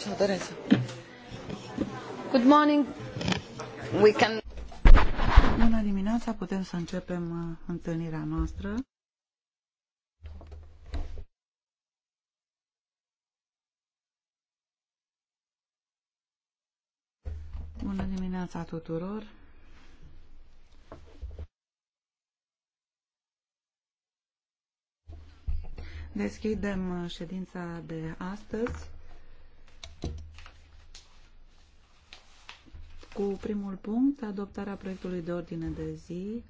Ciao Teresa. Good morning. We can... Bună dimineața, putem să începem uh, întâlnirea noastră. Bună dimineața tuturor! Deschidem uh, ședința de astăzi. cu primul punct, adoptarea proiectului de ordine de zi.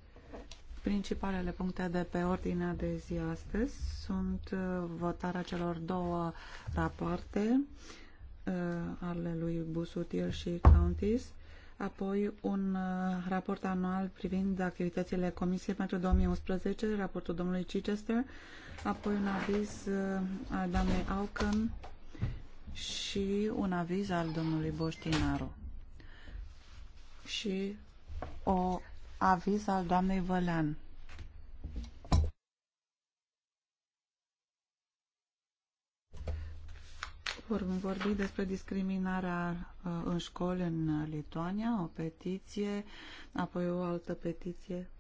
Principalele puncte de pe ordinea de zi astăzi sunt uh, votarea celor două rapoarte uh, ale lui Busutil și Countis, apoi un uh, raport anual privind activitățile Comisiei pentru 2011, raportul domnului Chichester, apoi un aviz al doamnei Auken și un aviz al domnului Boștinaru și o aviz al doamnei Vălean. Vom vorbi despre discriminarea uh, în școli în Lituania, o petiție, apoi o altă petiție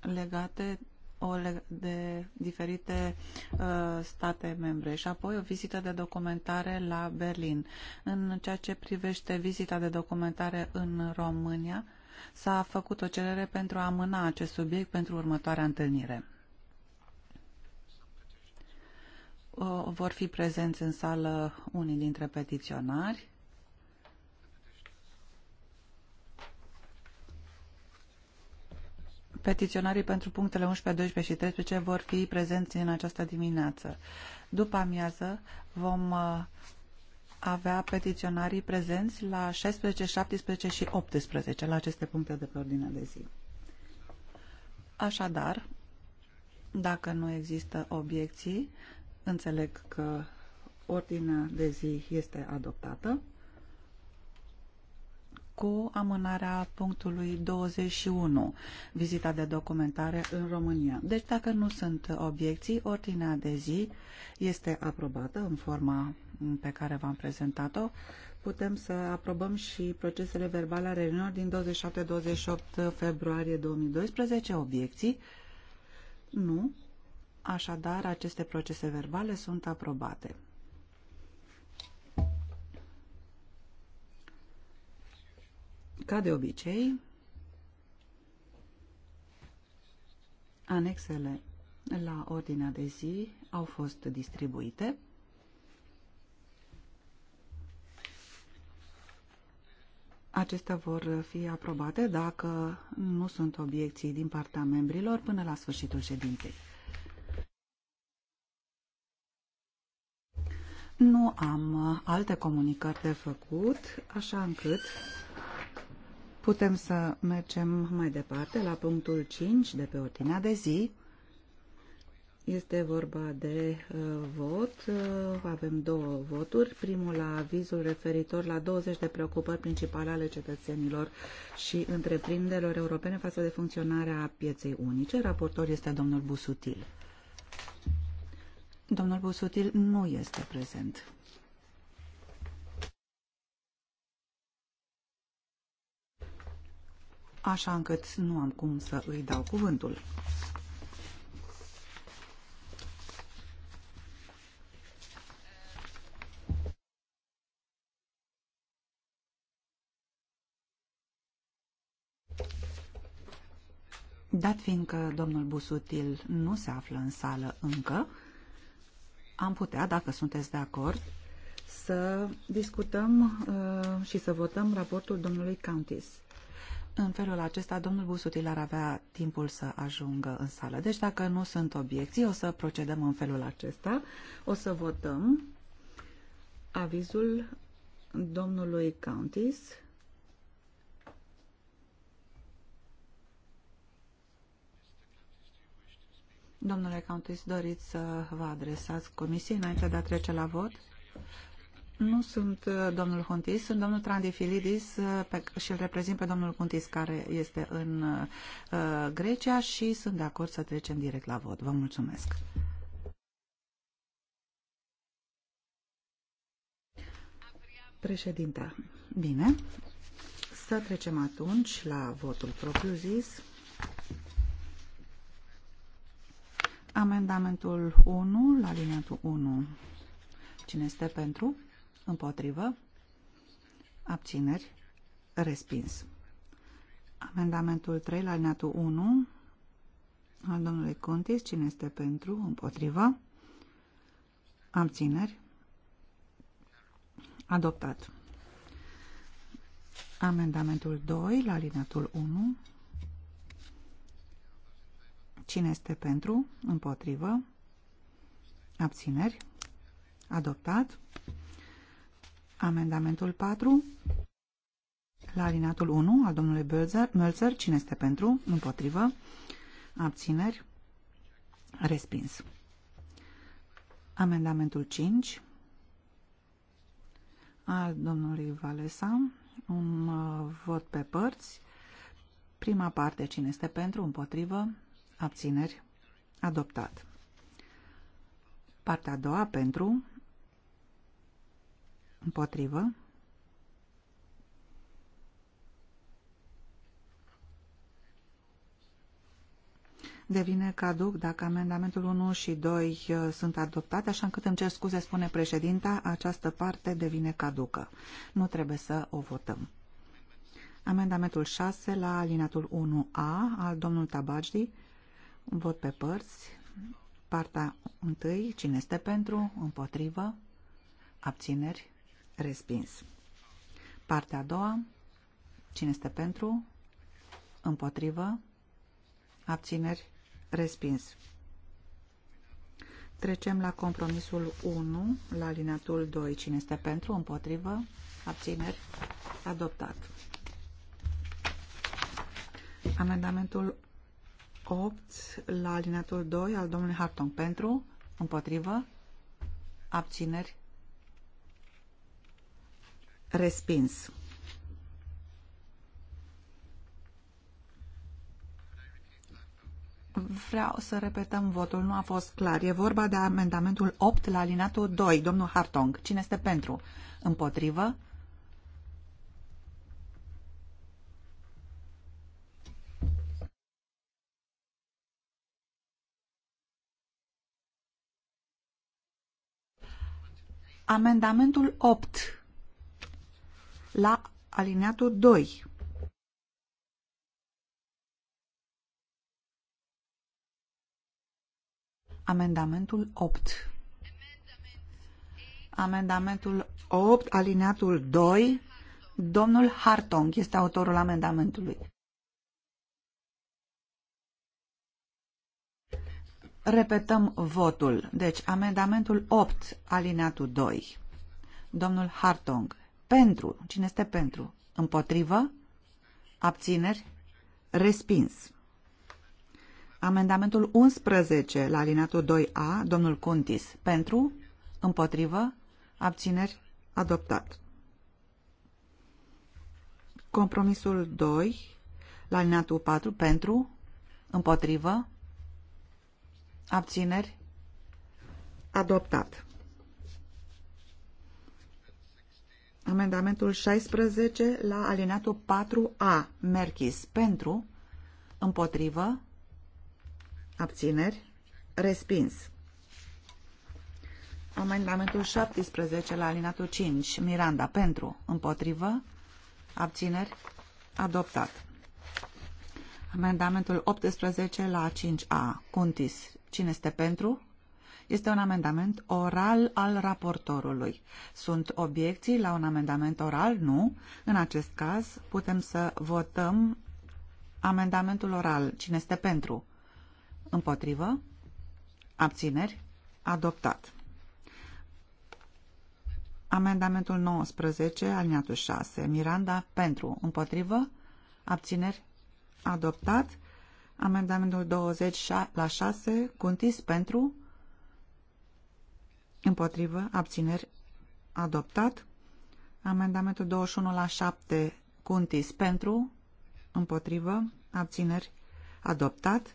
legate o de diferite uh, state membre și apoi o vizită de documentare la Berlin. În ceea ce privește vizita de documentare în România, s-a făcut o cerere pentru a amâna acest subiect pentru următoarea întâlnire. vor fi prezenți în sală unii dintre petiționari, Petiționarii pentru punctele 11, 12 și 13 vor fi prezenți în această dimineață. După amiază vom uh, avea petiționarii prezenți la 16, 17 și 18 la aceste puncte de pe ordinea de zi. Așadar, dacă nu există obiecții, înțeleg că ordinea de zi este adoptată cu amânarea punctului 21, vizita de documentare în România. Deci dacă nu sunt obiecții, ordinea de zi este aprobată în forma pe care v-am prezentat-o. Putem să aprobăm și procesele verbale ale reuniunilor din 27-28 februarie 2012. Obiecții? Nu. Așadar, aceste procese verbale sunt aprobate. Ca de obicei, anexele la ordinea de zi au fost distribuite. Acestea vor fi aprobate dacă nu sunt obiecții din partea membrilor până la sfârșitul ședinței. Nu am alte comunicări de făcut, așa încât Putem să mergem mai departe la punctul 5 de pe ordinea de zi. Este vorba de uh, vot. Uh, avem două voturi. Primul la avizul referitor la 20 de preocupări principale ale cetățenilor și întreprinderilor europene față de funcționarea pieței unice. Raportor este domnul Busutil. Domnul Busutil nu este prezent. așa încât nu am cum să îi dau cuvântul. Dat fiindcă domnul Busutil nu se află în sală încă, am putea, dacă sunteți de acord, să discutăm uh, și să votăm raportul domnului Countis. În felul acesta, domnul Busutil ar avea timpul să ajungă în sală. Deci, dacă nu sunt obiecții, o să procedăm în felul acesta. O să votăm avizul domnului Countis. Domnule Countis, doriți să vă adresați comisiei înainte de a trece la vot? Nu sunt uh, domnul Huntis, sunt domnul Trandifilidis uh, și îl reprezint pe domnul Huntis care este în uh, uh, Grecia și sunt de acord să trecem direct la vot. Vă mulțumesc. Președinte, bine. Să trecem atunci la votul propriu-zis. Amendamentul 1, la liniatul 1. Cine este pentru? Împotrivă. Abțineri. Respins. Amendamentul 3 la alineatul 1 al domnului Contis. Cine este pentru? Împotrivă. Abțineri. Adoptat. Amendamentul 2 la alineatul 1. Cine este pentru? Împotrivă. Abțineri. Adoptat. Amendamentul 4 la alinatul 1 al domnului Mölzer. Cine este pentru? Împotrivă. Abțineri. Respins. Amendamentul 5 al domnului Valesa. Un uh, vot pe părți. Prima parte. Cine este pentru? Împotrivă. Abțineri. Adoptat. Partea a doua pentru Împotrivă. devine caduc dacă amendamentul 1 și 2 uh, sunt adoptate, așa încât îmi cer scuze, spune președinta, această parte devine caducă. Nu trebuie să o votăm. Amendamentul 6 la alinatul 1A al domnului Tabajdi, vot pe părți, partea 1, cine este pentru, împotrivă, abțineri, respins. Partea a doua, cine este pentru, împotrivă, abțineri, respins. Trecem la compromisul 1, la alineatul 2. Cine este pentru, împotrivă, abțineri, adoptat. Amendamentul 8, la alineatul 2, al domnului Hartong, pentru, împotrivă, abțineri, Respins. Vreau să repetăm votul, nu a fost clar. E vorba de amendamentul 8 la alinatul 2, domnul Hartong. Cine este pentru? Împotrivă? Amendamentul 8 la alineatul 2. Amendamentul 8. Amendamentul 8, alineatul 2. Domnul Hartong este autorul amendamentului. Repetăm votul. Deci, amendamentul 8, alineatul 2. Domnul Hartong pentru, cine este pentru, împotrivă, abțineri, respins. Amendamentul 11 la alineatul 2A, domnul Cuntis, pentru, împotrivă, abțineri, adoptat. Compromisul 2 la alineatul 4, pentru, împotrivă, abțineri, adoptat. Amendamentul 16 la alineatul 4A, Merchis, pentru, împotrivă, abțineri, respins. Amendamentul 17 la alineatul 5, Miranda, pentru, împotrivă, abțineri, adoptat. Amendamentul 18 la 5A, Cuntis, cine este pentru, este un amendament oral al raportorului. Sunt obiecții la un amendament oral? Nu. În acest caz putem să votăm amendamentul oral. Cine este pentru? Împotrivă? Abțineri? Adoptat. Amendamentul 19, aliniatul 6. Miranda, pentru. Împotrivă? Abțineri? Adoptat. Amendamentul 20 la 6, Cuntis, pentru. Împotrivă. Abțineri. Adoptat. Amendamentul 21 la 7 Cuntis pentru. Împotrivă. Abțineri. Adoptat.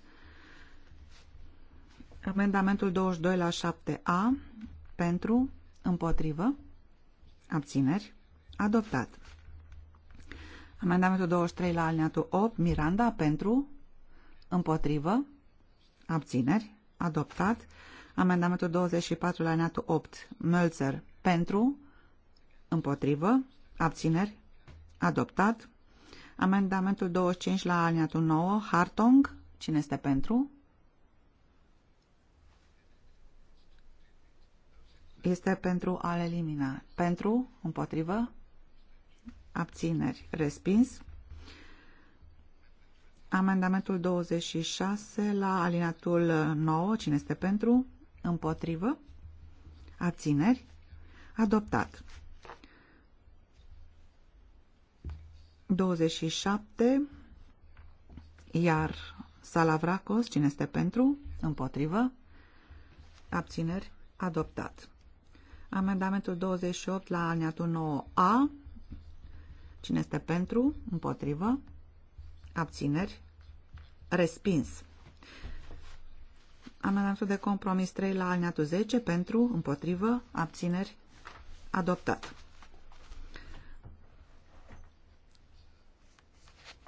Amendamentul 22 la 7A pentru. Împotrivă. Abțineri. Adoptat. Amendamentul 23 la alineatul 8, Miranda, pentru, împotrivă, abțineri, adoptat. Amendamentul 24 la alineatul 8. Mölzer pentru, împotrivă, abțineri, adoptat. Amendamentul 25 la alineatul 9. Hartong, cine este pentru? Este pentru a elimina. Pentru, împotrivă, abțineri, respins. Amendamentul 26 la alineatul 9. Cine este pentru? Împotrivă. Abțineri. Adoptat. 27. Iar Salavracos, cine este pentru? Împotrivă. Abțineri. Adoptat. Amendamentul 28 la alineatul 9A. Cine este pentru? Împotrivă. Abțineri. Respins. Amendamentul de compromis 3 la alineatul 10 pentru, împotrivă, abțineri, adoptat.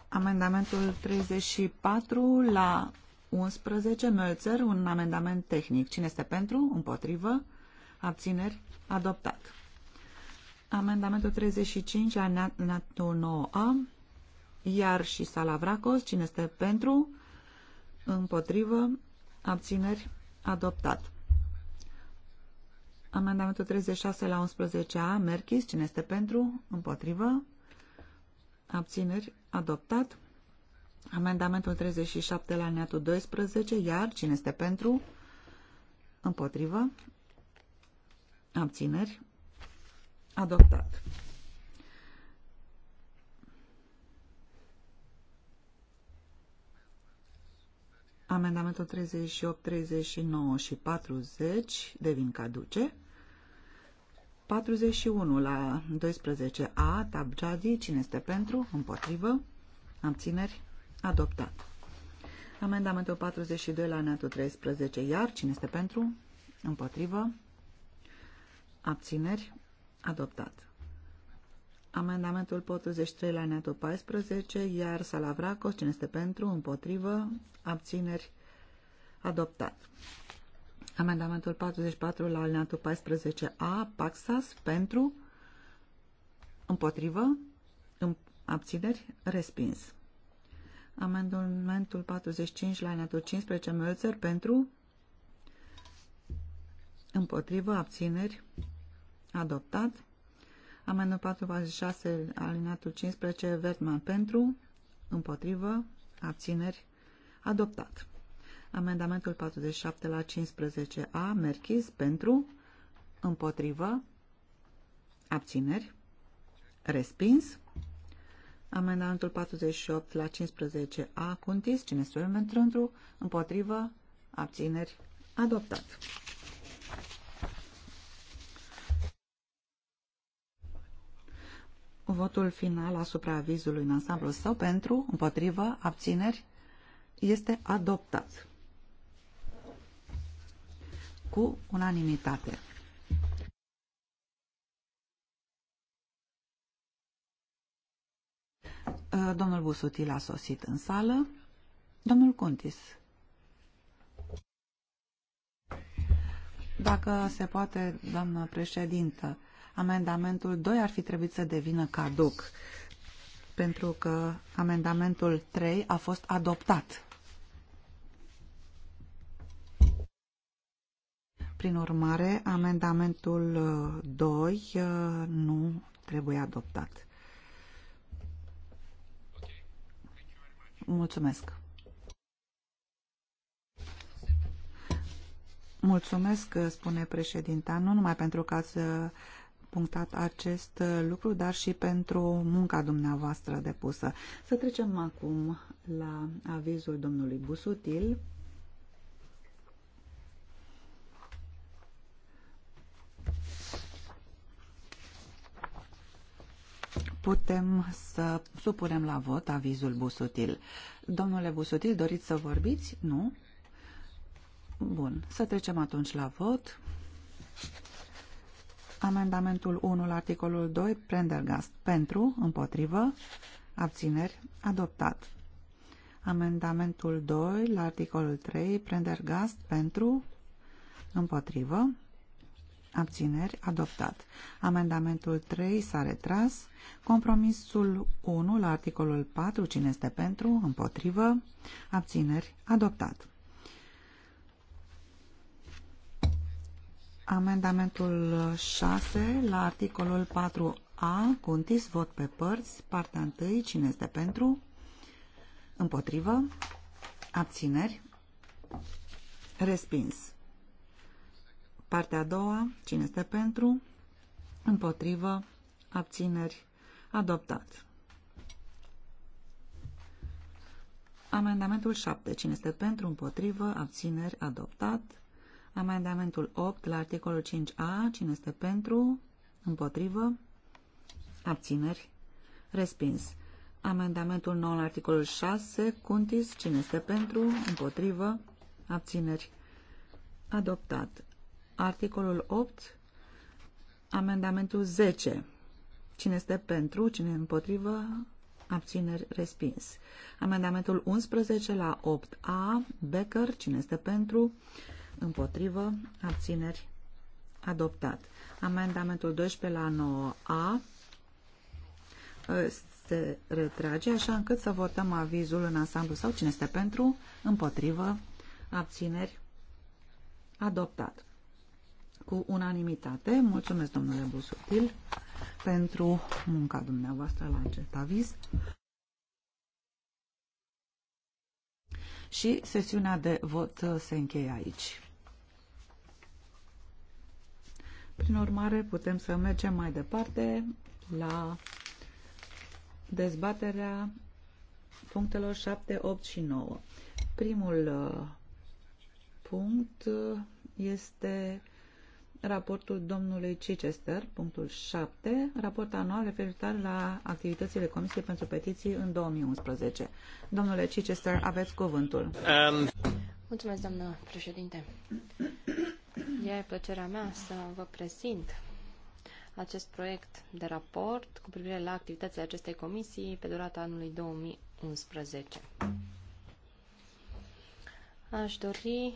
Amendamentul 34 la 11, Mölzer, un amendament tehnic. Cine este pentru? Împotrivă? Abțineri? Adoptat. Amendamentul 35 la 9A, iar și Salavracos. Cine este pentru? Împotrivă? abțineri, adoptat. Amendamentul 36 la 11A, Merchis, cine este pentru, împotrivă, abțineri, adoptat. Amendamentul 37 la neatul 12, iar cine este pentru, împotrivă, abțineri, adoptat. Amendamentul 38, 39 și 40 devin caduce. 41 la 12a, Tabjadi, cine este pentru, împotrivă, abțineri, adoptat. Amendamentul 42 la neatul 13, iar, cine este pentru, împotrivă, abțineri, adoptat. Amendamentul 43 la netul 14, iar Salavracos, cine este pentru, împotrivă, abțineri, adoptat. Amendamentul 44 la alineatul 14a, Paxas, pentru, împotrivă, abțineri, respins. Amendamentul 45 la alineatul 15, Mölzer, pentru, împotrivă, abțineri, adoptat. Amendă 46, alineatul 15, Vertman pentru, împotrivă, abțineri, adoptat. Amendamentul 47 la 15A, Merchis, pentru, împotrivă, abțineri, respins. Amendamentul 48 la 15A, Cuntis, cine se pentru, împotrivă, abțineri, adoptat. Votul final asupra avizului în ansamblul său pentru, împotrivă, abțineri este adoptat cu unanimitate. Uh, domnul Busutil a sosit în sală. Domnul Cuntis. Dacă se poate, doamnă președintă, Amendamentul 2 ar fi trebuit să devină caduc, pentru că amendamentul 3 a fost adoptat. Prin urmare, amendamentul 2 uh, uh, nu trebuie adoptat. Mulțumesc. Mulțumesc, uh, spune președinta, nu numai pentru că ați punctat acest uh, lucru, dar și pentru munca dumneavoastră depusă. Să trecem acum la avizul domnului Busutil. putem să supunem la vot avizul Busutil. Domnule Busutil, doriți să vorbiți? Nu? Bun, să trecem atunci la vot. Amendamentul 1 la articolul 2, Prendergast. Pentru, împotrivă, abțineri, adoptat. Amendamentul 2 la articolul 3, Prendergast. Pentru, împotrivă, abțineri, adoptat. Amendamentul 3 s-a retras. Compromisul 1 la articolul 4, cine este pentru, împotrivă, abțineri, adoptat. Amendamentul 6 la articolul 4a contis vot pe părți, partea 1, cine este pentru, împotrivă, abțineri, respins. Partea a doua, cine este pentru, împotrivă, abțineri, adoptat. Amendamentul 7, cine este pentru, împotrivă, abțineri, adoptat. Amendamentul 8 la articolul 5a. Cine este pentru? Împotrivă? Abțineri? Respins. Amendamentul 9 la articolul 6. Cuntis. Cine este pentru? Împotrivă? Abțineri? Adoptat. Articolul 8. Amendamentul 10. Cine este pentru? Cine împotrivă? Abțineri respins. Amendamentul 11 la 8A, Becker, cine este pentru, împotrivă, abțineri, adoptat. Amendamentul 12 la 9A ă, se retrage, așa încât să votăm avizul în ansamblu sau cine este pentru, împotrivă, abțineri, adoptat. Cu unanimitate, mulțumesc domnule Busutil pentru munca dumneavoastră la acest aviz. și sesiunea de vot uh, se încheie aici. Prin urmare, putem să mergem mai departe la dezbaterea punctelor 7, 8 și 9. Primul uh, punct uh, este raportul domnului Chichester, punctul 7, raport anual referitor la activitățile Comisiei pentru Petiții în 2011. Domnule Chichester, aveți cuvântul. Um... Mulțumesc, doamnă președinte. E plăcerea mea să vă prezint acest proiect de raport cu privire la activitățile acestei comisii pe durata anului 2011. Aș dori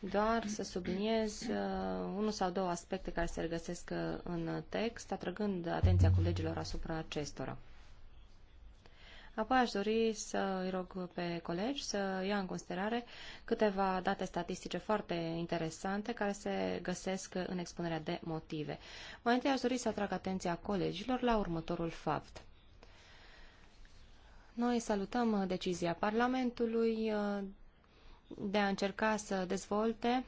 doar să subliniez uh, unul sau două aspecte care se regăsesc uh, în text, atrăgând atenția colegilor asupra acestora. Apoi aș dori să îi rog pe colegi să ia în considerare câteva date statistice foarte interesante care se găsesc în expunerea de motive. Mai întâi aș dori să atrag atenția colegilor la următorul fapt. Noi salutăm decizia Parlamentului uh, de a încerca să dezvolte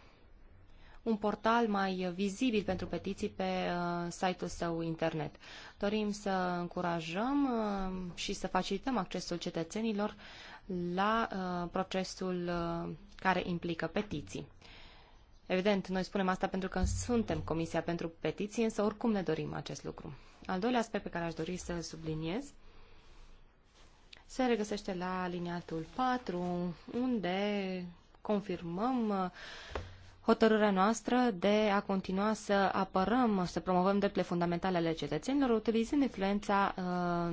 un portal mai vizibil pentru petiții pe uh, site-ul său internet. Dorim să încurajăm uh, și să facilităm accesul cetățenilor la uh, procesul uh, care implică petiții. Evident, noi spunem asta pentru că suntem Comisia pentru Petiții, însă oricum ne dorim acest lucru. Al doilea aspect pe care aș dori să subliniez se regăsește la aliniatul 4, unde confirmăm uh, hotărârea noastră de a continua să apărăm, să promovăm drepturile fundamentale ale cetățenilor, utilizând influența uh,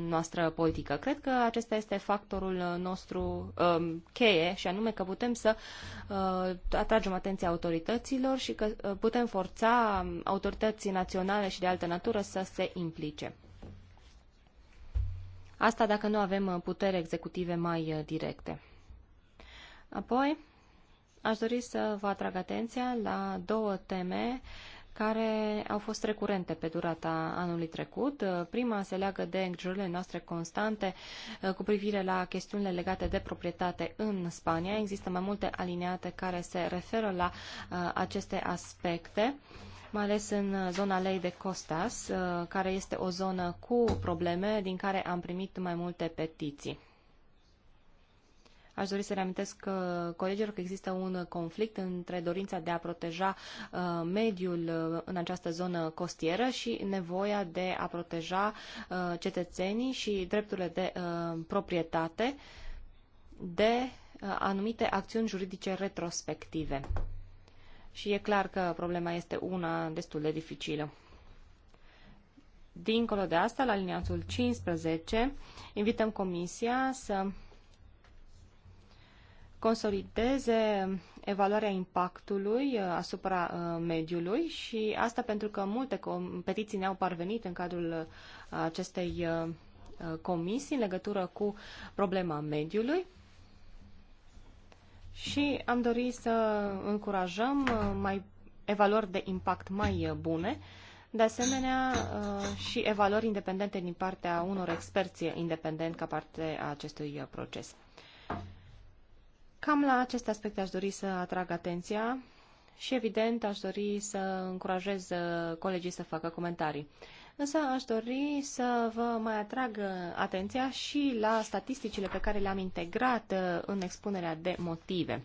noastră politică. Cred că acesta este factorul uh, nostru uh, cheie și anume că putem să uh, atragem atenția autorităților și că uh, putem forța um, autorității naționale și de altă natură să se implice. Asta dacă nu avem uh, putere executive mai uh, directe. Apoi, aș dori să vă atrag atenția la două teme care au fost recurente pe durata anului trecut. Uh, prima se leagă de îngrijorările noastre constante cu privire la chestiunile legate de proprietate în Spania. Există mai multe alineate care se referă la aceste aspecte mai ales în uh, zona lei de Costas, uh, care este o zonă cu probleme din care am primit mai multe petiții. Aș dori să reamintesc uh, colegilor că există un conflict între dorința de a proteja mediul în această zonă costieră și nevoia de a proteja cetățenii și drepturile de proprietate de anumite acțiuni juridice retrospective și e clar că problema este una destul de dificilă. Dincolo de asta, la liniatul 15, invităm Comisia să consolideze evaluarea impactului uh, asupra uh, mediului și asta pentru că multe petiții ne-au parvenit în cadrul uh, acestei comisii în legătură cu problema mediului și am dorit să încurajăm uh, mai evaluări de impact mai uh, bune, de asemenea uh, și evaluări independente din partea unor experți independenți ca parte a acestui proces. Cam la aceste aspecte aș dori să atrag atenția și, evident, aș dori să încurajez colegii să facă comentarii. Însă aș dori să vă mai atrag uh, atenția și la statisticile pe care le-am integrat uh, în expunerea de motive.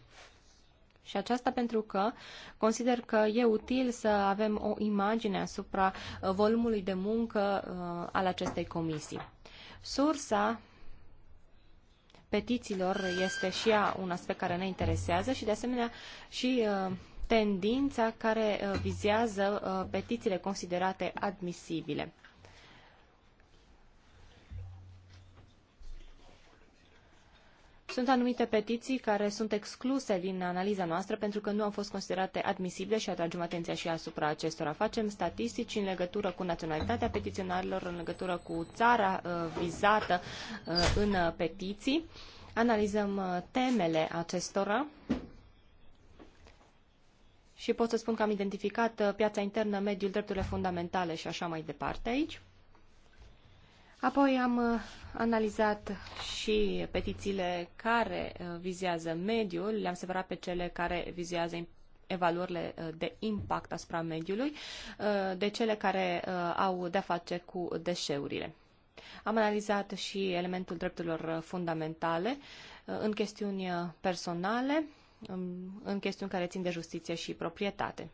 Și aceasta pentru că consider că e util să avem o imagine asupra uh, volumului de muncă al acestei comisii. Sursa petițiilor este și ea un aspect care ne interesează și de asemenea și tendința care uh, vizează uh, petițiile considerate admisibile. Sunt anumite petiții care sunt excluse din analiza noastră pentru că nu au fost considerate admisibile și atragem atenția și asupra acestora. Facem statistici în legătură cu naționalitatea petiționarilor, în legătură cu țara uh, vizată în petiții. Analizăm temele acestora și pot să spun că am identificat uh, piața internă, mediul, drepturile fundamentale și așa mai departe aici. Apoi am uh, analizat și petițiile care uh, vizează mediul, le-am separat pe cele care vizează evaluările de impact asupra mediului, de cele care au de-a face cu deșeurile. Am analizat și elementul drepturilor fundamentale în chestiuni personale, în chestiuni care țin de justiție și proprietate.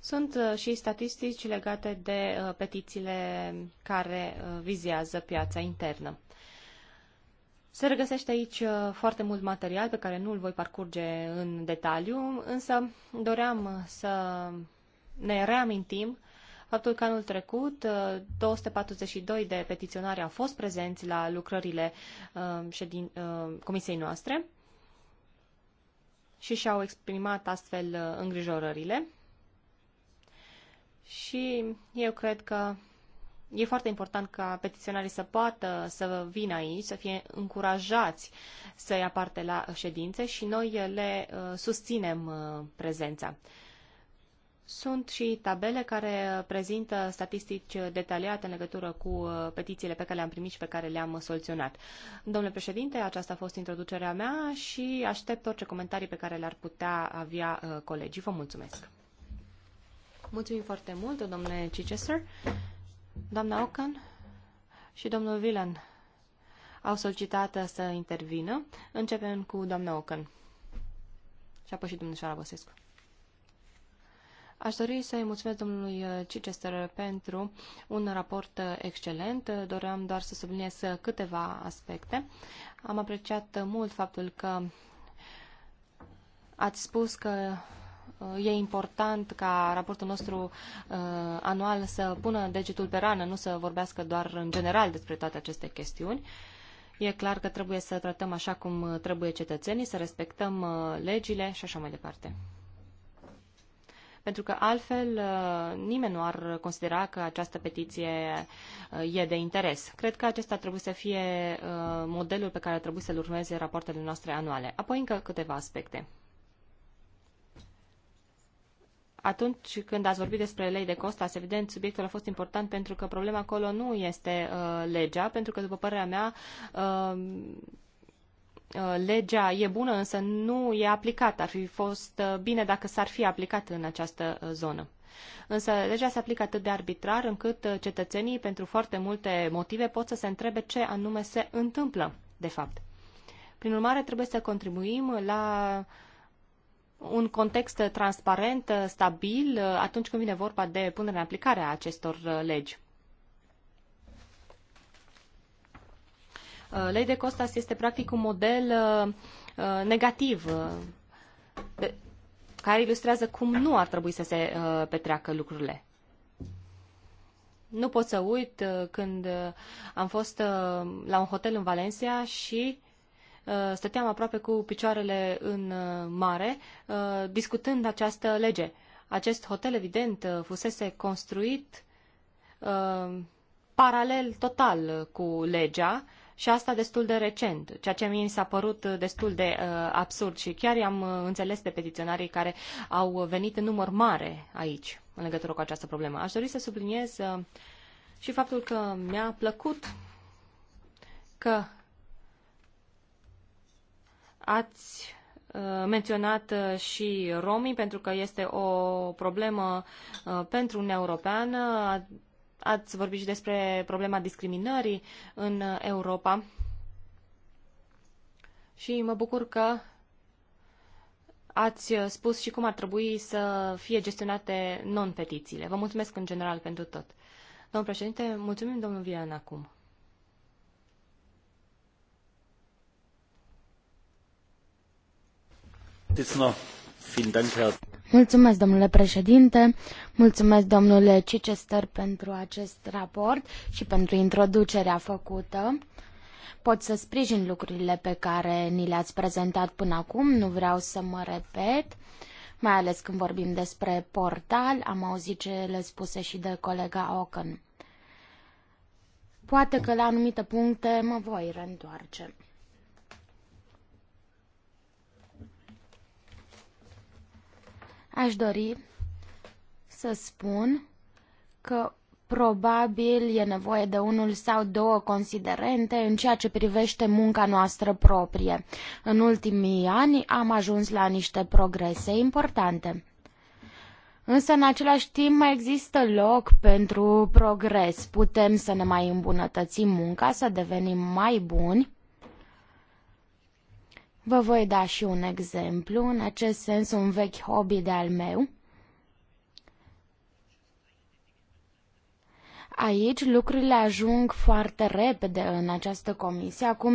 Sunt uh, și statistici legate de uh, petițiile care uh, vizează piața internă. Se regăsește aici foarte mult material pe care nu îl voi parcurge în detaliu, însă doream să ne reamintim faptul că anul trecut 242 uh, de petiționari au fost prezenți la lucrările uh, ședin, uh, comisiei noastre și și-au exprimat astfel îngrijorările. Și eu cred că e foarte important ca petiționarii să poată să vină aici, să fie încurajați să ia parte la ședințe și noi le susținem prezența. Sunt și tabele care uh, prezintă statistici uh, detaliate în legătură cu uh, petițiile pe care le-am primit și pe care le-am soluționat. Domnule președinte, aceasta a fost introducerea mea și aștept orice comentarii pe care le-ar putea avea colegii. Vă mulțumesc! Mulțumim foarte mult, domnule Chichester, doamna Ocan și domnul Villan au solicitat să intervină. Începem cu doamna Ocan. Și apoi și domnul Șara Băsescu. Aș dori să-i mulțumesc domnului uh, Cicester pentru un raport uh, excelent. Doream doar să subliniez uh, câteva aspecte. Am apreciat mult faptul că ați spus că e important ca raportul nostru anual să pună degetul pe rană, nu să vorbească doar în general despre toate aceste chestiuni. E clar că trebuie să tratăm așa cum trebuie cetățenii, să respectăm legile și așa mai departe pentru că altfel uh, nimeni nu ar considera că această petiție uh, e de interes. Cred că acesta trebuie să fie uh, modelul pe care trebuie să-l urmeze rapoartele noastre anuale. Apoi încă câteva aspecte. Atunci când ați vorbit despre lei de costa, evident, subiectul a fost important pentru că problema acolo nu este uh, legea, pentru că, după părerea mea, uh, Uh, legea e bună, însă nu e aplicată. Ar fi fost uh, bine dacă s-ar fi aplicat în această uh, zonă. Însă legea se aplică atât de arbitrar încât cetățenii, pentru foarte multe motive, pot să se întrebe ce anume se întâmplă, de fapt. Prin urmare, trebuie să contribuim la un context transparent, stabil, atunci când vine vorba de punerea în aplicare a acestor legi. Uh, Lei de Costas este practic un model uh, uh, negativ care ilustrează cum nu ar trebui să se petreacă lucrurile. Nu pot să uit când am fost la un hotel în Valencia și stăteam aproape cu picioarele în mare discutând această lege. Acest hotel, evident, fusese construit paralel total cu legea și asta destul de recent, ceea ce mi s-a părut destul de uh, absurd și chiar i-am uh, înțeles de petiționarii care au venit în număr mare aici în legătură cu această problemă. Aș dori să subliniez uh, și faptul că mi-a plăcut că ați uh, menționat uh, și romii, pentru că este o problemă pentru Uniunea Europeană. Ați vorbit și despre problema discriminării în Europa. Și mă bucur că ați spus și cum ar trebui să fie gestionate non-petițiile. Vă mulțumesc în general pentru tot. Domnul președinte, mulțumim domnul Vian acum. Vielen Dank, Herr Mulțumesc, domnule președinte, mulțumesc, domnule Chichester, pentru acest raport și pentru introducerea făcută. Pot să sprijin lucrurile pe care ni le-ați prezentat până acum, nu vreau să mă repet, mai ales când vorbim despre portal, am auzit ce le spuse și de colega Ocan. Poate că la anumite puncte mă voi reîntoarce. Aș dori să spun că probabil e nevoie de unul sau două considerente în ceea ce privește munca noastră proprie. În ultimii ani am ajuns la niște progrese importante. Însă, în același timp, mai există loc pentru progres. Putem să ne mai îmbunătățim munca, să devenim mai buni Vă voi da și un exemplu, în acest sens un vechi hobby de al meu. Aici lucrurile ajung foarte repede în această comisie. Acum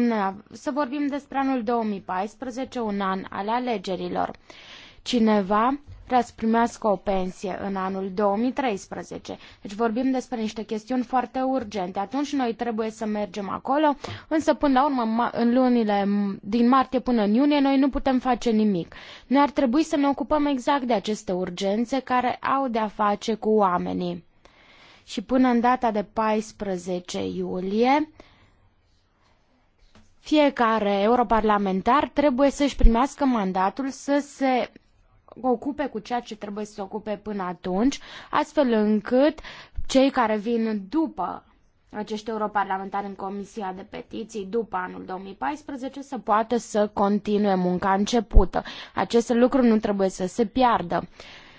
să vorbim despre anul 2014, un an al alegerilor. Cineva trebuia să primească o pensie în anul 2013. Deci vorbim despre niște chestiuni foarte urgente. Atunci noi trebuie să mergem acolo, însă până la urmă, în lunile din martie până în iunie, noi nu putem face nimic. Noi ar trebui să ne ocupăm exact de aceste urgențe care au de-a face cu oamenii. Și până în data de 14 iulie, fiecare europarlamentar trebuie să-și primească mandatul să se ocupe cu ceea ce trebuie să se ocupe până atunci, astfel încât cei care vin după acești europarlamentari în Comisia de Petiții după anul 2014 să poată să continue munca începută. Aceste lucruri nu trebuie să se piardă.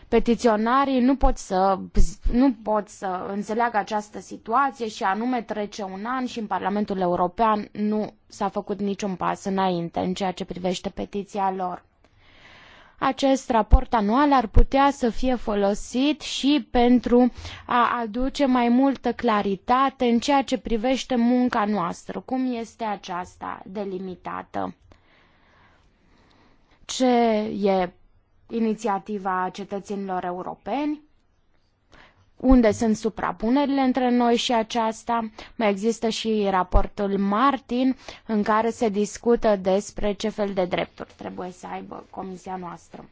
Petiționarii nu pot să, nu pot să înțeleagă această situație și anume trece un an și în Parlamentul European nu s-a făcut niciun pas înainte în ceea ce privește petiția lor. Acest raport anual ar putea să fie folosit și pentru a aduce mai multă claritate în ceea ce privește munca noastră, cum este aceasta delimitată. Ce e inițiativa cetățenilor europeni? unde sunt suprapunerile între noi și aceasta. Mai există și raportul Martin în care se discută despre ce fel de drepturi trebuie să aibă comisia noastră.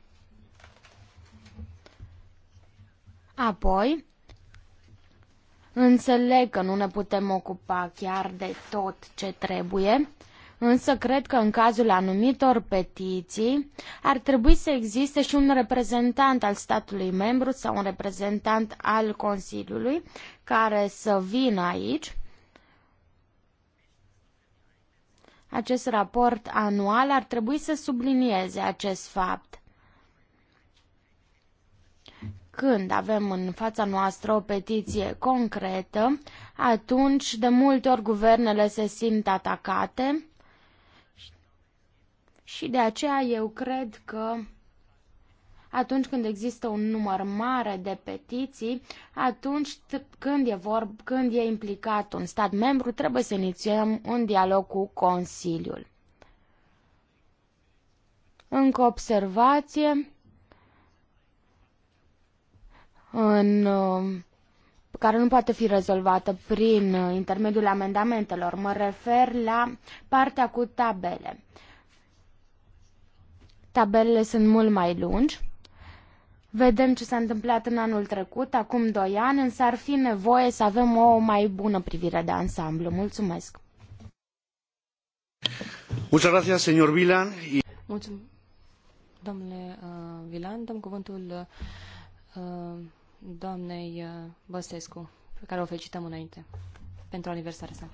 Apoi, înțeleg că nu ne putem ocupa chiar de tot ce trebuie, însă cred că în cazul anumitor petiții ar trebui să existe și un reprezentant al statului membru sau un reprezentant al Consiliului care să vină aici. Acest raport anual ar trebui să sublinieze acest fapt când avem în fața noastră o petiție concretă, atunci de multe ori guvernele se simt atacate și de aceea eu cred că atunci când există un număr mare de petiții, atunci când e, vorb, când e implicat un stat membru, trebuie să inițiem un dialog cu Consiliul. Încă observație în, uh, care nu poate fi rezolvată prin uh, intermediul amendamentelor. Mă refer la partea cu tabele. Tabelele sunt mult mai lungi. Vedem ce s-a întâmplat în anul trecut, acum doi ani, însă ar fi nevoie să avem o mai bună privire de ansamblu. Mulțumesc! Muchas gracias, señor Vilan. Mulțumesc, Domnule uh, Vilan, dăm cuvântul uh, doamnei uh, Băsescu, pe care o felicităm înainte, pentru aniversarea sa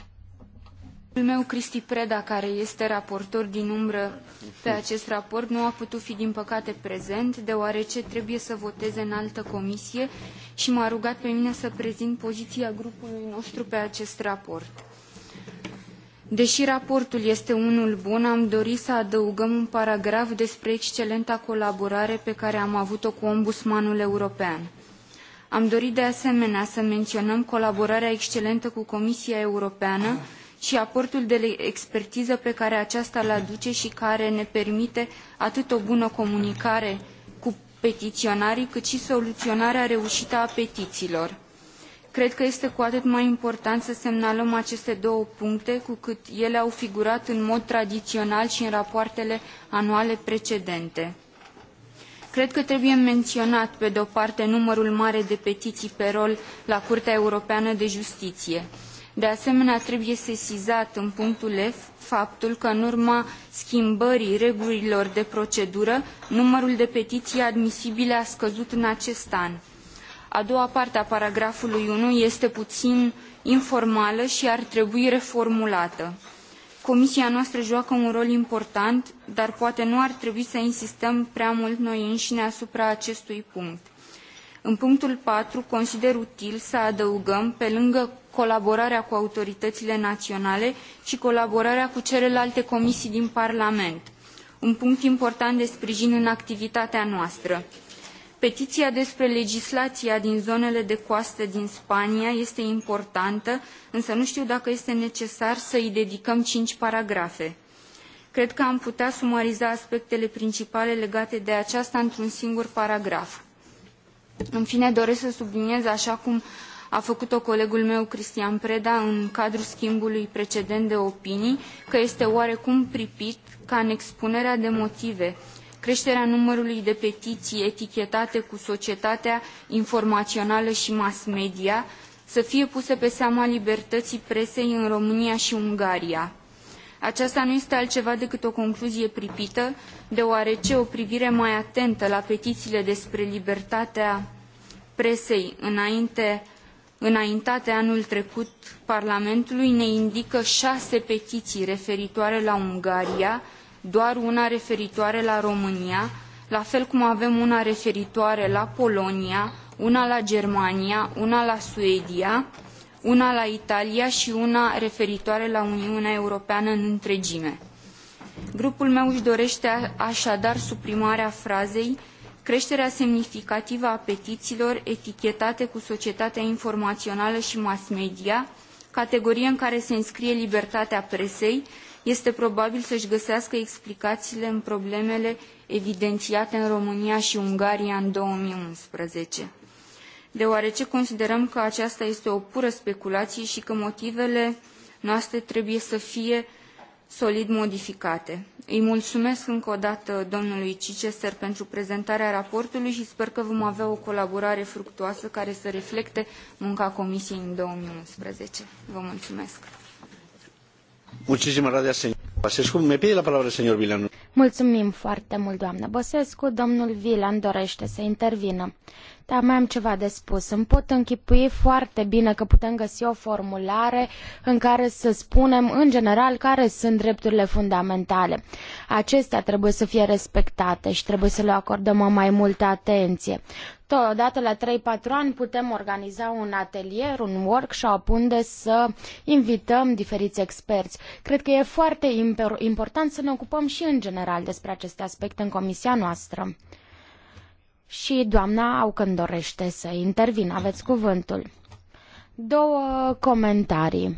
meu, Cristi Preda, care este raportor din umbră pe acest raport, nu a putut fi din păcate prezent, deoarece trebuie să voteze în altă comisie și m-a rugat pe mine să prezint poziția grupului nostru pe acest raport. Deși raportul este unul bun, am dorit să adăugăm un paragraf despre excelenta colaborare pe care am avut-o cu Ombudsmanul European. Am dorit de asemenea să menționăm colaborarea excelentă cu Comisia Europeană, și aportul de expertiză pe care aceasta îl aduce și care ne permite atât o bună comunicare cu petiționarii, cât și soluionarea reușită a petițiilor. Cred că este cu atât mai important să semnalăm aceste două puncte, cu cât ele au figurat în mod tradițional i în rapoartele anuale precedente. Cred că trebuie menționat, pe de o parte, numărul mare de petiții pe rol la Curtea Europeană de Justiție. De asemenea, trebuie sesizat în punctul F faptul că în urma schimbării regulilor de procedură, numărul de petiții admisibile a scăzut în acest an. A doua parte a paragrafului 1 este puțin informală și ar trebui reformulată. Comisia noastră joacă un rol important, dar poate nu ar trebui să insistăm prea mult noi înșine asupra acestui punct. În punctul patru consider util să adăugăm, pe lângă colaborarea cu autoritățile naționale și colaborarea cu celelalte comisii din Parlament. Un punct important de sprijin în activitatea noastră. Petiția despre legislaia din zonele de coastă din Spania este importantă, însă nu știu dacă este necesar să îi dedicăm cinci paragrafe. Cred că am putea sumariza aspectele principale legate de aceasta într-un singur paragraf. În fine, doresc să subliniez, așa cum a făcut o colegul meu Cristian Preda în cadrul schimbului precedent de opinii, că este oarecum pripit ca în expunerea de motive creșterea numărului de petiții etichetate cu societatea informațională și mass media să fie puse pe seama libertății presei în România și Ungaria. Aceasta nu este altceva decât o concluzie pripită, deoarece o privire mai atentă la petițiile despre libertatea presei înainte înaintate anul trecut parlamentului ne indică ase petiii referitoare la ungaria doar una referitoare la românia la fel cum avem una referitoare la polonia una la germania una la suedia una la italia i una referitoare la uniunea europeană în întregime. grupul meu îi dorete aadar suprimarea frazei creșterea semnificativă a petițiilor etichetate cu societatea informațională și mass media, categorie în care se înscrie libertatea presei, este probabil să își găsească explicațiile în problemele evidențiate în România și Ungaria în unsprezece Deoarece considerăm că aceasta este o pură speculaie și că motivele noastre trebuie să fie solid modificate. Îi mulțumesc încă o dată domnului Chichester pentru prezentarea raportului și sper că vom avea o colaborare fructuoasă care să reflecte munca Comisiei în 2011. Vă mulțumesc! Mulțumim foarte mult, doamnă Băsescu. Domnul Vilan dorește să intervină. Da, mai am ceva de spus. Îmi pot închipui foarte bine că putem găsi o formulare în care să spunem, în general, care sunt drepturile fundamentale. Acestea trebuie să fie respectate și trebuie să le acordăm o mai multă atenție. Totodată, la 3-4 ani, putem organiza un atelier, un workshop, unde să invităm diferiți experți. Cred că e foarte important să ne ocupăm și în general despre aceste aspecte în comisia noastră și doamna au când dorește să intervină. Aveți cuvântul. Două comentarii.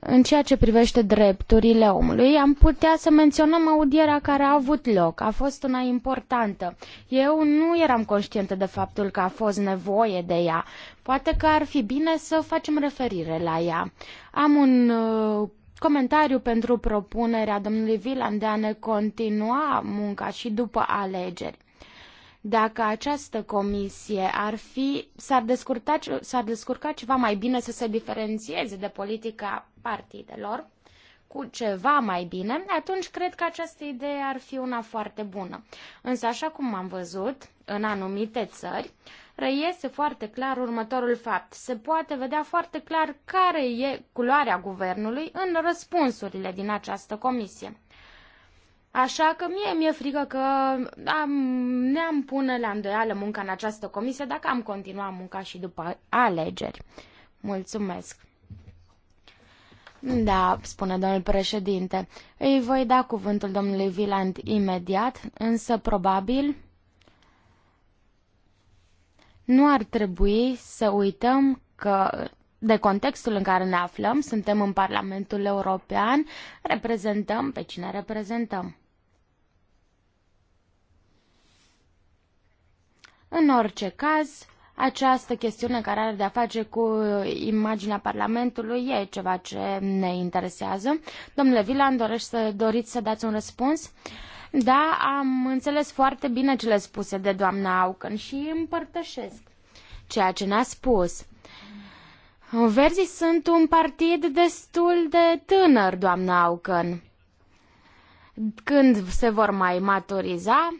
În ceea ce privește drepturile omului, am putea să menționăm audierea care a avut loc. A fost una importantă. Eu nu eram conștientă de faptul că a fost nevoie de ea. Poate că ar fi bine să facem referire la ea. Am un uh, comentariu pentru propunerea domnului Vilan de a ne continua munca și după alegeri. Dacă această comisie ar fi, s-ar descurca, s-ar descurca ceva mai bine să se diferențieze de politica partidelor, cu ceva mai bine, atunci cred că această idee ar fi una foarte bună. Însă, așa cum am văzut în anumite țări, reiese foarte clar următorul fapt. Se poate vedea foarte clar care e culoarea guvernului în răspunsurile din această comisie. Așa că mie mi-e frică că am, ne-am pune la îndoială munca în această comisie dacă am continuat munca și după alegeri. Mulțumesc! Da, spune domnul președinte. Îi voi da cuvântul domnului Viland imediat, însă probabil nu ar trebui să uităm că de contextul în care ne aflăm, suntem în Parlamentul European, reprezentăm pe cine reprezentăm. În orice caz, această chestiune care are de-a face cu imaginea Parlamentului e ceva ce ne interesează. Domnule Vilan, dorești să, doriți să dați un răspuns? Da, am înțeles foarte bine cele spuse de doamna Auken și împărtășesc ceea ce ne-a spus. Verzii sunt un partid destul de tânăr, doamna Auken. Când se vor mai maturiza,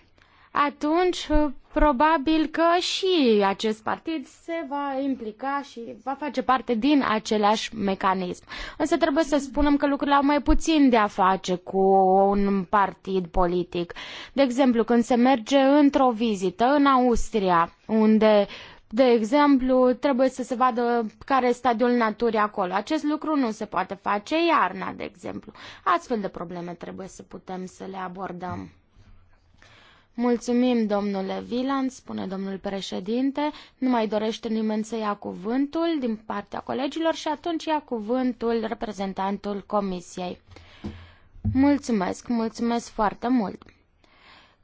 atunci probabil că și acest partid se va implica și va face parte din același mecanism. Însă trebuie să spunem că lucrurile au mai puțin de a face cu un partid politic. De exemplu, când se merge într-o vizită în Austria, unde de exemplu, trebuie să se vadă care e stadiul naturii acolo. Acest lucru nu se poate face iarna, de exemplu. Astfel de probleme trebuie să putem să le abordăm. Mulțumim, domnule Vilan, spune domnul președinte. Nu mai dorește nimeni să ia cuvântul din partea colegilor și atunci ia cuvântul reprezentantul comisiei. Mulțumesc, mulțumesc foarte mult.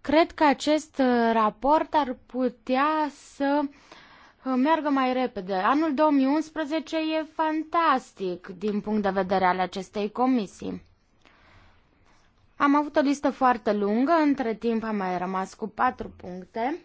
Cred că acest uh, raport ar putea să uh, meargă mai repede. Anul 2011 e fantastic din punct de vedere al acestei comisii. Am avut o listă foarte lungă, între timp am mai rămas cu patru puncte.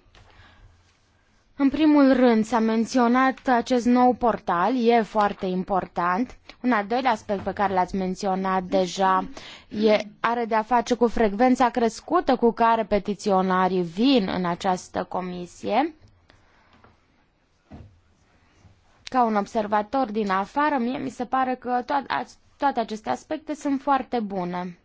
În primul rând s-a menționat acest nou portal, e foarte important. Un al doilea aspect pe care l-ați menționat deja e, are de a face cu frecvența crescută cu care petiționarii vin în această comisie. Ca un observator din afară, mie mi se pare că toate, toate aceste aspecte sunt foarte bune.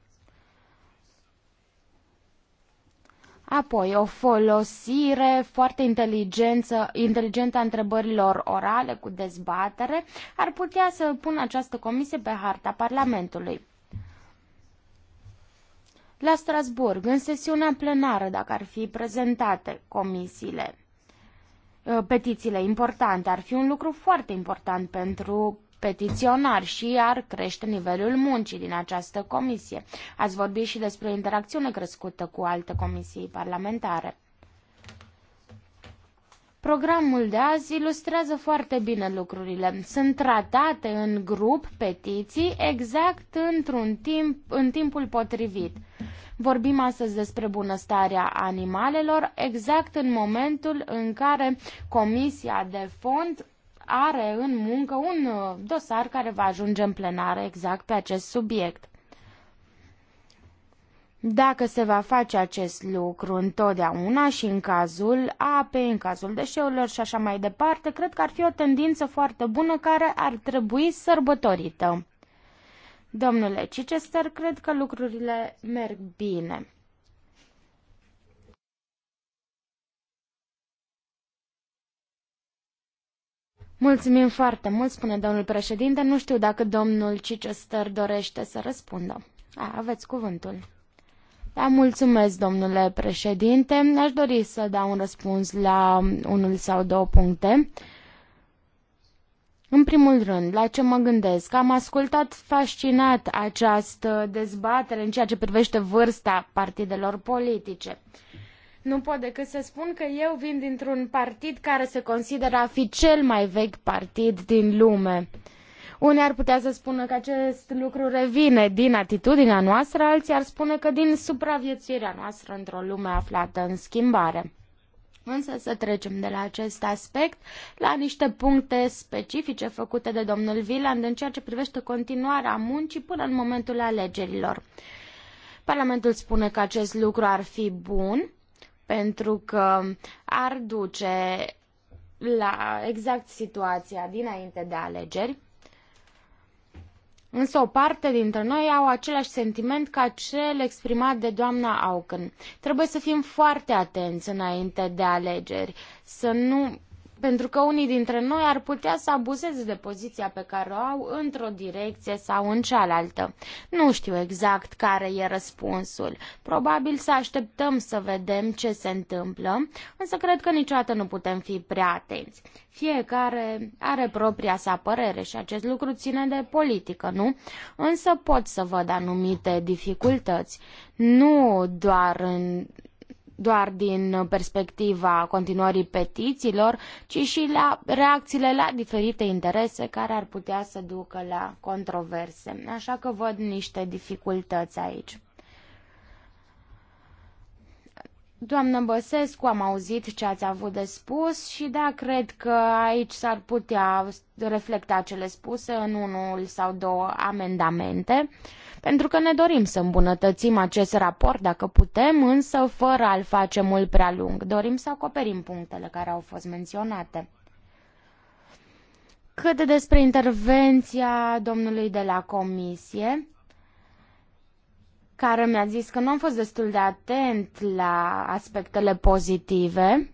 Apoi, o folosire foarte inteligență, inteligentă a întrebărilor orale cu dezbatere ar putea să pună această comisie pe harta Parlamentului. La Strasburg, în sesiunea plenară, dacă ar fi prezentate comisiile uh, petițiile importante ar fi un lucru foarte important pentru petiționari și ar crește nivelul muncii din această comisie. Ați vorbit și despre interacțiune crescută cu alte comisii parlamentare. Programul de azi ilustrează foarte bine lucrurile. Sunt tratate în grup petiții exact într-un timp, în timpul potrivit. Vorbim astăzi despre bunăstarea animalelor exact în momentul în care Comisia de Fond are în muncă un uh, dosar care va ajunge în plenară exact pe acest subiect. Dacă se va face acest lucru întotdeauna și în cazul apei, în cazul deșeurilor și așa mai departe, cred că ar fi o tendință foarte bună care ar trebui sărbătorită. Domnule Chichester, cred că lucrurile merg bine. Mulțumim foarte mult, spune domnul președinte. Nu știu dacă domnul Chichester dorește să răspundă. A, aveți cuvântul. Da, mulțumesc, domnule președinte. Aș dori să dau un răspuns la unul sau două puncte. În primul rând, la ce mă gândesc? Am ascultat fascinat această dezbatere în ceea ce privește vârsta partidelor politice. Uh, nu pot decât să spun că eu vin dintr-un partid care se consideră a fi cel mai vechi partid din lume. Unii ar putea să spună că acest lucru revine din atitudinea noastră, alții ar spune că din supraviețuirea noastră într-o lume aflată în schimbare. Însă să trecem de la acest aspect la niște puncte specifice făcute de domnul Viland în ceea ce privește continuarea muncii până în momentul alegerilor. Parlamentul spune că acest lucru ar fi bun, pentru că ar duce la exact situația dinainte de alegeri. Însă o parte dintre noi au același sentiment ca cel exprimat de doamna Auken. Trebuie să fim foarte atenți înainte de alegeri, să nu pentru că unii dintre noi ar putea să abuzeze de poziția pe care o au într-o direcție sau în cealaltă. Nu știu exact care e răspunsul. Probabil să așteptăm să vedem ce se întâmplă, însă cred că niciodată nu putem fi prea atenți. Fiecare are propria sa părere și acest lucru ține de politică, nu? Însă pot să văd anumite dificultăți, nu doar în doar din perspectiva continuării petițiilor, ci și la reacțiile la diferite interese care ar putea să ducă la controverse. Așa că văd niște dificultăți aici. Doamnă Băsescu, am auzit ce ați avut de spus și da, cred că aici s-ar putea reflecta cele spuse în unul sau două amendamente, pentru că ne dorim să îmbunătățim acest raport dacă putem, însă fără a-l face mult prea lung. Dorim să acoperim punctele care au fost menționate. Cât despre intervenția domnului de la comisie, care mi-a zis că nu am fost destul de atent la aspectele pozitive.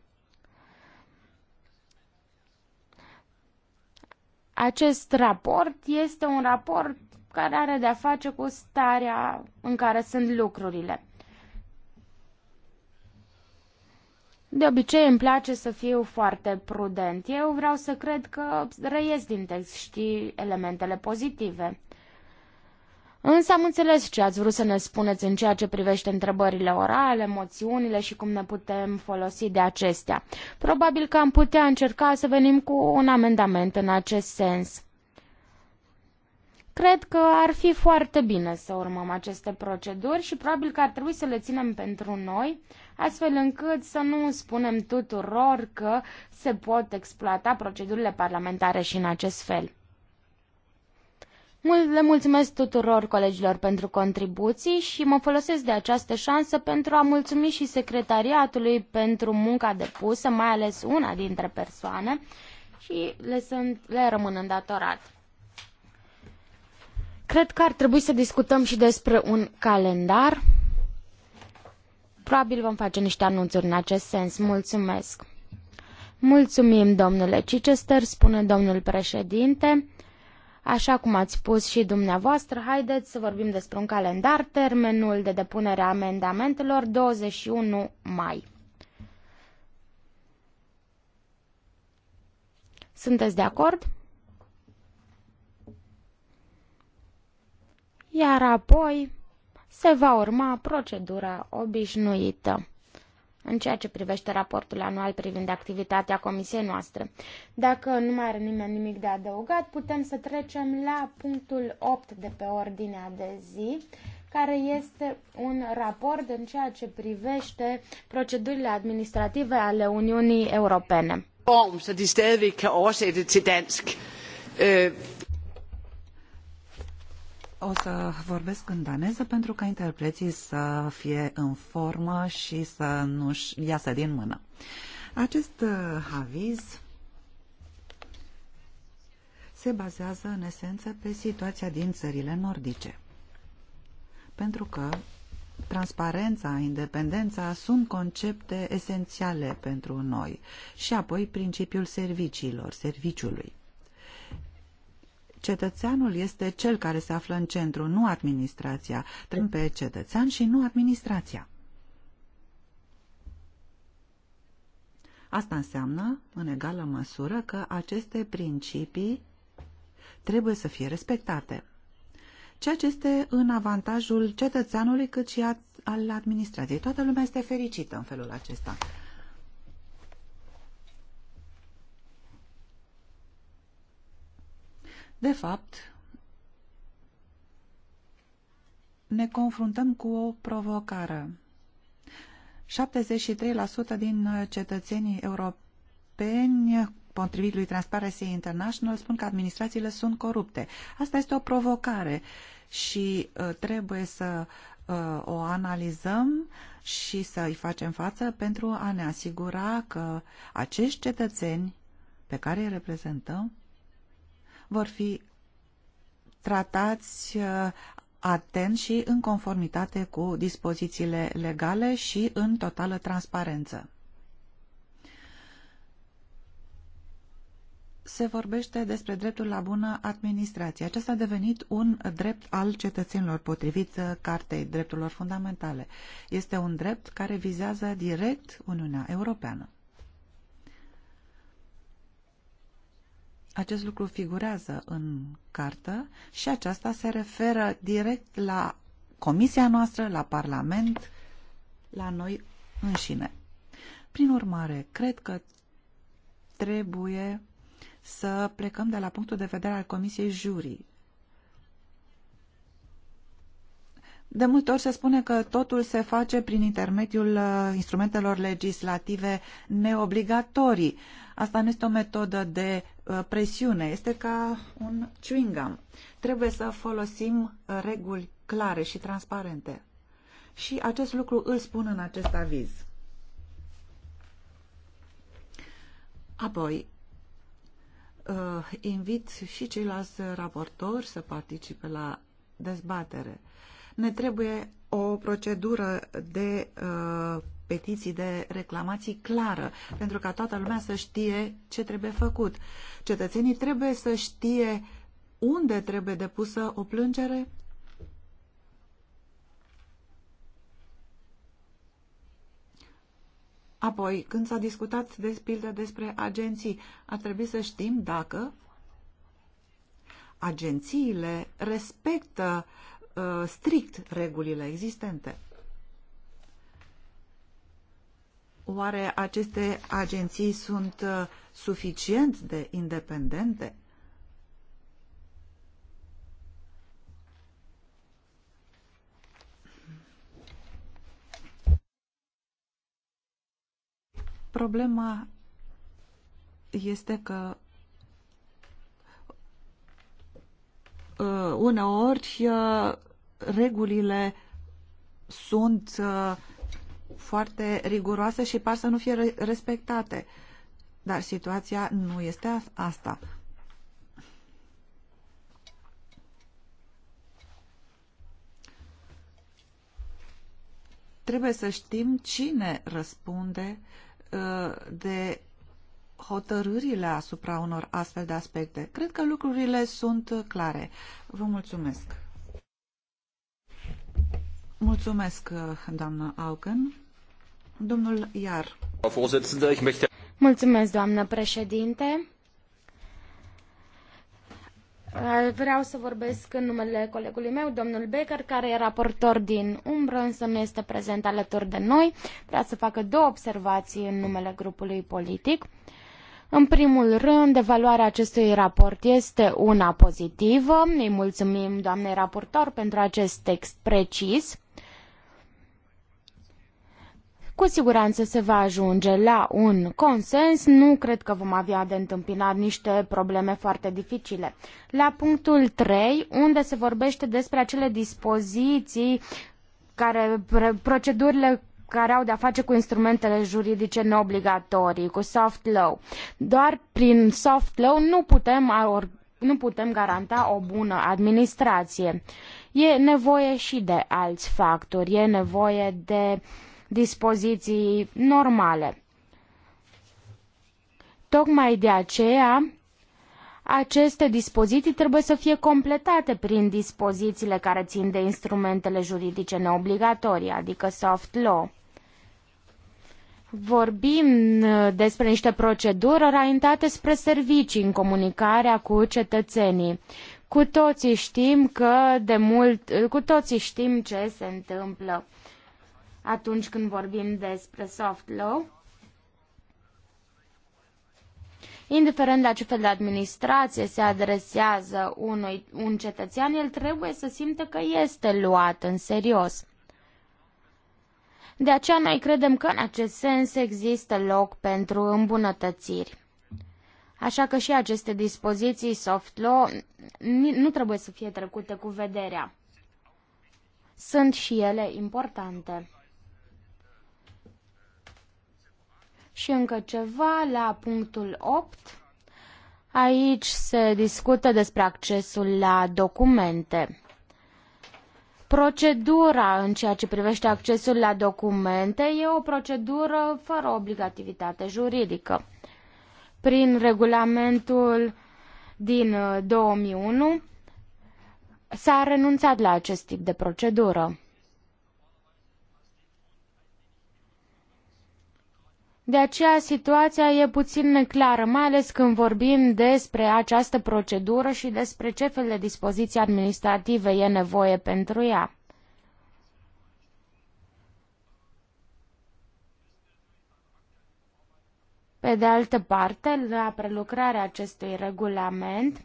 Acest raport este un raport care are de-a face cu starea în care sunt lucrurile. De obicei îmi place să fiu foarte prudent. Eu vreau să cred că răiesc din text și elementele pozitive. Însă am înțeles ce ați vrut să ne spuneți în ceea ce privește întrebările orale, moțiunile și cum ne putem folosi de acestea. Probabil că am putea încerca să venim cu un amendament în acest sens. Cred că ar fi foarte bine să urmăm aceste proceduri și probabil că ar trebui să le ținem pentru noi, astfel încât să nu spunem tuturor că se pot exploata procedurile parlamentare și în acest fel. Le mulțumesc tuturor colegilor pentru contribuții și mă folosesc de această șansă pentru a mulțumi și secretariatului pentru munca depusă, mai ales una dintre persoane, și le, sunt, le rămân îndatorat. Cred că ar trebui să discutăm și despre un calendar. Probabil vom face niște anunțuri în acest sens. Mulțumesc! Mulțumim, domnule Chichester, spune domnul președinte. Așa cum ați spus și dumneavoastră, haideți să vorbim despre un calendar, termenul de depunere a amendamentelor 21 mai. Sunteți de acord? Iar apoi se va urma procedura obișnuită în ceea ce privește raportul anual privind activitatea comisiei noastre. Dacă nu mai are nimeni nimic de adăugat, putem să trecem la punctul 8 de pe ordinea de zi, care este un raport în ceea ce privește procedurile administrative ale Uniunii Europene. Form, så de stadigvæk kan oversætte til dansk. Øh, o să vorbesc în daneză pentru ca interpreții să fie în formă și să nu-și iasă din mână. Acest uh, aviz se bazează în esență pe situația din țările nordice. Pentru că transparența, independența sunt concepte esențiale pentru noi și apoi principiul serviciilor, serviciului. Cetățeanul este cel care se află în centru, nu administrația. Trebuie pe cetățean și nu administrația. Asta înseamnă, în egală măsură, că aceste principii trebuie să fie respectate, ceea ce este în avantajul cetățeanului cât și al administrației. Toată lumea este fericită în felul acesta. De fapt, ne confruntăm cu o provocare. 73% din cetățenii europeni, potrivit lui Transparency International, spun că administrațiile sunt corupte. Asta este o provocare și uh, trebuie să uh, o analizăm și să îi facem față pentru a ne asigura că acești cetățeni pe care îi reprezentăm vor fi tratați uh, atent și în conformitate cu dispozițiile legale și în totală transparență. Se vorbește despre dreptul la bună administrație. Acesta a devenit un drept al cetățenilor potrivit uh, Cartei Drepturilor Fundamentale. Este un drept care vizează direct Uniunea Europeană. Acest lucru figurează în cartă și aceasta se referă direct la comisia noastră, la Parlament, la noi înșine. Prin urmare, cred că trebuie să plecăm de la punctul de vedere al Comisiei Jurii De multe ori se spune că totul se face prin intermediul uh, instrumentelor legislative neobligatorii. Asta nu este o metodă de uh, presiune, este ca un chewing gum. Trebuie să folosim uh, reguli clare și transparente. Și acest lucru îl spun în acest aviz. Apoi, invit și ceilalți raportori să participe la dezbatere. Ne trebuie o procedură de uh, petiții de reclamații clară, pentru ca toată lumea să știe ce trebuie făcut. Cetățenii trebuie să știe unde trebuie depusă o plângere, Apoi, când s-a discutat de pildă despre agenții, a trebuit să știm dacă agențiile respectă uh, strict regulile existente. Oare aceste agenții sunt uh, suficient de independente? Problema este că Uh, uneori uh, regulile sunt uh, foarte riguroase și par să nu fie respectate. Dar situația nu este asta. Trebuie să știm cine răspunde de hotărârile asupra unor astfel de aspecte. Cred că lucrurile sunt clare. Vă mulțumesc. Mulțumesc, doamnă Augen. Domnul Iar. Mulțumesc, doamnă președinte. Vreau să vorbesc în numele colegului meu, domnul Becker, care e raportor din umbră, însă nu este prezent alături de noi. Vreau să facă două observații în numele grupului politic. Uh, în primul rând, evaluarea acestui raport este una pozitivă. Îi mulțumim doamnei raportor pentru acest text precis. Cu siguranță se va ajunge la un consens, nu cred că vom avea de întâmpinat niște probleme foarte dificile. La punctul 3, unde se vorbește despre acele dispoziții care procedurile care au de-a face cu instrumentele juridice neobligatorii, cu soft law. Doar prin soft law nu putem, nu putem garanta o bună administrație. E nevoie și de alți factori, e nevoie de dispoziții normale. Tocmai de aceea, aceste dispoziții trebuie să fie completate prin dispozițiile care țin de instrumentele juridice neobligatorii, adică soft law vorbim uh, despre niște proceduri orientate spre servicii în comunicarea cu cetățenii. Cu toții știm că de mult, uh, cu toții știm ce se întâmplă atunci când vorbim despre soft law. Indiferent la ce fel de administrație se adresează unui, un cetățean, el trebuie să simtă că este luat în serios. De aceea noi credem că în acest sens există loc pentru îmbunătățiri. Așa că și aceste dispoziții soft law nu trebuie să fie trecute cu vederea. Sunt și ele importante. Și încă ceva la punctul 8. Aici se discută despre accesul la documente. Procedura în ceea ce privește accesul la documente e o procedură fără obligativitate juridică. Prin regulamentul din 2001 uh, s-a renunțat la acest tip de procedură. De aceea situația e puțin neclară, mai ales când vorbim despre această procedură și despre ce fel de dispoziții administrative e nevoie pentru ea. Pe de altă parte, la prelucrarea acestui regulament,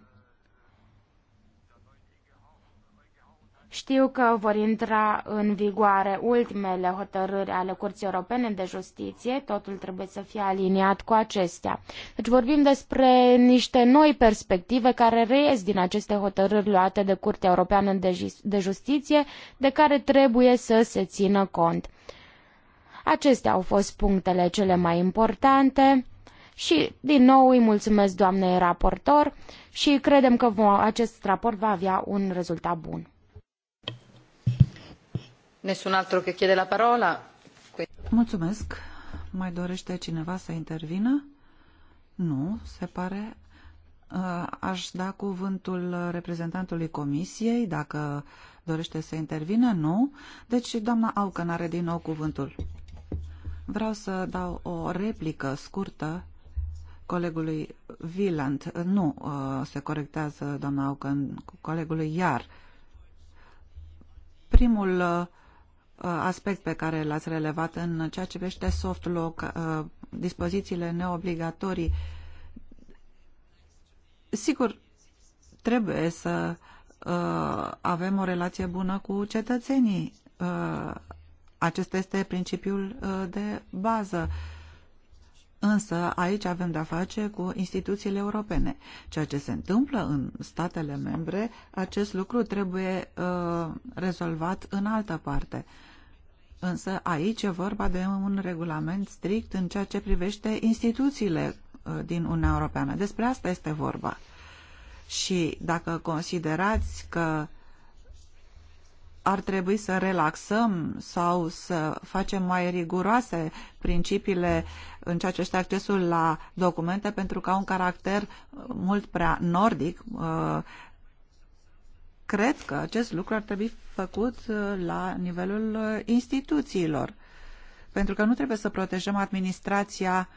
Știu că vor intra în vigoare ultimele hotărâri ale Curții Europene de Justiție, totul trebuie să fie aliniat cu acestea. Deci vorbim despre niște noi perspective care reies din aceste hotărâri luate de Curtea Europeană de Justiție, de care trebuie să se țină cont. Acestea au fost punctele cele mai importante. Și, din nou, îi mulțumesc doamnei raportor și credem că acest raport va avea un rezultat bun. Nessun Mai dorește cineva să intervină? Nu, se pare. Uh, aș da cuvântul reprezentantului comisiei, dacă dorește să intervină, nu. Deci, doamna Aucăn are din nou cuvântul. Vreau să dau o replică scurtă colegului Viland. Nu, uh, se corectează doamna Aucăn, colegului Iar. Primul uh, Uh, aspect pe care l-ați relevat în ceea ce vește soft law, uh, dispozițiile neobligatorii. Sigur, trebuie să uh, avem o relație bună cu cetățenii. Acesta este principiul de bază Însă aici avem de-a face cu instituțiile europene. Ceea ce se întâmplă în statele membre, acest lucru trebuie uh, rezolvat în altă parte. Însă aici e vorba de un regulament strict în ceea ce privește instituțiile uh, din Uniunea Europeană. Despre asta este vorba. Și dacă considerați că uh, ar trebui să relaxăm sau să facem mai riguroase principiile în ceea ce este accesul la documente pentru că au un caracter mult prea nordic. Uh, cred că acest lucru ar trebui făcut uh, la nivelul uh, instituțiilor pentru că nu trebuie să protejăm administrația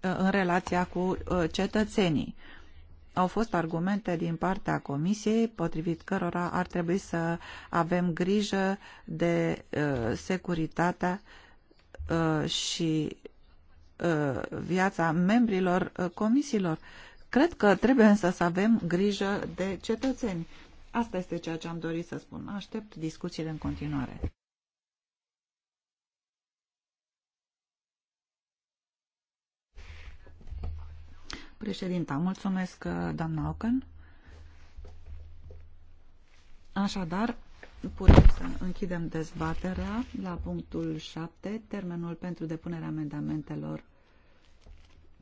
în relația cu cetățenii. Au fost argumente din partea Comisiei, potrivit cărora ar trebui să avem grijă de uh, securitatea uh, și uh, viața membrilor uh, comisiilor. Cred că trebuie însă să avem grijă de cetățeni. Asta este ceea ce am dorit să spun. Aștept discuțiile în continuare. Președinta, mulțumesc, uh, doamna Ocan. Așadar, putem să închidem dezbaterea la punctul 7, termenul pentru depunerea amendamentelor.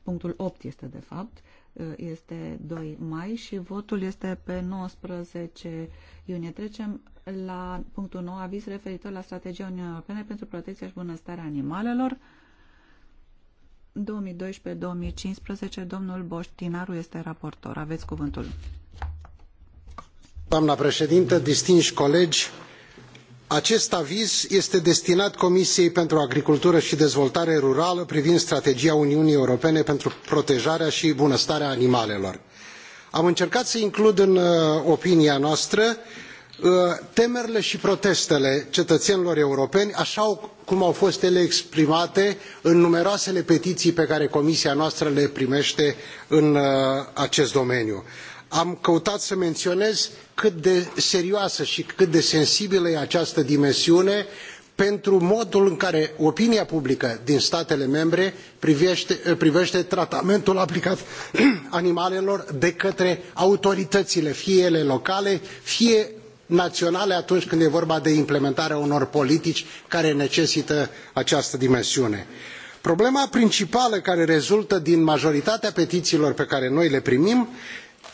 Punctul 8 este, de fapt, uh, este 2 mai și votul este pe 19 iunie. Trecem la punctul 9, aviz referitor la strategia Uniunii Europene pentru protecția și bunăstarea animalelor. 2012-2015, domnul Boștinaru este raportor. Aveți cuvântul. Doamna președintă, distinși colegi, acest aviz este destinat Comisiei pentru Agricultură și Dezvoltare Rurală privind strategia Uniunii Europene pentru protejarea și bunăstarea animalelor. Am încercat să includ în uh, opinia noastră Ă, temerile i protestele cetăenilor europeni aa cum au fost ele exprimate în numeroasele petiii pe care comisia noastră le primete în ă, acest domeniu. am căutat să menionez cât de serioasă i cât de sensibilă este această dimensiune pentru modul în care opinia publică din statele membre privete ă, tratamentul aplicat animalelor de către autorităile fie ele locale fie naționale atunci când e vorba de implementarea unor politici care necesită această dimensiune. problema principală care rezultă din majoritatea petiiilor pe care noi le primim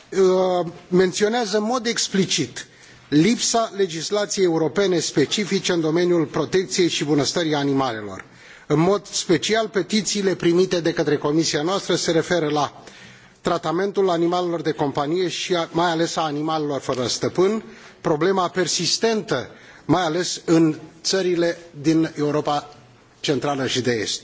uh, menionează în mod explicit lipsa legislaiei europene specifice în domeniul proteciei i bunăstării animalelor. în mod special petiiile primite de către comisia noastră se referă la tratamentul animalelor de companie i mai ales al animalelor fără stăpân problema persistentă mai ales în ările din europa centrală i de est.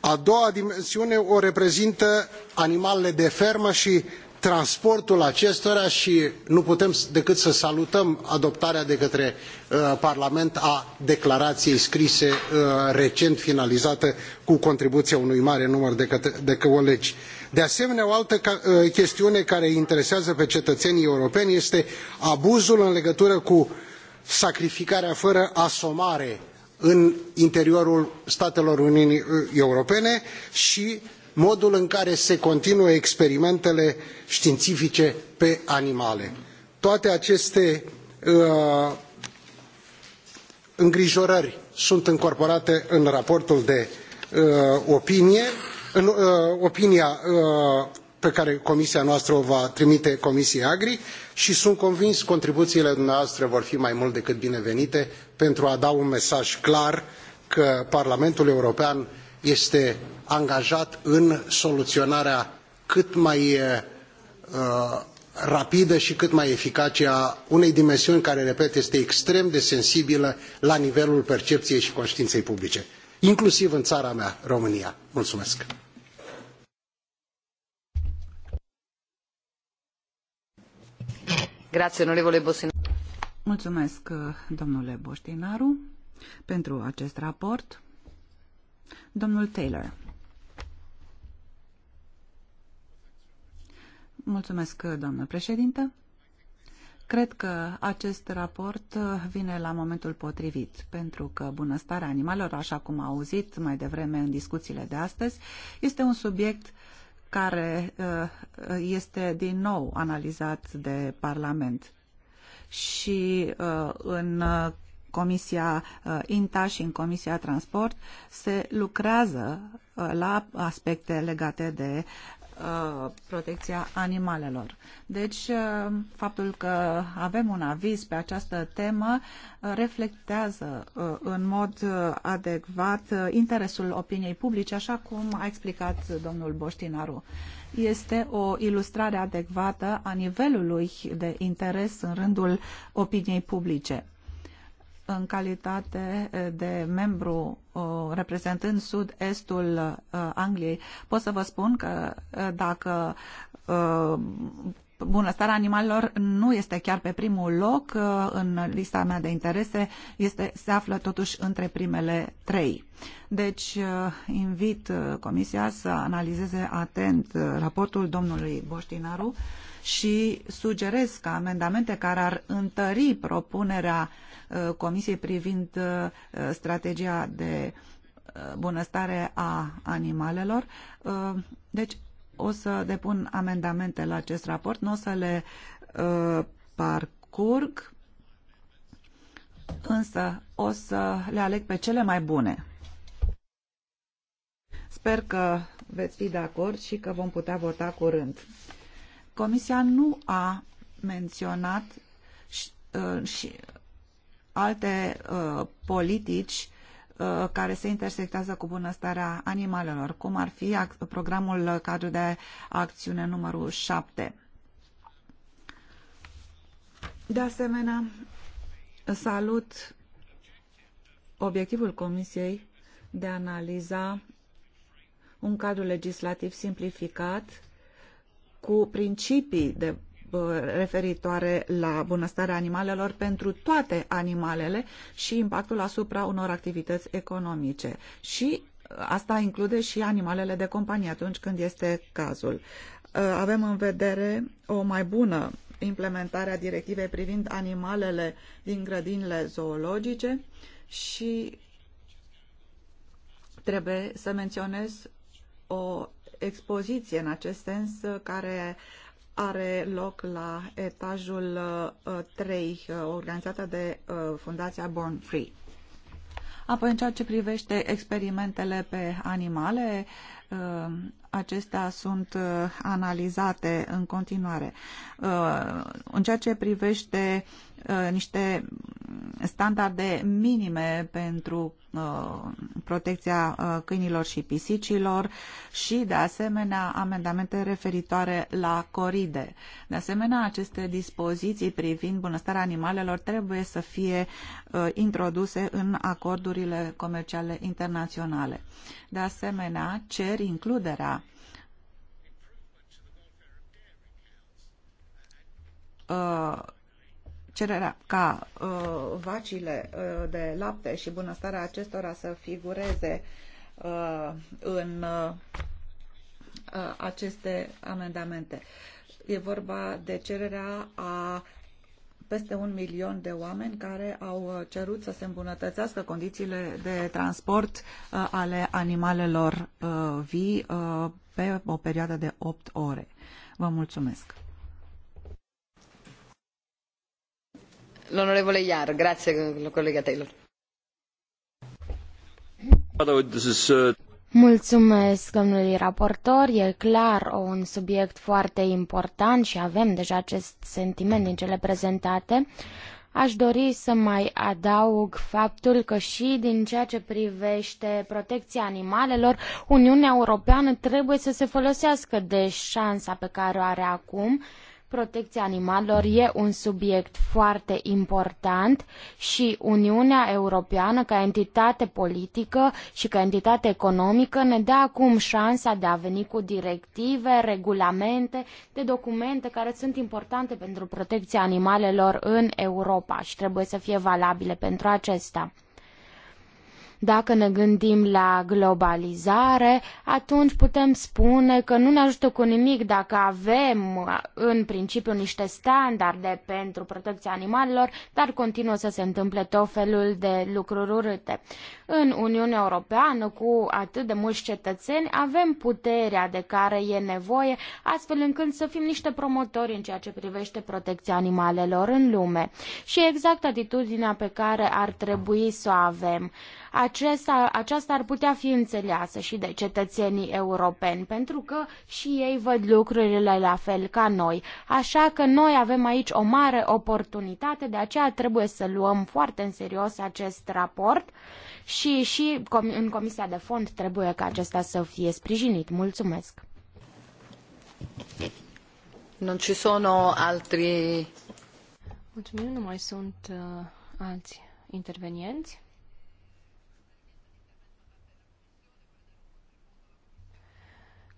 a doua dimensiune o reprezintă animalele de fermă i transportul acestora i nu putem decât să salutăm adoptarea de către uh, parlament a declaraiei scrise uh, recent finalizată cu contribuia unui mare număr de, de colegi de asemenea o altă ă, chestiune care îi interesează pe cetățenii europeni este abuzul în legătură cu sacrificarea fără asomare în interiorul statelor uniunii ă, europene și modul în care se continuă experimentele științifice pe animale. toate aceste uh, îngrijorări sunt încorporate în raportul de uh, opinie în uh, opinia uh, pe care comisia noastră o va trimite comisiei agri și sunt convins contribuțiile dumneavoastră vor fi mai mult decât binevenite pentru a da un mesaj clar că Parlamentul European este angajat în soluționarea cât mai uh, rapidă și cât mai eficace a unei dimensiuni care, repet, este extrem de sensibilă la nivelul percepției și conștiinței publice inclusiv în țara mea, România. Mulțumesc! Grazie, Mulțumesc, domnule Boștinaru, pentru acest raport. Domnul Taylor. Mulțumesc, doamnă președintă. Cred că acest raport uh, vine la momentul potrivit, pentru că bunăstarea animalelor, așa cum am auzit mai devreme în discuțiile de astăzi, este un subiect care uh, este din nou analizat de Parlament. Și uh, în Comisia INTA și în Comisia Transport se lucrează la aspecte legate de Uh, protecția animalelor. Deci, uh, faptul că avem un aviz pe această temă uh, reflectează în mod adecvat interesul opiniei publice, așa cum a explicat domnul Boștinaru. Este o ilustrare adecvată a nivelului de interes în rândul opiniei publice în calitate eh, de membru reprezentând sud-estul eh, Angliei, pot să vă spun că eh, dacă bunăstarea animalelor nu este chiar pe primul loc în lista mea de interese, este, se află totuși între primele trei. Deci invit Comisia să analizeze atent raportul domnului Boștinaru și sugerez că amendamente care ar întări propunerea Uh, Comisiei privind uh, strategia de uh, bunăstare a animalelor. Deci o să depun amendamente la acest raport, nu o să le parcurg, însă o să le aleg pe cele mai bune. Sper că veți fi de acord și că vom putea vota curând. Comisia nu a menționat și, și alte uh, politici uh, care se intersectează cu bunăstarea animalelor, cum ar fi programul cadru de acțiune numărul 7. De asemenea, salut obiectivul Comisiei de a analiza un cadru legislativ simplificat cu principii de Uh, referitoare la bunăstarea animalelor pentru toate animalele și impactul asupra unor activități economice. Și uh, asta include și animalele de companie atunci când este cazul. Uh, avem în vedere o mai bună implementare a directivei privind animalele din grădinile zoologice și trebuie să menționez o expoziție în acest sens care are loc la etajul 3, uh, uh, organizată de uh, Fundația Born Free. Apoi, în ceea ce privește experimentele pe animale, Uh, acestea sunt uh, analizate în continuare. Uh, în ceea ce privește niște standarde minime pentru protecția câinilor și pisicilor și, de asemenea, amendamente referitoare la coride. De asemenea, aceste dispoziții privind bunăstarea animalelor trebuie să fie introduse în acordurile comerciale internaționale. De asemenea, cer consideri includerea uh, cererea ca uh, vacile uh, de lapte și bunăstarea acestora să figureze uh, în uh, uh aceste amendamente. E vorba de cererea a peste un milion de oameni care au uh, cerut să se îmbunătățească condițiile de transport uh, ale animalelor uh, vii pe o perioadă de 8 ore. Vă mulțumesc. L'onorevole Iar, grazie colega Taylor. Mulțumesc, domnului raportor. E clar un subiect foarte important și avem deja acest sentiment din cele prezentate. Aș dori să mai adaug faptul că și din ceea ce privește protecția animalelor, Uniunea Europeană trebuie să se folosească de șansa pe care o are acum Protecția animalelor e un subiect foarte important și Uniunea Europeană, ca entitate politică și ca entitate economică, ne dă acum șansa de a veni cu directive, regulamente, de documente care sunt importante pentru protecția animalelor în Europa și trebuie să fie valabile pentru acesta. Dacă ne gândim la globalizare, atunci putem spune că nu ne ajută cu nimic dacă avem uh, în principiu niște standarde pentru protecția animalelor, dar continuă să se întâmple tot felul de lucruri urâte. În Uniunea Europeană, cu atât de mulți cetățeni, avem puterea de care e nevoie, astfel încât să fim niște promotori în ceea ce privește protecția animalelor în lume. Și exact atitudinea pe care ar trebui să o avem. Acesta, aceasta ar putea fi înțeleasă și de cetățenii europeni, pentru că și ei văd lucrurile la fel ca noi. Așa că noi avem aici o mare oportunitate, de aceea trebuie să luăm foarte în serios acest raport și, și în Comisia de Fond trebuie ca acesta să fie sprijinit. Mulțumesc! Nu ci sono altri... Mulțumim, nu mai sunt uh, alți intervenienți.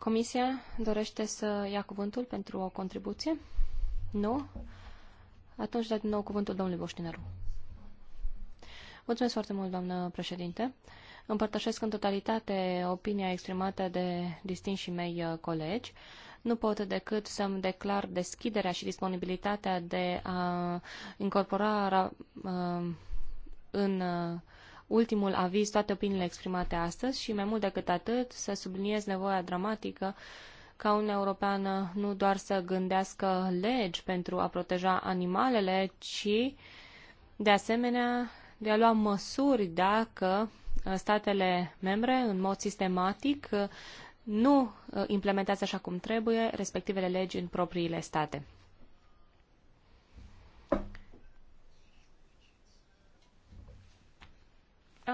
Comisia dorește să ia cuvântul pentru o contribuție? Nu? Atunci dă din nou cuvântul domnului Boștinaru. Mulțumesc foarte mult, doamnă președinte. Împărtășesc în totalitate opinia exprimată de distinșii mei uh, colegi. Nu pot decât să-mi declar deschiderea și disponibilitatea de a incorpora uh, în uh, ultimul aviz toate opiniile exprimate astăzi și, mai mult decât atât, să subliniez nevoia dramatică ca Uniunea Europeană nu doar să gândească legi pentru a proteja animalele, ci, de asemenea, de a lua măsuri dacă uh, statele membre, în mod sistematic, uh, nu uh, implementează așa cum trebuie respectivele legi în propriile state.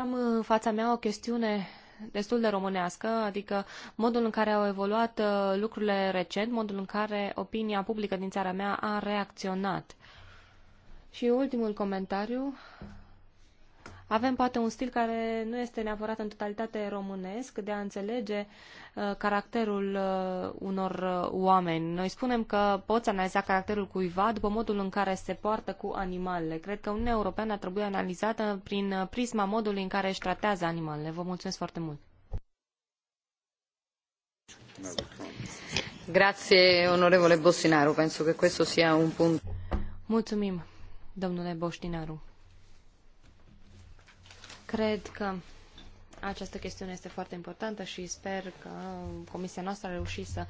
Am în fața mea o chestiune destul de românească, adică modul în care au evoluat uh, lucrurile recent, modul în care opinia publică din țara mea a reacționat. Și ultimul comentariu avem poate un stil care nu este neapărat în totalitate românesc de a înțelege uh, caracterul uh, unor uh, oameni. Noi spunem că poți analiza caracterul cuiva după modul în care se poartă cu animalele. Cred că Uniunea Europeană ar trebui analizată prin prisma modului în care își tratează animalele. Vă mulțumesc foarte mult! Grazie, onorevole Bostinaru. Penso che questo sia un punto. Mulțumim, domnule Bostinaru. Cred că această chestiune este foarte importantă și sper că Comisia noastră a reușit să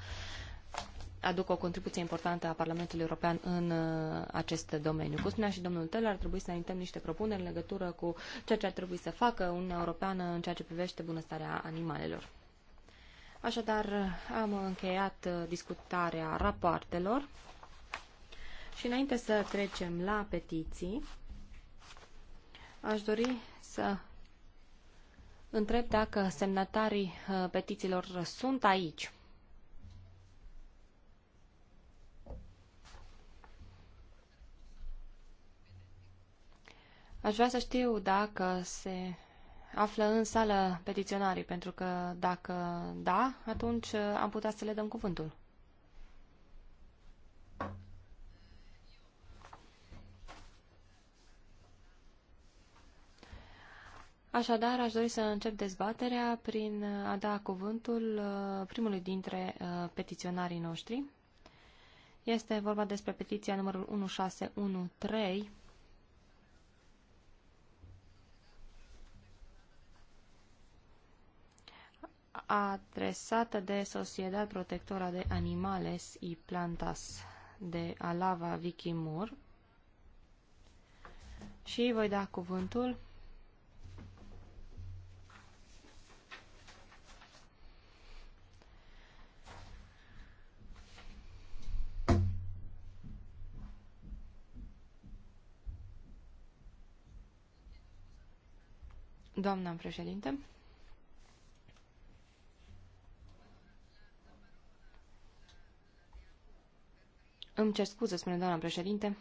aducă o contribuție importantă a Parlamentului European în uh, acest domeniu. Cum spunea și domnul Tel, ar trebui să înaintăm niște propuneri în legătură cu ceea ce ar trebui să facă Uniunea Europeană în ceea ce privește bunăstarea animalelor. Așadar, am încheiat uh, discutarea rapoartelor și înainte să trecem la petiții, aș dori să întreb dacă semnatarii uh, petițiilor sunt aici. Aș vrea să știu dacă se află în sală petiționarii, pentru că dacă da, atunci uh, am putea să le dăm cuvântul. Așadar, aș dori să încep dezbaterea prin a da cuvântul uh, primului dintre uh, petiționarii noștri. Este vorba despre petiția numărul 1613 adresată de Sociedad Protectora de Animales y Plantas de Alava Mur, și voi da cuvântul Doamna președinte. Îmi cer scuze, spune doamna președinte.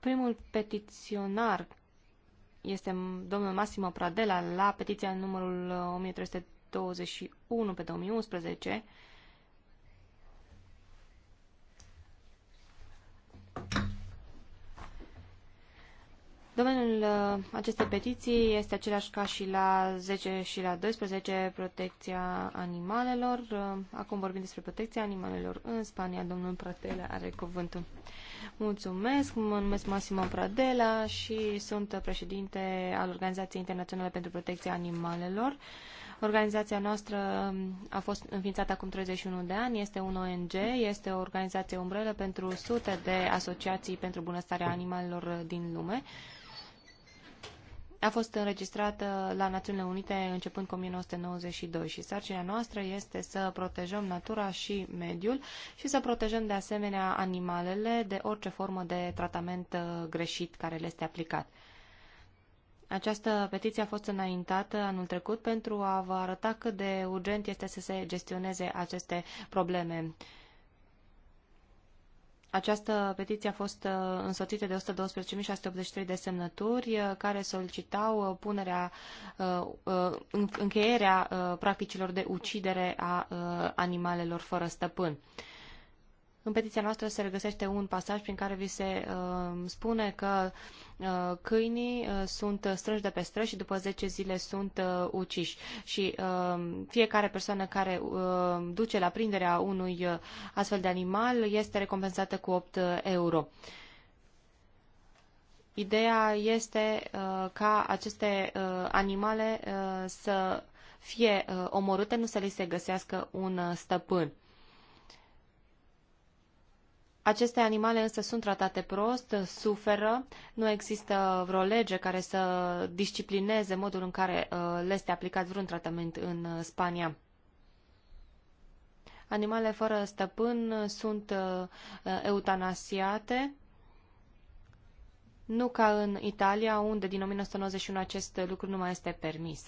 Primul petiționar este domnul Massimo Pradela la petiția numărul 1321 uh, pe 2011 Domeniul uh, acestei petiții este același ca și la 10 și la 12, protecția animalelor. Uh, acum vorbim despre protecția animalelor în Spania. Domnul Pratela are cuvântul. Mulțumesc, mă numesc Massimo Pradela și sunt președinte al Organizației Internaționale pentru Protecția Animalelor. Organizația noastră a fost înființată acum 31 de ani, este un ONG, este o organizație umbrelă pentru sute de asociații pentru bunăstarea animalelor din lume a fost înregistrată la Națiunile Unite începând cu 1992 și sarcina noastră este să protejăm natura și mediul și să protejăm de asemenea animalele de orice formă de tratament uh, greșit care le este aplicat. Această petiție a fost înaintată anul trecut pentru a vă arăta cât de urgent este să se gestioneze aceste probleme. Această petiție a fost uh, însoțită de 112.683 de semnături uh, care solicitau uh, punerea, încheierea practicilor de ucidere a animalelor fără stăpân. În petiția noastră se regăsește un pasaj prin care vi se uh, spune că uh, câinii uh, sunt strânși de pe străzi și după 10 zile sunt uh, uciși. Și uh, fiecare persoană care uh, duce la prinderea unui uh, astfel de animal este recompensată cu 8 uh, euro. Ideea este uh, ca aceste uh, animale uh, să fie uh, omorâte, nu să li se găsească un uh, stăpân. Aceste animale însă sunt tratate prost, suferă, nu există vreo lege care să disciplineze modul în care uh, le este aplicat vreun tratament în uh, Spania. Animale fără stăpân sunt uh, eutanasiate, nu ca în Italia, unde din 1991 acest lucru nu mai este permis.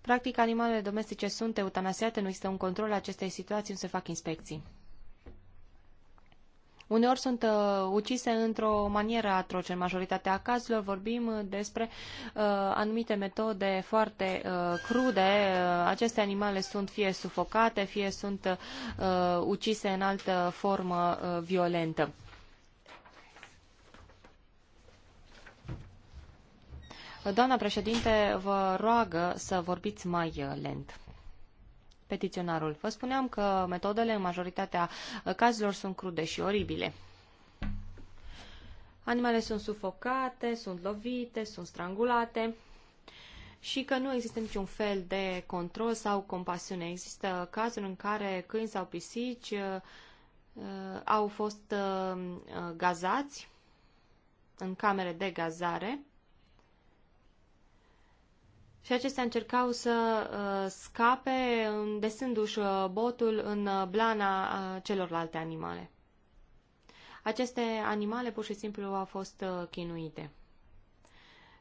Practic, animalele domestice sunt eutanasiate, nu există un control acestei situații, nu se fac inspecții. Uneori sunt uh, ucise într-o manieră atroce. În majoritatea cazurilor vorbim uh, despre uh, anumite metode foarte uh, crude. Uh, aceste animale sunt fie sufocate, fie sunt uh, ucise în altă formă uh, violentă. Doamna președinte, vă roagă să vorbiți mai uh, lent. Petiționarul, vă spuneam că metodele în majoritatea uh, cazurilor sunt crude și oribile. Animalele sunt sufocate, sunt lovite, sunt strangulate și că nu există niciun fel de control sau compasiune. Există cazuri în care câini sau pisici uh, uh au fost uh, gazați în camere de gazare și acestea încercau să uh, scape desându-și uh, botul în uh, blana uh, celorlalte animale. Aceste animale pur și simplu au fost chinuite.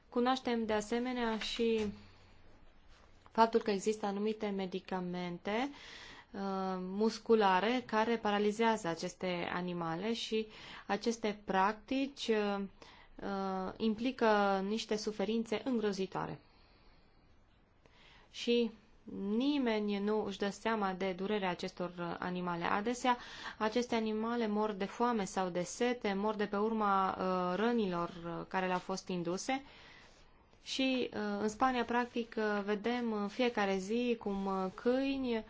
Cunoaștem de asemenea și faptul că există anumite medicamente uh, musculare care paralizează aceste animale și aceste practici uh, implică niște suferințe îngrozitoare și nimeni nu își dă seama de durerea acestor uh, animale. Adesea, aceste animale mor de foame sau de sete, mor de pe urma uh, rănilor uh, care le-au fost induse. Și în Spania, practic, vedem în fiecare zi cum câini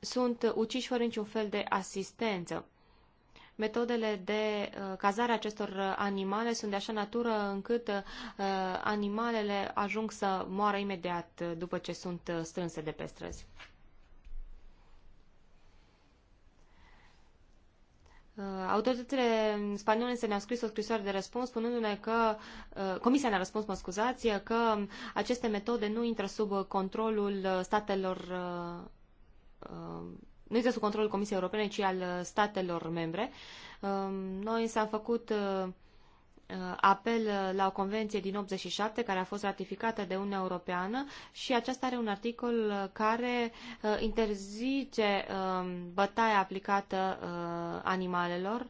sunt uciși fără niciun fel de asistență metodele de uh, cazare acestor uh, animale sunt de așa natură încât uh, animalele ajung să moară imediat după ce sunt strânse de pe străzi. Autoritățile spaniole se ne-au scris o scrisoare de răspuns spunându-ne că, Comisia ne-a răspuns, mă scuzați, că aceste metode nu intră sub controlul statelor nu este sub controlul Comisiei Europene, ci al uh, statelor membre. Um, noi s-a făcut uh, uh, apel la o convenție din 87 care a fost ratificată de Uniunea Europeană și aceasta are un articol care interzice um, bătaia aplicată animalelor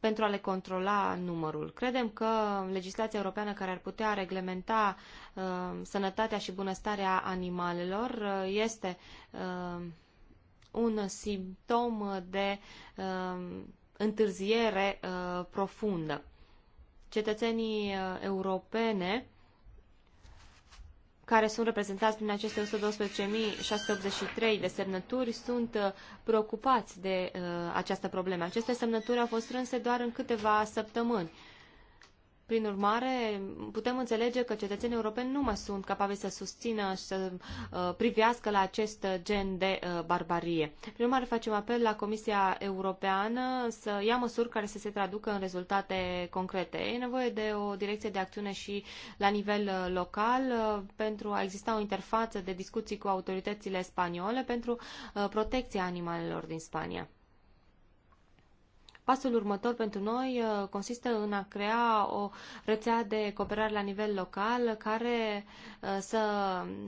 pentru a le controla numărul. Credem că legislația europeană care ar putea reglementa sănătatea și bunăstarea animalelor este un simptom de uh, întârziere uh, profundă. Cetățenii uh, europene care sunt reprezentați prin aceste 112.683 de semnături sunt uh, preocupați de uh, această problemă. Aceste semnături au fost strânse doar în câteva săptămâni. Uh, prin urmare, putem înțelege că cetățenii europeni nu mai sunt capabili să susțină și să uh, privească la acest gen de uh, barbarie. Prin urmare, facem apel la Comisia Europeană să ia măsuri care să se traducă în rezultate concrete. E nevoie de o direcție de acțiune și la nivel uh, local pentru a exista o interfață de discuții cu autoritățile spaniole pentru protecția animalelor din Spania. Pasul următor pentru noi uh, consistă în a crea o rețea de cooperare la nivel local care uh, să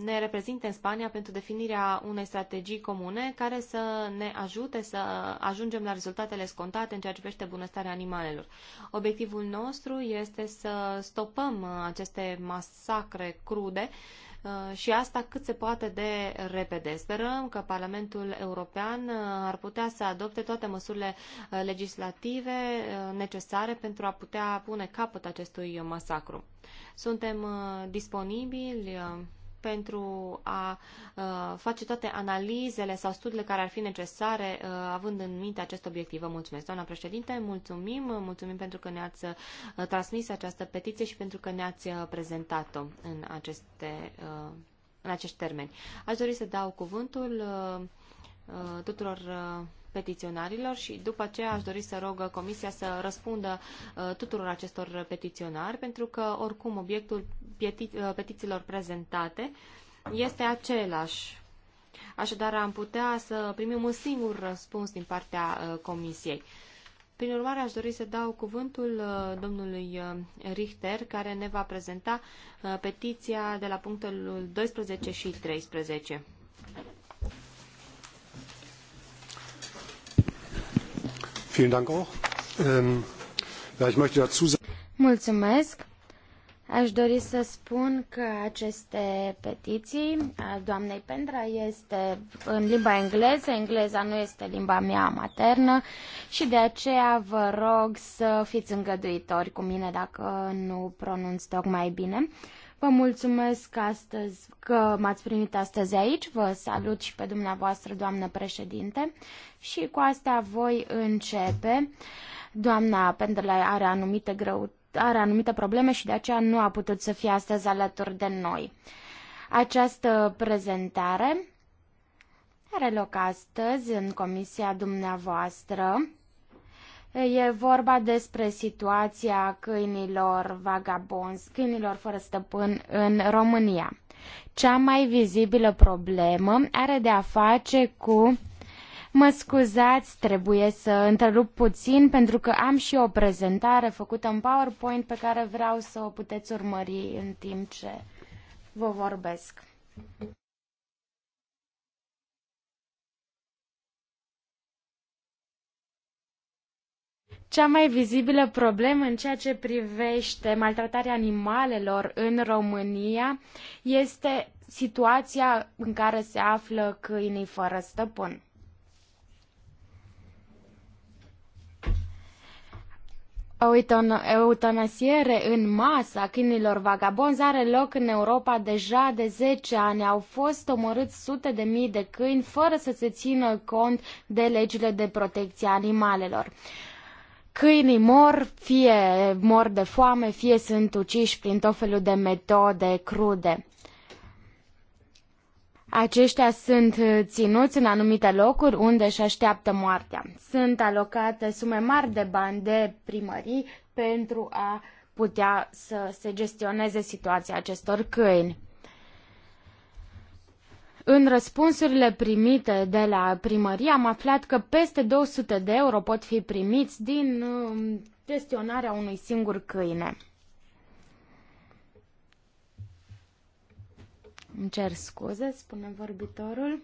ne reprezinte în Spania pentru definirea unei strategii comune care să ne ajute să ajungem la rezultatele scontate în ceea ce privește bunăstarea animalelor. Obiectivul nostru este să stopăm uh, aceste masacre crude Uh, și asta cât se poate de repede. Sperăm că Parlamentul European uh, ar putea să adopte toate măsurile uh, legislative necesare pentru a putea pune capăt acestui masacru. Suntem disponibili pentru a uh, face toate analizele sau studiile care ar fi necesare, uh, având în minte acest obiectiv. Vă mulțumesc, doamna președinte, mulțumim, mulțumim pentru că ne-ați uh, transmis această petiție și pentru că ne-ați prezentat-o în aceste în acești termeni. Aș dori să dau cuvântul uh, Uh, tuturor uh, petiționarilor și după aceea aș dori să rog Comisia să răspundă uh, tuturor acestor petiționari, pentru că oricum obiectul peti petițiilor prezentate este același. Așadar, am putea să primim un singur răspuns din partea Comisiei. Prin urmare, aș dori să dau cuvântul domnului Richter, care ne va prezenta petiția de la punctul 12 și 13. Ähm, Mulțumesc. Aș dori să spun că aceste petiții a doamnei Pendra este în limba engleză, engleza nu este limba mea maternă și de aceea vă rog să fiți îngăduitori cu mine dacă nu pronunț tocmai bine. Vă mulțumesc astăzi că m-ați primit astăzi aici. Vă salut și pe dumneavoastră, doamnă președinte. Și cu asta voi începe. Doamna Pendele are anumite greutăți are anumite probleme și de aceea nu a putut să fie astăzi alături de noi. Această prezentare are loc astăzi în comisia dumneavoastră E vorba despre situația câinilor vagabonzi, câinilor fără stăpân în România. Cea mai vizibilă problemă are de a face cu Mă scuzați, trebuie să întrerup puțin pentru că am și o prezentare făcută în PowerPoint pe care vreau să o puteți urmări în timp ce vă vorbesc. cea mai vizibilă problemă în ceea ce privește maltratarea animalelor în România este situația în care se află câinii fără stăpân. O eutanasiere în masă a câinilor vagabonzi are loc în Europa deja de 10 ani. Au fost omorâți sute de mii de câini fără să se țină cont de legile de protecție a animalelor. Câinii mor, fie mor de foame, fie sunt uciși prin tot felul de metode crude. Aceștia sunt ținuți în anumite locuri unde își așteaptă moartea. Sunt alocate sume mari de bani de primării pentru a putea să se gestioneze situația acestor câini. În răspunsurile primite de la primărie am aflat că peste 200 de euro pot fi primiți din um, gestionarea unui singur câine. Îmi cer scuze, spune vorbitorul.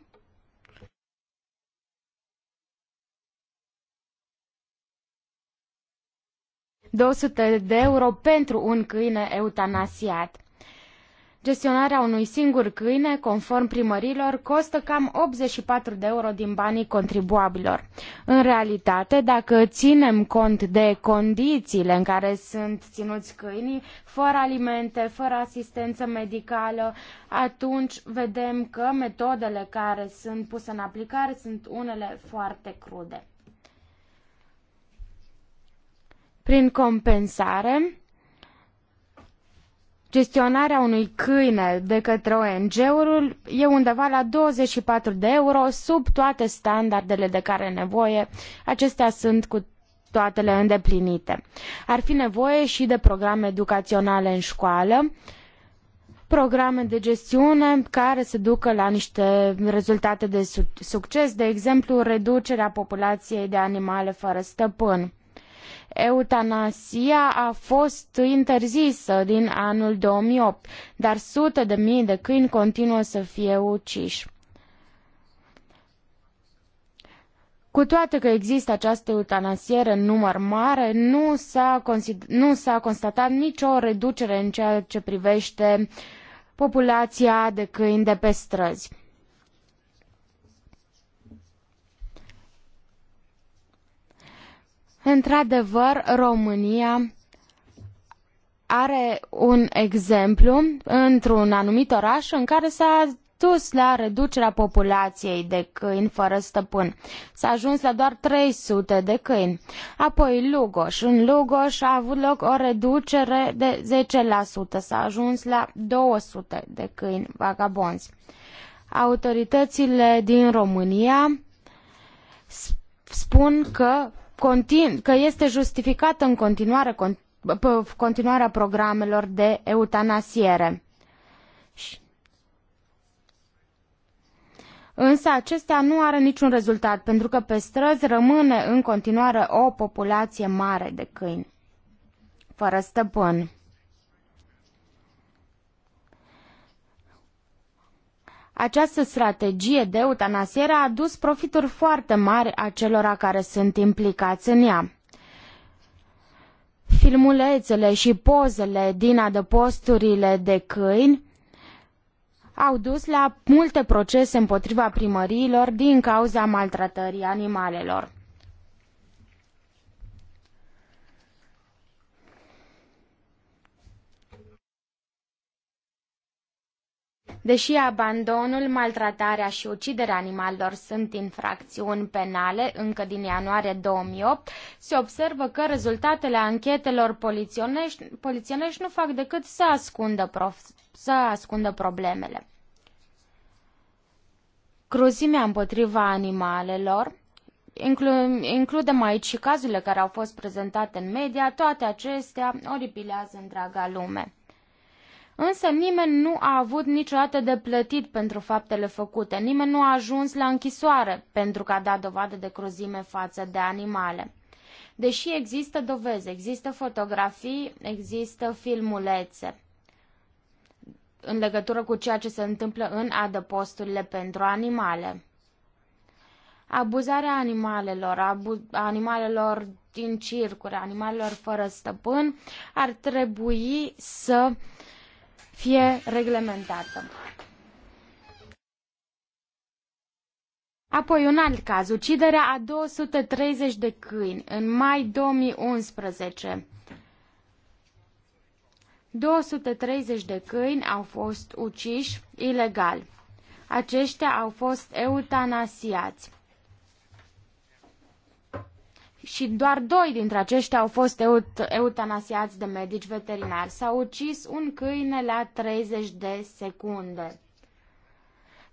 ...200 de euro pentru un câine eutanasiat. Gestionarea unui singur câine, conform primărilor, costă cam 84 de euro din banii contribuabilor. În realitate, dacă ținem cont de condițiile în care sunt ținuți câinii, fără alimente, fără asistență medicală, atunci vedem că metodele care sunt puse în aplicare sunt unele foarte crude. Prin compensare, gestionarea unui câine de către ONG-uri e undeva la 24 de euro sub toate standardele de care are nevoie. Acestea sunt cu toatele îndeplinite. Ar fi nevoie și de programe educaționale în școală, programe de gestiune care să ducă la niște rezultate de succes, de exemplu reducerea populației de animale fără stăpân. Eutanasia a fost interzisă din anul 2008, dar sute de mii de câini continuă să fie uciși. Cu toate că există această eutanasiere în număr mare, nu s-a, nu s-a constatat nicio reducere în ceea ce privește populația de câini de pe străzi. Într-adevăr, România are un exemplu într-un anumit oraș în care s-a dus la reducerea populației de câini fără stăpân. S-a ajuns la doar 300 de câini. Apoi Lugoș. În Lugoș a avut loc o reducere de 10%. S-a ajuns la 200 de câini vagabonzi. Autoritățile din România spun că că este justificată în continuare continuarea programelor de eutanasiere. Însă acestea nu are niciun rezultat, pentru că pe străzi rămâne în continuare o populație mare de câini, fără stăpân. Această strategie de eutanasiere a adus profituri foarte mari acelora care sunt implicați în ea. Filmulețele și pozele din adăposturile de câini au dus la multe procese împotriva primăriilor din cauza maltratării animalelor. Deși abandonul, maltratarea și uciderea animalelor sunt infracțiuni penale încă din ianuarie 2008, se observă că rezultatele anchetelor polițienești, nu fac decât să ascundă, prof, să ascundă problemele. Cruzimea împotriva animalelor Inclu- includem aici și cazurile care au fost prezentate în media, toate acestea oripilează întreaga lume. Însă nimeni nu a avut niciodată de plătit pentru faptele făcute, nimeni nu a ajuns la închisoare pentru că a dat dovadă de cruzime față de animale. Deși există dovezi, există fotografii, există filmulețe în legătură cu ceea ce se întâmplă în adăposturile pentru animale. Abuzarea animalelor, abu- animalelor din circuri, animalelor fără stăpân, ar trebui să uh, fie reglementată. Apoi un alt caz, uciderea a 230 de câini în mai 2011. 230 de câini au fost uciși ilegal. Aceștia au fost eutanasiați și doar doi dintre aceștia au fost eut- eutanasiați de medici veterinari. S-a ucis un câine la 30 de secunde,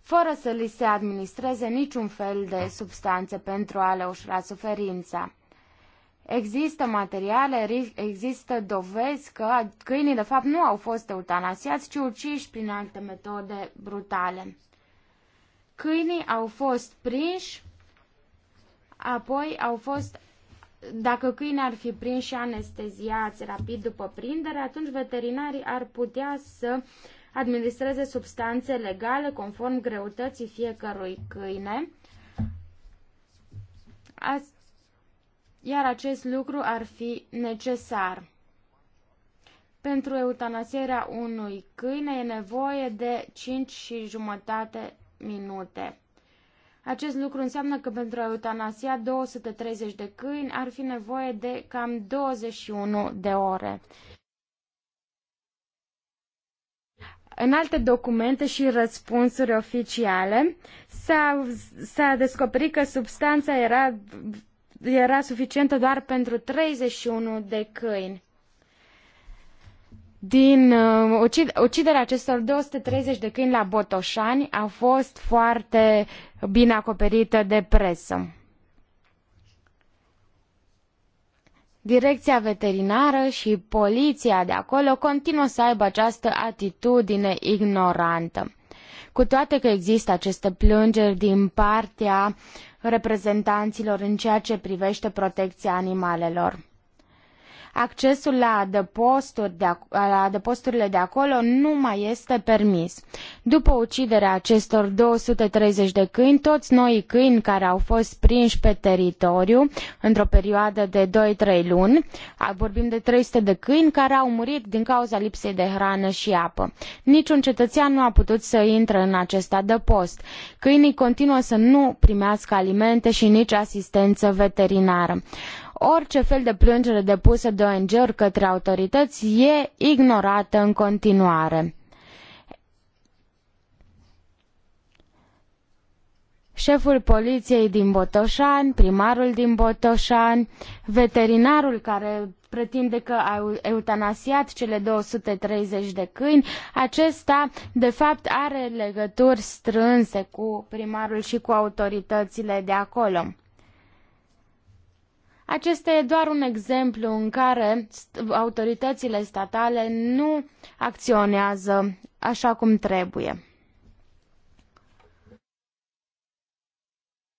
fără să li se administreze niciun fel de substanțe pentru a le ușura suferința. Există materiale, există dovezi că câinii de fapt nu au fost eutanasiați, ci uciși prin alte metode brutale. Câinii au fost prinși, apoi au fost dacă câine ar fi prins și anesteziați rapid după prindere, atunci veterinarii ar putea să administreze substanțe legale conform greutății fiecărui câine. Iar acest lucru ar fi necesar. Pentru eutanasierea unui câine e nevoie de 5 și jumătate minute. Acest lucru înseamnă că pentru a eutanasia 230 de câini ar fi nevoie de cam 21 de ore. În alte documente și răspunsuri oficiale s-a descoperit că substanța era, era suficientă doar pentru 31 de câini din uh, ucid, uciderea acestor 230 de câini la Botoșani a fost foarte bine acoperită de presă. Direcția veterinară și poliția de acolo continuă să aibă această atitudine ignorantă. Cu toate că există aceste plângeri din partea reprezentanților în ceea ce privește protecția animalelor accesul la, adăposturi de, la adăposturile de acolo nu mai este permis. După uciderea acestor 230 de câini, toți noi câini care au fost prinși pe teritoriu într-o perioadă de 2-3 luni, vorbim de 300 de câini care au murit din cauza lipsei de hrană și apă. Niciun cetățean nu a putut să intre în acest adăpost. Câinii continuă să nu primească alimente și nici asistență veterinară. Orice fel de plângere depusă de ONG-uri către autorități e ignorată în continuare. șeful poliției din Botoșani, primarul din Botoșani, veterinarul care pretinde că a eutanasiat cele 230 de câini, acesta de fapt are legături strânse cu primarul și cu autoritățile de acolo. Acesta e doar un exemplu în care autoritățile statale nu acționează așa cum trebuie.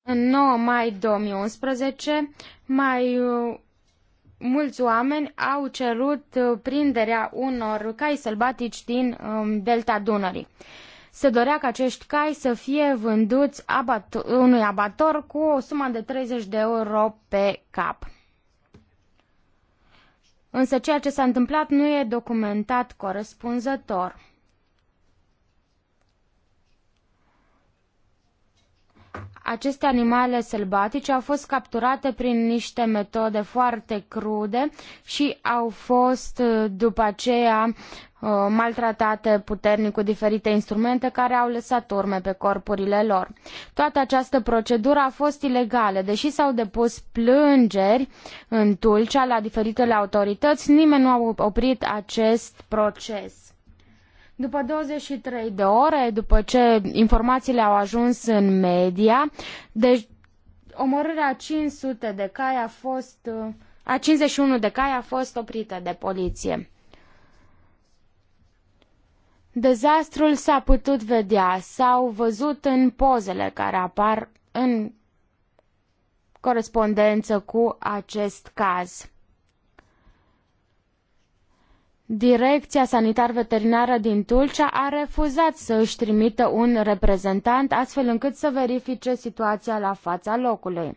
În 9 mai 2011, mai uh, mulți oameni au cerut uh, prinderea unor cai sălbatici din um, delta Dunării se dorea ca acești cai să fie vânduți abat- unui abator cu o sumă de 30 de euro pe cap. Însă ceea ce s-a întâmplat nu e documentat corespunzător. aceste animale sălbatice au fost capturate prin niște metode foarte crude și au fost după aceea Uh, maltratate puternic cu diferite instrumente care au lăsat urme pe corpurile lor. Toată această procedură a fost ilegală, deși s-au depus plângeri în Tulcea la diferitele autorități, nimeni nu a oprit acest proces. După 23 de ore, după ce informațiile au ajuns în media, deci omorârea 500 de cai a fost, uh, a 51 de cai a fost oprită de poliție. Dezastrul s-a putut vedea, s-au văzut în pozele care apar în corespondență cu acest caz. Direcția sanitar-veterinară din Tulcea a refuzat să își trimită un reprezentant astfel încât să verifice situația la fața locului.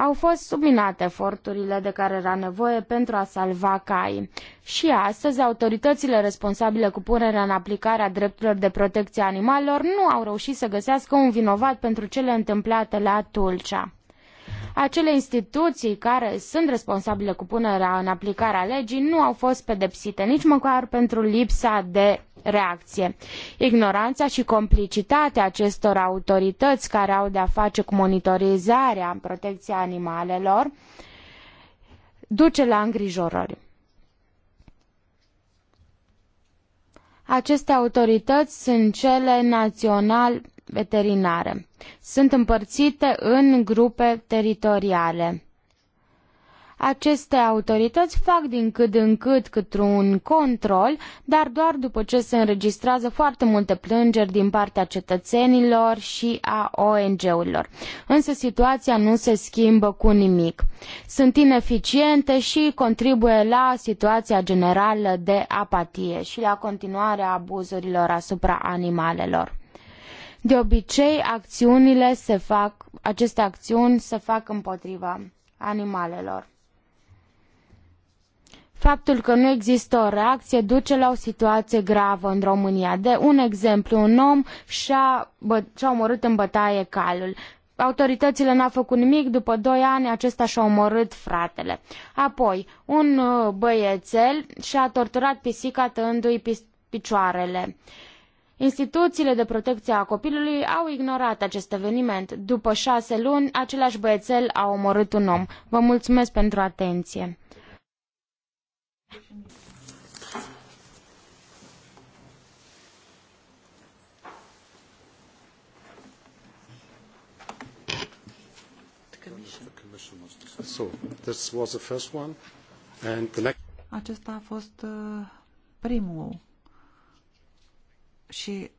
Au fost subminate eforturile de care era nevoie pentru a salva cai. Și astăzi, autoritățile responsabile cu punerea în aplicare a drepturilor de protecție a animalelor nu au reușit să găsească un vinovat pentru cele întâmplate la Tulcea acele instituții care sunt responsabile cu punerea în aplicare a legii nu au fost pedepsite nici măcar pentru lipsa de reacție. Ignoranța și complicitatea acestor autorități care au de-a face cu monitorizarea protecția animalelor duce la îngrijorări. Aceste autorități sunt cele național veterinare. Sunt împărțite în grupe teritoriale. Aceste autorități fac din cât în cât câtr-un control, dar doar după ce se înregistrează foarte multe plângeri din partea cetățenilor și a ONG-urilor. Însă situația nu se schimbă cu nimic. Sunt ineficiente și contribuie la situația generală de apatie și la continuarea abuzurilor asupra animalelor. De obicei, acțiunile se fac, aceste acțiuni se fac împotriva animalelor. Faptul că nu există o reacție duce la o situație gravă în România. De un exemplu, un om și-a, și-a omorât în bătaie calul. Autoritățile n-au făcut nimic, după doi ani acesta și-a omorât fratele. Apoi, un uh, băiețel și-a torturat pisica tăindu-i picioarele. Instituțiile de protecție a copilului au ignorat acest eveniment. După șase luni, același băiețel a omorât un om. Vă mulțumesc pentru atenție. Acesta a fost uh, primul și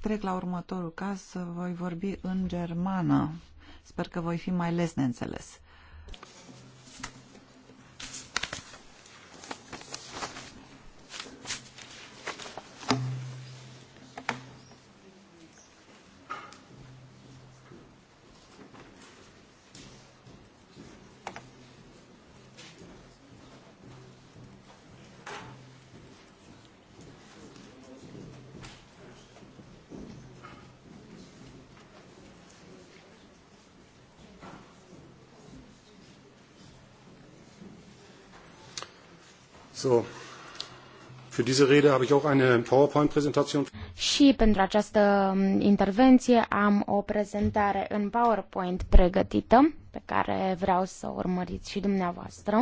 trec la următorul caz, voi vorbi în germană. Sper că voi fi mai les de înțeles. So. Für diese Rede habe ich auch eine PowerPoint-Präsentation. Și pentru această um, intervenție am o prezentare în PowerPoint pregătită, pe care vreau să o urmăriți și dumneavoastră.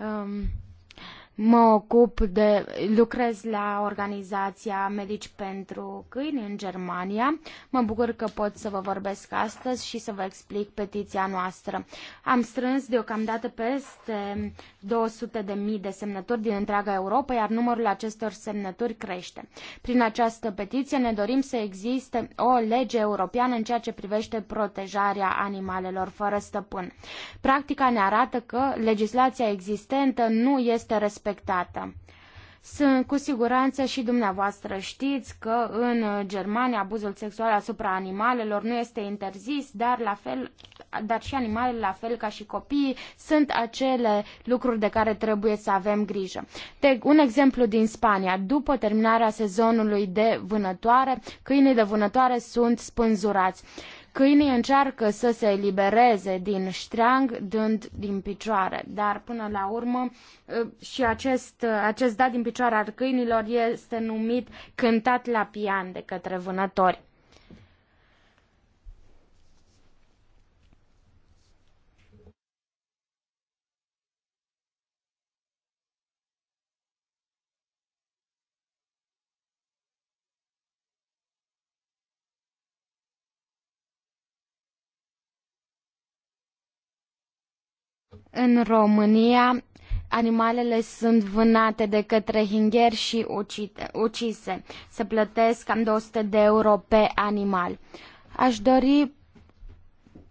Um, Mă ocup de, lucrez la organizația Medici pentru Câini în Germania. Mă bucur că pot să vă vorbesc astăzi și să vă explic petiția noastră. Am strâns deocamdată peste 200.000 de de semnături din întreaga Europa, iar numărul acestor semnături crește. Prin această petiție ne dorim să existe o lege europeană în ceea ce privește protejarea animalelor fără stăpân. Practica ne arată că legislația existentă nu este respectată respectată. Sunt cu siguranță și dumneavoastră știți că în Germania abuzul sexual asupra animalelor nu este interzis, dar la fel dar și animalele, la fel ca și copiii, sunt acele lucruri de care trebuie să avem grijă. De, un exemplu din Spania. După terminarea sezonului de vânătoare, câinii de vânătoare sunt spânzurați. Câinii încearcă să se elibereze din ștreang, dând din picioare, dar până la urmă ă, și acest, ă, acest dat din picioare al câinilor este numit cântat la pian de către vânători. În România, animalele sunt vânate de către hingheri și ucite, ucise. Se plătesc cam 200 de euro pe animal. Aș dori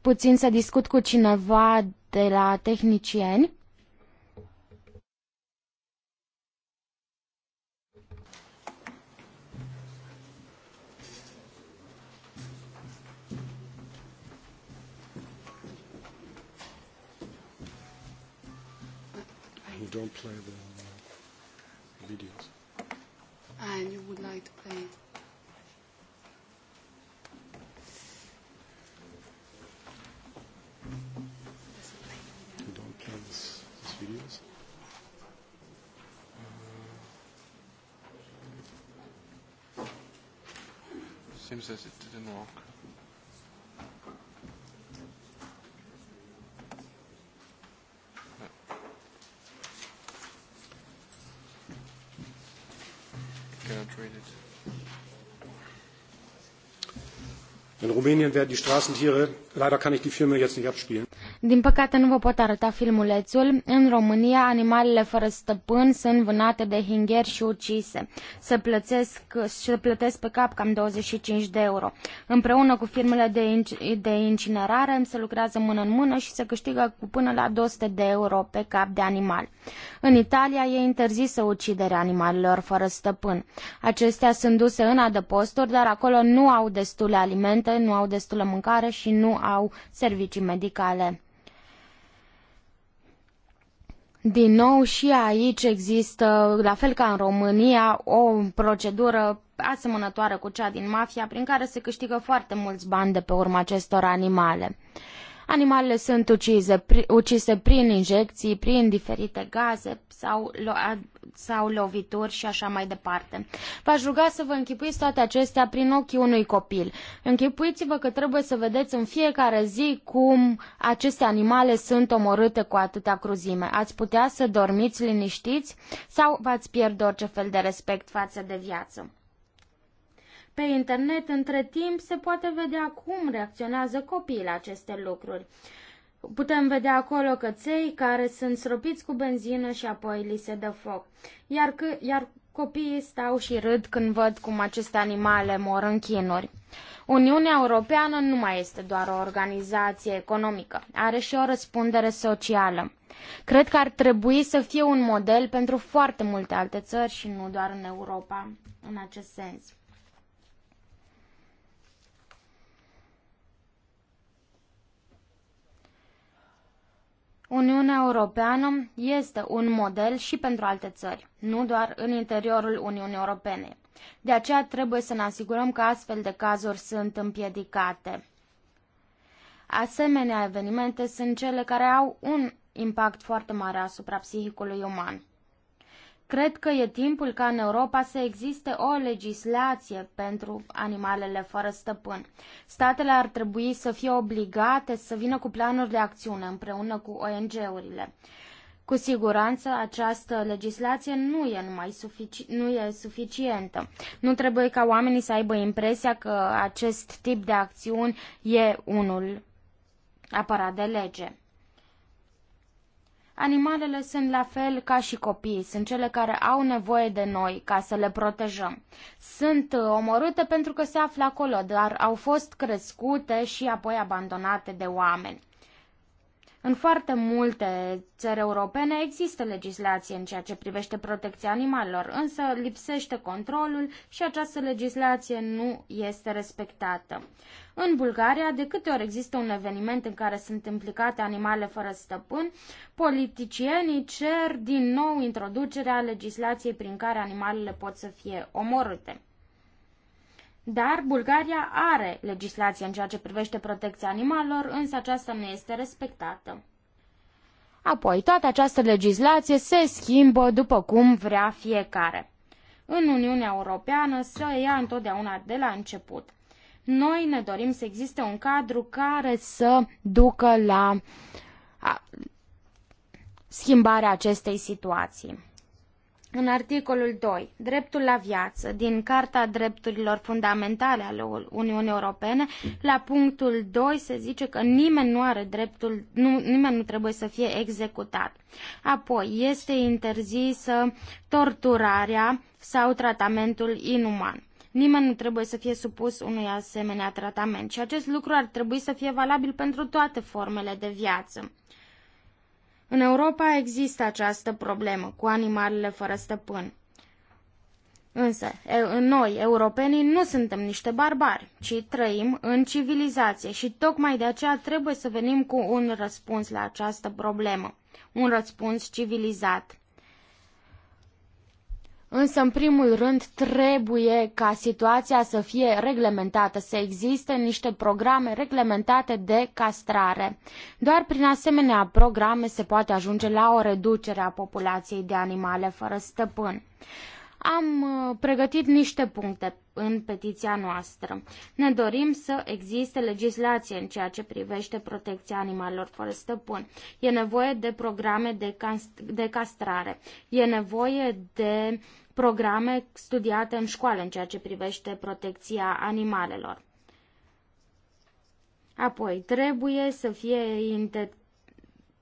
puțin să discut cu cineva de la tehnicieni. don't play the uh, videos. And you would like to play it. You don't play this, these videos. Seems as it didn't work. In Rumänien werden die Straßentiere, leider kann ich die Filme jetzt nicht abspielen. Din păcate nu vă pot arăta filmulețul. În România, animalele fără stăpân sunt vânate de hingeri și ucise. Se plătesc, se plătesc pe cap cam 25 de euro. Împreună cu firmele de, inc- de incinerare se lucrează mână în mână și se câștigă cu până la 200 de euro pe cap de animal. În Italia e interzisă uciderea animalelor fără stăpân. Acestea sunt duse în adăposturi, dar acolo nu au destule alimente, nu au destulă mâncare și nu au servicii medicale. Din nou și aici există, la fel ca în România, o procedură asemănătoare cu cea din mafia, prin care se câștigă foarte mulți bani de pe urma acestor animale. Animalele sunt ucise, pri, ucise prin injecții, prin diferite gaze sau, lo, sau lovituri și așa mai departe. V-aș ruga să vă închipuiți toate acestea prin ochii unui copil. Închipuiți-vă că trebuie să vedeți în fiecare zi cum aceste animale sunt omorâte cu atâta cruzime. Ați putea să dormiți liniștiți sau v-ați pierde orice fel de respect față de viață pe internet, între timp se poate vedea cum reacționează copiii la aceste lucruri. Putem vedea acolo căței care sunt sropiți cu benzină și apoi li se dă foc. Iar, că, iar copiii stau și râd când văd cum aceste animale mor în chinuri. Uniunea Europeană nu mai este doar o organizație economică, are și o răspundere socială. Cred că ar trebui să fie un model pentru foarte multe alte țări și nu doar în Europa în acest sens. Uniunea Europeană este un model și pentru alte țări, nu doar în interiorul Uniunii Europene. De aceea trebuie să ne asigurăm că astfel de cazuri sunt împiedicate. Asemenea evenimente sunt cele care au un impact foarte mare asupra psihicului uman. Cred că e timpul ca în Europa să existe o legislație pentru animalele fără stăpân. Statele ar trebui să fie obligate să vină cu planuri de acțiune împreună cu ONG-urile. Cu siguranță, această legislație nu e, numai sufici- nu e suficientă. Nu trebuie ca oamenii să aibă impresia că acest tip de acțiuni e unul apărat de lege. Animalele sunt la fel ca și copiii, sunt cele care au nevoie de noi ca să le protejăm. Sunt uh, omorâte pentru că se află acolo, dar au fost crescute și apoi abandonate de oameni. În foarte multe țări europene există legislație în ceea ce privește protecția animalelor, însă lipsește controlul și această legislație nu este respectată. În Bulgaria, de câte ori există un eveniment în care sunt implicate animale fără stăpân, politicienii cer din nou introducerea legislației prin care animalele pot să fie omorâte. Dar Bulgaria are legislație în ceea ce privește protecția animalelor, însă aceasta nu este respectată. Apoi, toată această legislație se schimbă după cum vrea fiecare. În Uniunea Europeană să ia întotdeauna de la început. Noi ne dorim să existe un cadru care să ducă la schimbarea acestei situații în articolul 2, dreptul la viață, din Carta Drepturilor Fundamentale ale Uniunii Europene, la punctul 2 se zice că nimeni nu are dreptul, nu, nimeni nu trebuie să fie executat. Apoi, este interzisă torturarea sau tratamentul inuman. Nimeni nu trebuie să fie supus unui asemenea tratament și acest lucru ar trebui să fie valabil pentru toate formele de viață. În Europa există această problemă cu animalele fără stăpân. Însă, noi, europenii, nu suntem niște barbari, ci trăim în civilizație și tocmai de aceea trebuie să venim cu un răspuns la această problemă, un răspuns civilizat. Însă, în primul rând, trebuie ca situația să fie reglementată, să existe niște programe reglementate de castrare. Doar prin asemenea programe se poate ajunge la o reducere a populației de animale fără stăpân am uh, pregătit niște puncte în petiția noastră. Ne dorim să existe legislație în ceea ce privește protecția animalelor fără stăpân. E nevoie de programe de, de castrare. E nevoie de programe studiate în școală în ceea ce privește protecția animalelor. Apoi, trebuie să fie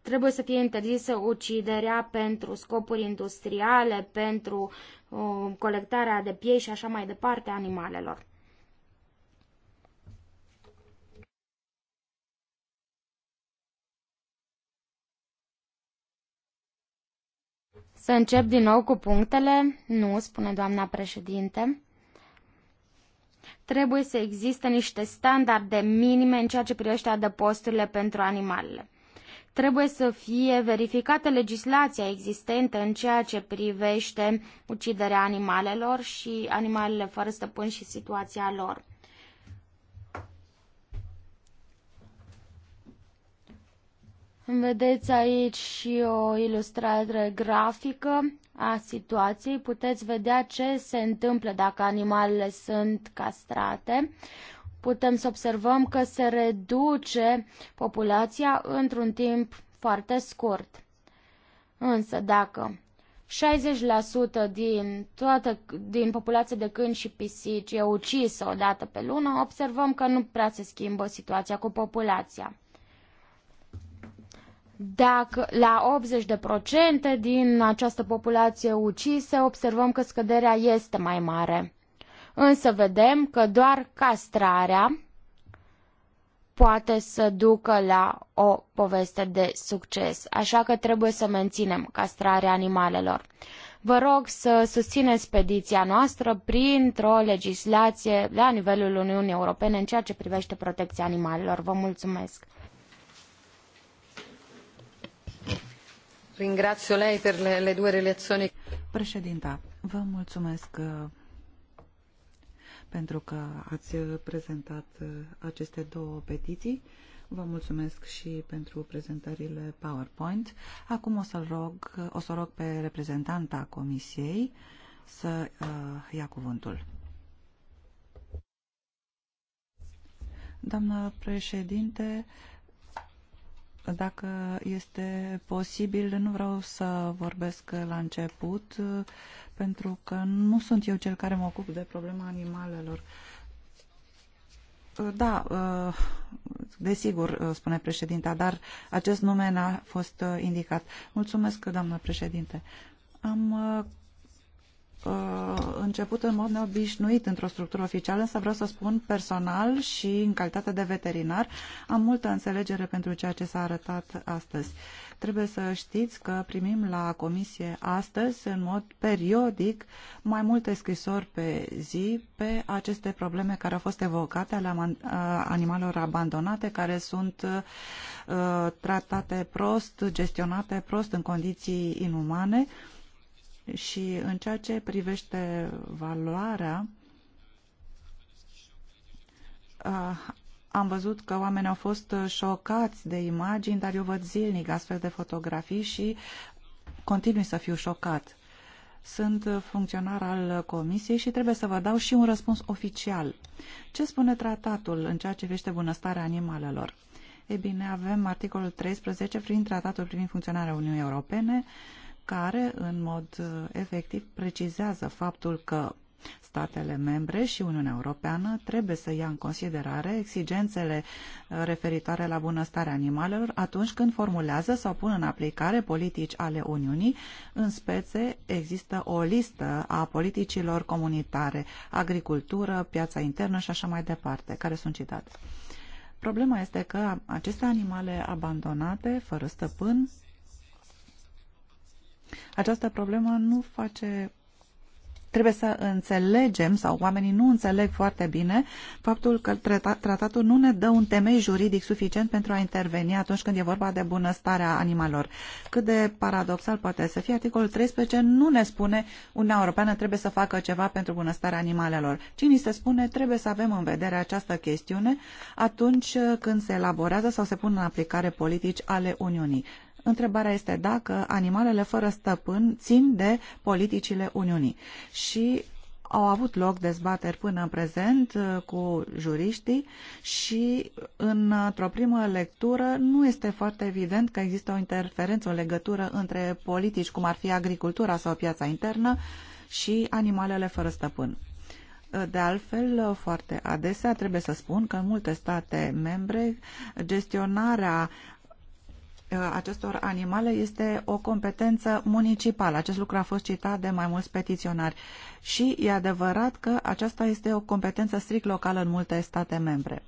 trebuie să fie interzisă uciderea pentru scopuri industriale, pentru uh, colectarea de piei și așa mai departe animalelor. Să încep din nou cu punctele? Nu, spune doamna președinte. Trebuie să existe niște standarde minime în ceea ce privește adăposturile pentru animalele. Trebuie să fie verificată legislația existentă în ceea ce privește uciderea animalelor și animalele fără stăpân și situația lor. Vedeți aici și o ilustrare grafică a situației. Puteți vedea ce se întâmplă dacă animalele sunt castrate putem să observăm că se reduce populația într-un timp foarte scurt. Însă, dacă 60% din, toată, din populația de câini și pisici e ucisă o dată pe lună, observăm că nu prea se schimbă situația cu populația. Dacă la 80% din această populație ucisă observăm că scăderea este mai mare însă vedem că doar castrarea poate să ducă la o poveste de succes, așa că trebuie să menținem castrarea animalelor. Vă rog să susțineți petiția noastră printr-o legislație la nivelul Uniunii Europene în ceea ce privește protecția animalelor. Vă mulțumesc! lei Președinta, vă mulțumesc uh, pentru că ați prezentat uh, aceste două petiții. Vă mulțumesc și pentru prezentările PowerPoint. Acum o să-l rog, o să rog pe reprezentanta Comisiei să uh, ia cuvântul. Doamnă președinte, uh, dacă este posibil, nu vreau să vorbesc la început, pentru că nu sunt eu cel care mă ocup de problema animalelor. Da, desigur, spune președinta, dar acest nume n-a fost indicat. Mulțumesc, doamnă președinte. Am început în mod neobișnuit într-o structură oficială, însă vreau să spun personal și în calitate de veterinar am multă înțelegere pentru ceea ce s-a arătat astăzi. Trebuie să știți că primim la comisie astăzi, în mod periodic, mai multe scrisori pe zi pe aceste probleme care au fost evocate ale animalelor abandonate, care sunt uh, tratate prost, gestionate prost în condiții inumane, uh, și în ceea ce privește valoarea, am văzut că oamenii au fost șocați de imagini, dar eu văd zilnic astfel de fotografii și continui să fiu șocat. Sunt funcționar al Comisiei și trebuie să vă dau și un răspuns oficial. Ce spune tratatul în ceea ce privește bunăstarea animalelor? Ei bine, avem articolul 13 prin tratatul privind funcționarea Uniunii Europene, care în mod uh, efectiv precizează faptul că statele membre și Uniunea Europeană trebuie să ia în considerare exigențele uh, referitoare la bunăstarea animalelor atunci când formulează sau pun în aplicare politici ale Uniunii. În spețe există o listă a politicilor comunitare, agricultură, piața internă și așa mai departe, care sunt citate. Problema este că aceste animale abandonate, fără stăpân, această problemă nu face trebuie să înțelegem sau oamenii nu înțeleg foarte bine faptul că tratatul nu ne dă un temei juridic suficient pentru a interveni atunci când e vorba de bunăstarea animalelor. Cât de paradoxal poate să fie, articolul 13 nu ne spune Uniunea Europeană trebuie să facă ceva pentru bunăstarea animalelor, ci ni se spune trebuie să avem în vedere această chestiune atunci când se elaborează sau se pun în aplicare politici ale Uniunii. Întrebarea este dacă animalele fără stăpân țin de politicile Uniunii. Și au avut loc dezbateri până în prezent uh, cu juriștii și într-o primă lectură nu este foarte evident că există o interferență, o legătură între politici, cum ar fi agricultura sau piața internă, și animalele fără stăpân. Uh, de altfel, uh, foarte adesea trebuie să spun că în multe state membre gestionarea Uh, acestor animale este o competență municipală. Acest lucru a fost citat de mai mulți petiționari și e adevărat că aceasta este o competență strict locală în multe state membre.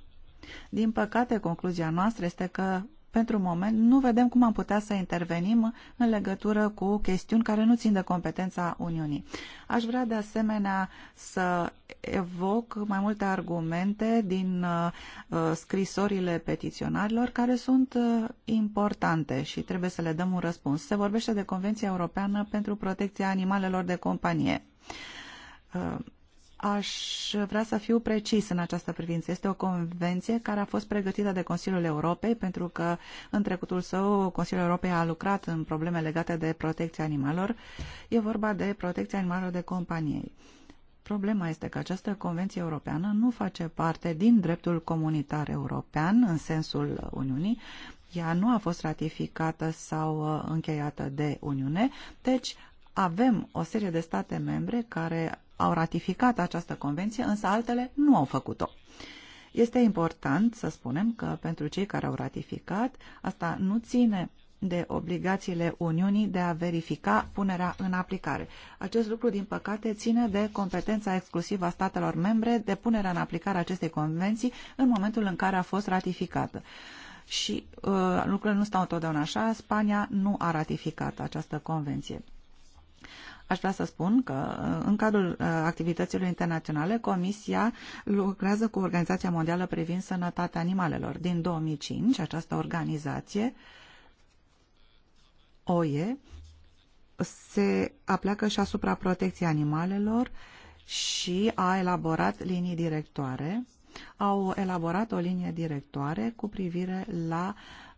Din păcate, concluzia noastră este că pentru moment nu vedem cum am putea să intervenim în legătură cu chestiuni care nu țin de competența Uniunii. Aș vrea de asemenea să evoc mai multe argumente din uh, scrisorile petiționarilor care sunt uh, importante și trebuie să le dăm un răspuns. Se vorbește de Convenția Europeană pentru protecția animalelor de companie. Uh, Aș vrea să fiu precis în această privință. Este o convenție care a fost pregătită de Consiliul Europei, pentru că în trecutul său Consiliul Europei a lucrat în probleme legate de protecția animalelor. E vorba de protecția animalelor de companie. Problema este că această convenție europeană nu face parte din dreptul comunitar european în sensul Uniunii, ea nu a fost ratificată sau uh, încheiată de Uniune, deci avem o serie de state membre care au ratificat această convenție, însă altele nu au făcut-o. Este important să spunem că pentru cei care au ratificat, asta nu ține de obligațiile Uniunii de a verifica punerea în aplicare. Acest lucru, din păcate, ține de competența exclusivă a statelor membre de punerea în aplicare a acestei convenții în momentul în care a fost ratificată. Și uh, lucrurile nu stau întotdeauna așa, Spania nu a ratificat această convenție. Aș vrea să spun că uh, în cadrul uh, activităților internaționale, Comisia lucrează cu Organizația Mondială privind sănătatea animalelor. Din 2005, această organizație, OIE, se apleacă și asupra protecției animalelor și a elaborat linii directoare au elaborat o linie directoare cu privire la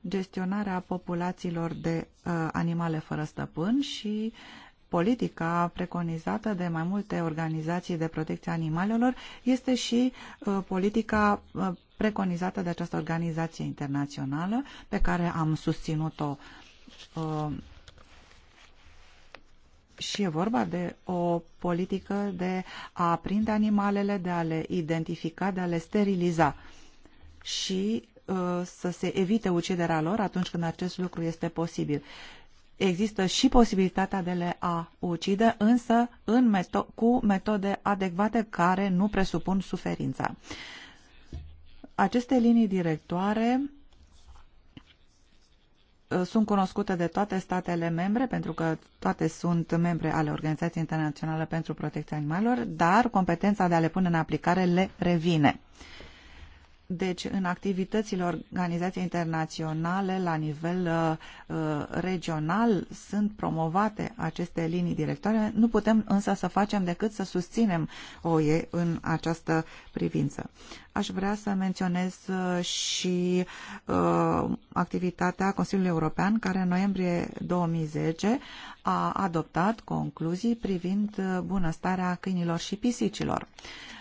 gestionarea populațiilor de uh, animale fără stăpân și politica preconizată de mai multe organizații de protecție animalelor este și uh, politica uh, preconizată de această organizație internațională pe care am susținut-o uh, și e vorba de o politică de a prinde animalele, de a le identifica, de a le steriliza și uh, să se evite uciderea lor atunci când acest lucru este posibil există și posibilitatea de le a ucide, însă în meto cu metode adecvate care nu presupun suferința. Aceste linii directoare ă, sunt cunoscute de toate statele membre, pentru că toate sunt membre ale Organizației Internaționale pentru Protecția Animalelor, dar competența de a le pune în aplicare le revine. Deci, în activitățile organizației internaționale, la nivel uh, uh, regional, sunt promovate aceste linii directoare. Nu putem însă să facem decât să susținem oie în această privință. Aș vrea să menționez uh, și uh, activitatea Consiliului European, care în noiembrie 2010 a adoptat concluzii privind uh, bunăstarea câinilor și pisicilor. Uh,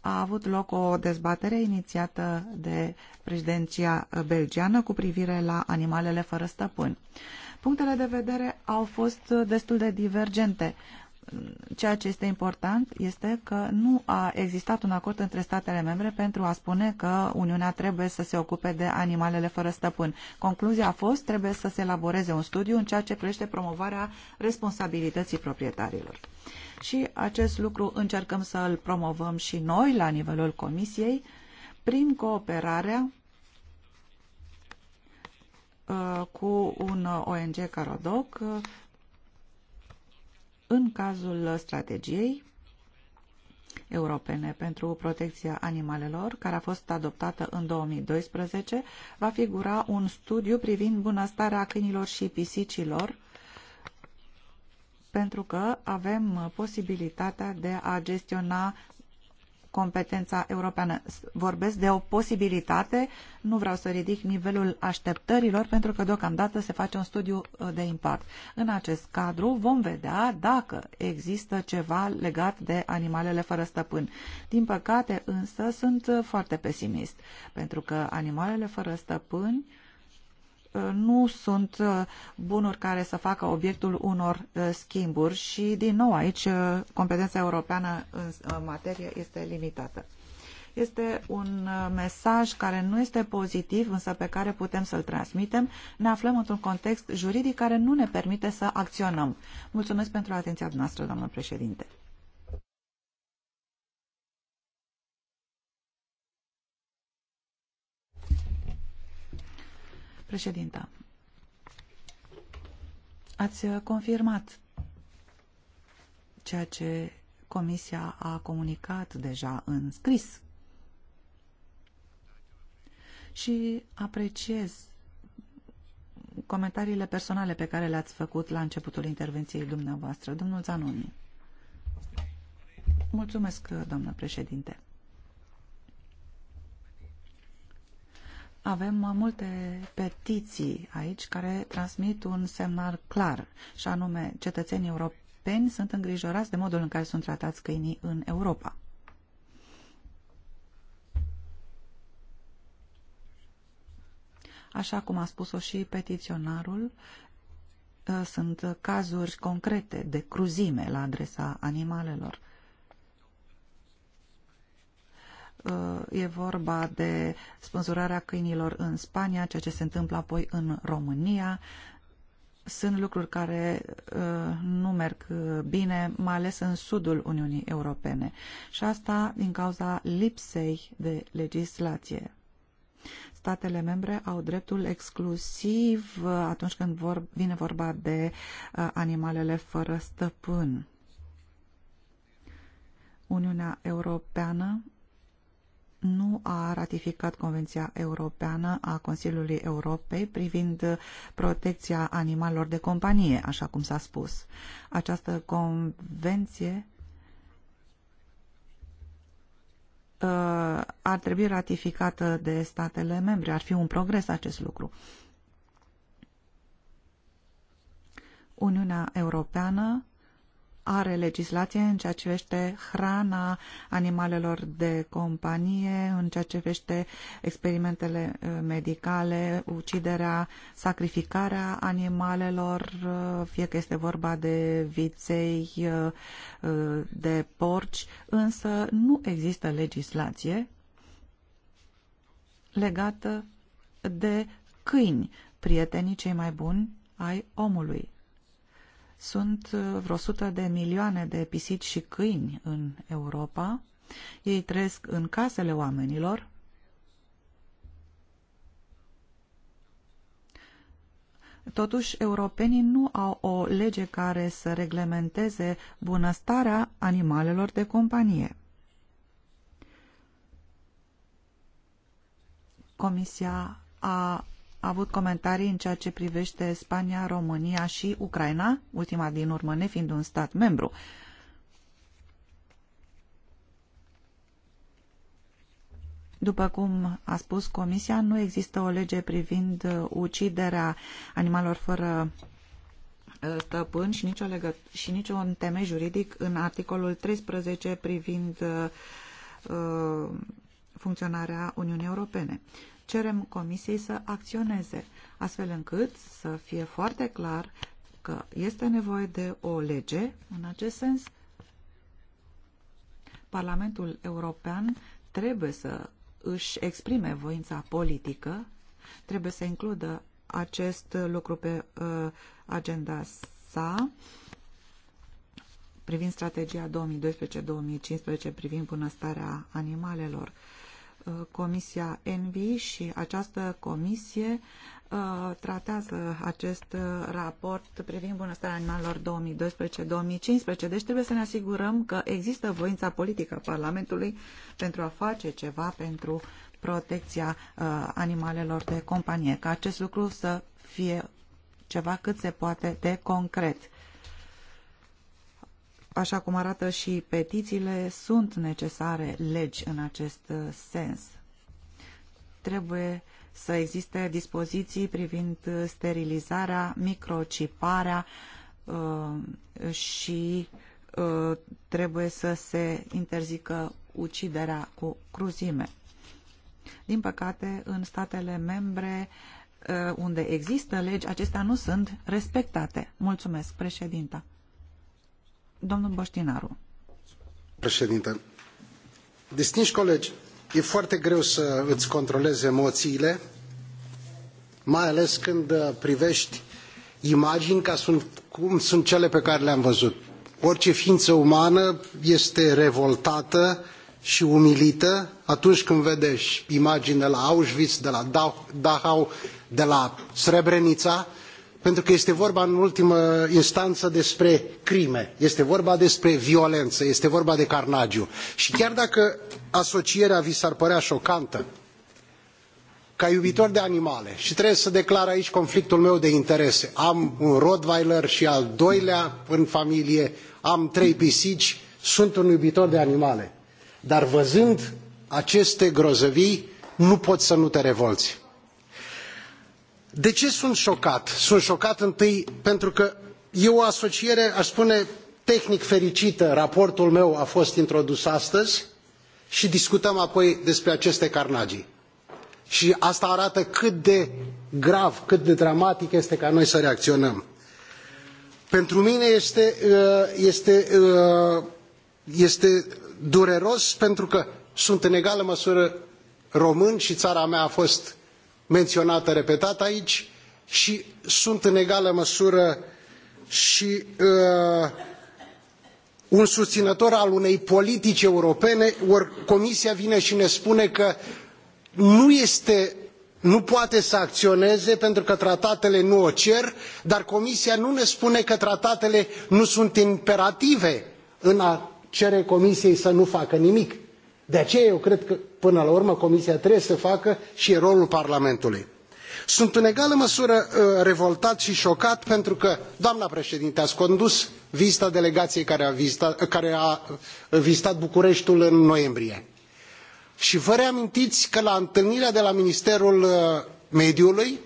a avut loc o dezbatere inițiată de președinția belgiană cu privire la animalele fără stăpâni. Punctele de vedere au fost destul de divergente. Ceea ce este important este că nu a existat un acord între statele membre pentru a spune că Uniunea trebuie să se ocupe de animalele fără stăpân. Concluzia a fost trebuie să se elaboreze un studiu în ceea ce privește promovarea responsabilității proprietarilor și acest lucru încercăm să îl promovăm și noi la nivelul Comisiei prin cooperarea uh, cu un ONG Carodoc uh, în cazul strategiei europene pentru protecția animalelor, care a fost adoptată în 2012, va figura un studiu privind bunăstarea câinilor și pisicilor pentru că avem uh, posibilitatea de a gestiona competența europeană. Vorbesc de o posibilitate, nu vreau să ridic nivelul așteptărilor, pentru că deocamdată se face un studiu uh, de impact. În acest cadru vom vedea dacă există ceva legat de animalele fără stăpân. Din păcate însă sunt uh, foarte pesimist, pentru că animalele fără stăpâni Uh, nu sunt uh, bunuri care să facă obiectul unor uh, schimburi și, din nou, aici competența europeană în materie este limitată. Este un mesaj care nu este pozitiv, însă pe care putem să-l transmitem. Ne aflăm într-un context juridic care nu ne permite să acționăm. Mulțumesc pentru atenția noastră, doamnă președinte. Președinta, ați uh, confirmat ceea ce Comisia a comunicat deja în scris și apreciez comentariile personale pe care le-ați făcut la începutul intervenției dumneavoastră. Domnul Zanoni. Mulțumesc, uh, doamnă președinte. Avem multe petiții aici care transmit un semnal clar, și anume cetățenii europeni sunt îngrijorați de modul în care sunt tratați câinii în Europa. Așa cum a spus-o și petiționarul, ă, sunt cazuri concrete de cruzime la adresa animalelor. Uh, e vorba de spânzurarea câinilor în Spania, ceea ce se întâmplă apoi în România. Sunt lucruri care uh, nu merg uh, bine, mai ales în sudul Uniunii Europene. Și asta din cauza lipsei de legislație statele membre au dreptul exclusiv atunci când vor, vine vorba de animalele fără stăpân. Uniunea Europeană nu a ratificat Convenția Europeană a Consiliului Europei privind protecția animalelor de companie, așa cum s-a spus. Această convenție uh, ar trebui ratificată de statele membre. Ar fi un progres acest lucru. Uniunea Europeană are legislație în ceea ce vește hrana animalelor de companie, în ceea ce vește experimentele uh, medicale, uciderea, sacrificarea animalelor, uh, fie că este vorba de viței, uh, de porci, însă nu există legislație legată de câini, prietenii cei mai buni ai omului. Sunt uh, vreo 100 de milioane de pisici și câini în Europa. Ei trăiesc în casele oamenilor. Totuși, europenii nu au o lege care să reglementeze bunăstarea animalelor de companie. Comisia a a avut comentarii în ceea ce privește Spania, România și Ucraina, ultima din urmă nefiind un stat membru. După cum a spus Comisia, nu există o lege privind uh, uciderea animalelor fără uh, stăpân și nicio, legă, și nicio teme juridic în articolul 13 privind uh, uh, funcționarea Uniunii Europene. Uh, cerem Comisiei să acționeze, astfel încât să fie foarte clar că este nevoie de o lege în acest sens. Parlamentul European trebuie să își exprime voința politică, trebuie să includă acest lucru pe uh, agenda sa privind strategia 2012-2015 privind bunăstarea animalelor. Uh, Uh, Comisia ENVI și această comisie uh, tratează acest uh, raport privind bunăstarea animalelor 2012-2015. Deci trebuie să ne asigurăm că există voința politică a Parlamentului pentru a face ceva pentru protecția animalelor de companie, ca acest lucru să fie ceva cât se poate de concret așa cum arată și petițiile, sunt necesare legi în acest uh, sens. Trebuie să existe dispoziții privind uh, sterilizarea, microciparea uh, și trebuie să se interzică uciderea cu cruzime. Din păcate, în statele membre unde există legi, acestea nu sunt respectate. Mulțumesc, președinta. Domnul Boștinaru. Președinte, distinși colegi, e foarte greu să îți controlezi emoțiile, mai ales când uh, privești imagini ca sunt, cum sunt cele pe care le-am văzut. Orice ființă umană este revoltată și umilită atunci când vede imagini de la Auschwitz, de la Dachau, de la Srebrenica, pentru că este vorba în ultimă instanță despre crime, este vorba despre violență, este vorba de carnagiu. Și chiar dacă asocierea vi s-ar părea șocantă, ca iubitor de animale și trebuie să declar aici conflictul meu de interese. Am un Rottweiler și al doilea în familie, am trei pisici, sunt un iubitor de animale. Dar văzând aceste grozăvii, nu poți să nu te revolți de ce sunt șocat? sunt șocat întâi pentru că e o asociere aș spune tehnic fericită raportul meu a fost introdus astăzi și discutăm apoi despre aceste carnagii Și asta arată cât de grav cât de dramatic este ca noi să reacționăm. pentru mine este, uh, este, uh, este dureros pentru că sunt în egală măsură român și țara mea a fost menționată repetat aici și sunt în egală măsură și uh, un susținător al unei politici europene, ori Comisia vine și ne spune că nu este nu poate să acționeze pentru că tratatele nu o cer, dar Comisia nu ne spune că tratatele nu sunt imperative în a cere Comisiei să nu facă nimic. De aceea eu cred că până la urmă comisia trebuie să facă i e rolul parlamentului. sunt în egală măsură uh, revoltat i ocat pentru că doamna preedintă ai condus vizita delegaiei care, care a uh, uh, vizitat Bucureștiul în noiembrie i vă reamintii că la întâlnirea de la ministerul mediului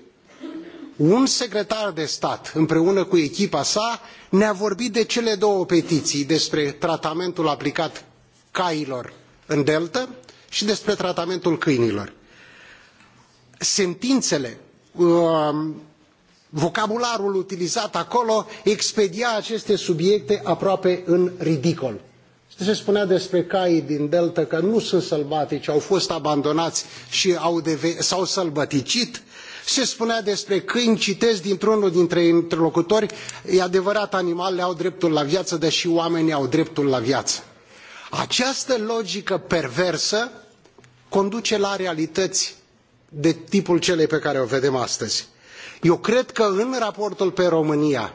un secretar de stat împreună cu echipa sa ne a vorbit de cele două petiii despre tratamentul aplicat cailor în Delta și despre tratamentul câinilor. Sentințele, um, vocabularul utilizat acolo expedia aceste subiecte aproape în ridicol. Se spunea despre caii din delta că nu sunt sălbatici, au fost abandonați și au deve- s-au sălbăticit. Se spunea despre câini, citesc dintr-unul dintre interlocutori, e adevărat, animalele au dreptul la viață, deși oamenii au dreptul la viață. Această logică perversă conduce la realități de tipul celei pe care o vedem astăzi. Eu cred că în raportul pe România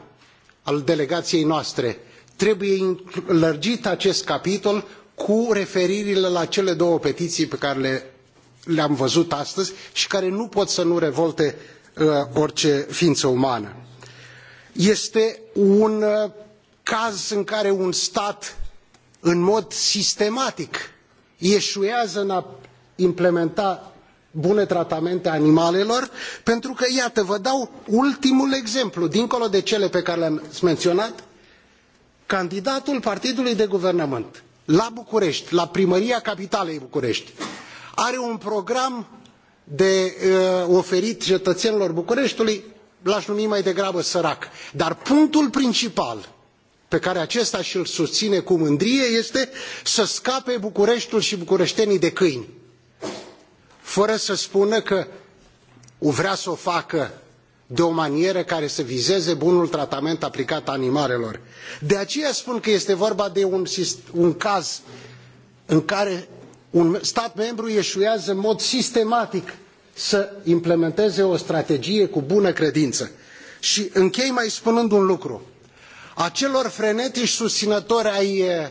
al delegației noastre trebuie lărgit acest capitol cu referirile la cele două petiții pe care le, le am văzut astăzi și care nu pot să nu revolte uh, orice ființă umană. Este un uh, caz în care un stat în mod sistematic eșuează în a implementa bune tratamente animalelor pentru că iată vă dau ultimul exemplu dincolo de cele pe care le am menionat candidatul partidului de guvernământ la bucureti la primăria capitalei bucureti are un program de uh, oferit cetăenilor bucuretiului l a numi mai degrabă sărac dar punctul principal pe care acesta îl l susine cu mândrie este să scape bucuretiul i bucuretenii de câini fără să spună că vrea să o facă de o manieră care să vizeze bunul tratament aplicat animalelor. De aceea spun că este vorba de un, un caz în care un stat membru eșuează în mod sistematic să implementeze o strategie cu bună credință. Și închei mai spunând un lucru. Acelor frenetici susținători ai eh,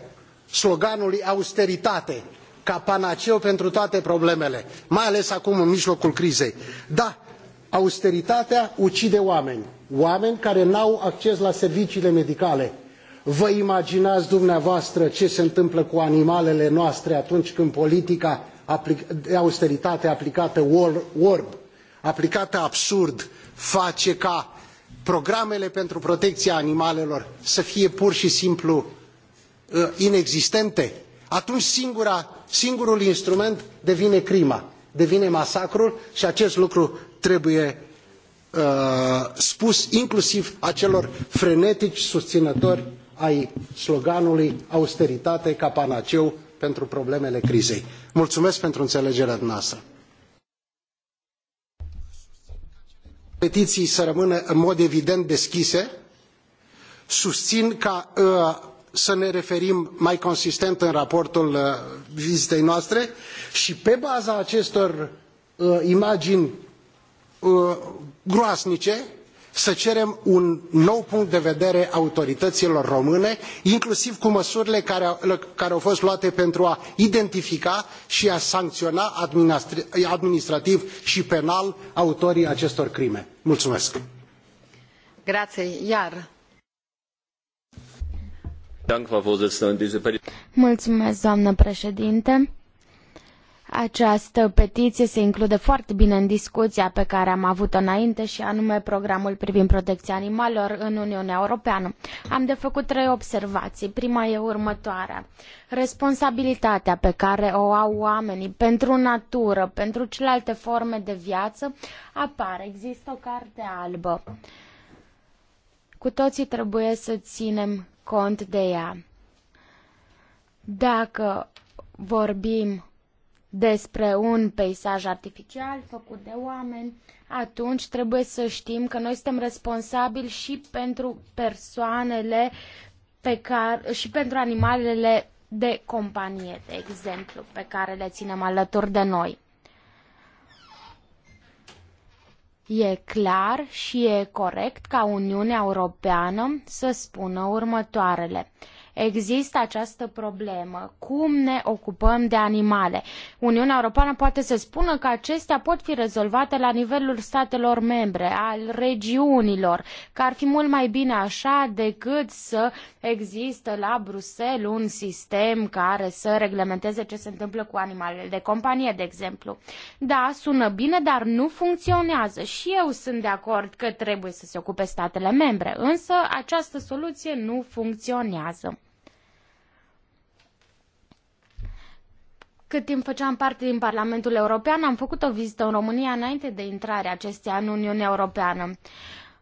sloganului austeritate, ca panaceu pentru toate problemele mai ales acum în mijlocul crizei. da austeritatea ucide oameni oameni care nu au acces la serviciile medicale. vă imaginai dumneavoastră ce se întâmplă cu animalele noastre atunci când politica de austeritate aplicată orb aplicată absurd face ca programele pentru protecia animalelor să fie pur i simplu uh, inexistente? atunci singura, singurul instrument devine crima, devine masacrul și acest lucru trebuie uh, spus inclusiv acelor frenetici susținători ai sloganului austeritate ca panaceu pentru problemele crizei. Mulțumesc pentru înțelegerea noastră. Petiții să rămână în mod evident deschise. Susțin ca uh, să ne referim mai consistent în raportul uh, vizitei noastre i pe baza acestor uh, imagini uh, groasnice să cerem un nou punct de vedere autorităilor române inclusiv cu măsurile care au fost luate pentru a identifica i a sanciona administrativ i penal autorii acestor crime. Mulțumesc. Grazie. Iar Mulțumesc, președinte. Această petiție se include foarte bine în discuția pe care am avut-o înainte și anume programul privind protecția animalelor în Uniunea Europeană. Am de făcut trei observații. Prima e următoarea. Responsabilitatea pe care o au oamenii pentru natură, pentru celelalte forme de viață, apare. Există o carte albă. Cu toții trebuie să ținem cont de ea. Dacă vorbim despre un peisaj artificial făcut de oameni, atunci trebuie să știm că noi suntem responsabili și pentru persoanele pe care, și pentru animalele de companie, de exemplu, pe care le ținem alături de noi. E clar și e corect ca Uniunea Europeană să spună următoarele. Există această problemă. Cum ne ocupăm de animale? Uniunea Europeană poate să spună că acestea pot fi rezolvate la nivelul statelor membre, al regiunilor, că ar fi mult mai bine așa decât să există la Bruxelles un sistem care să reglementeze ce se întâmplă cu animalele de companie, de exemplu. Da, sună bine, dar nu funcționează și eu sunt de acord că trebuie să se ocupe statele membre, însă această soluție nu funcționează. Cât timp făceam parte din Parlamentul European, am făcut o vizită în România înainte de intrarea acesteia în Uniunea Europeană.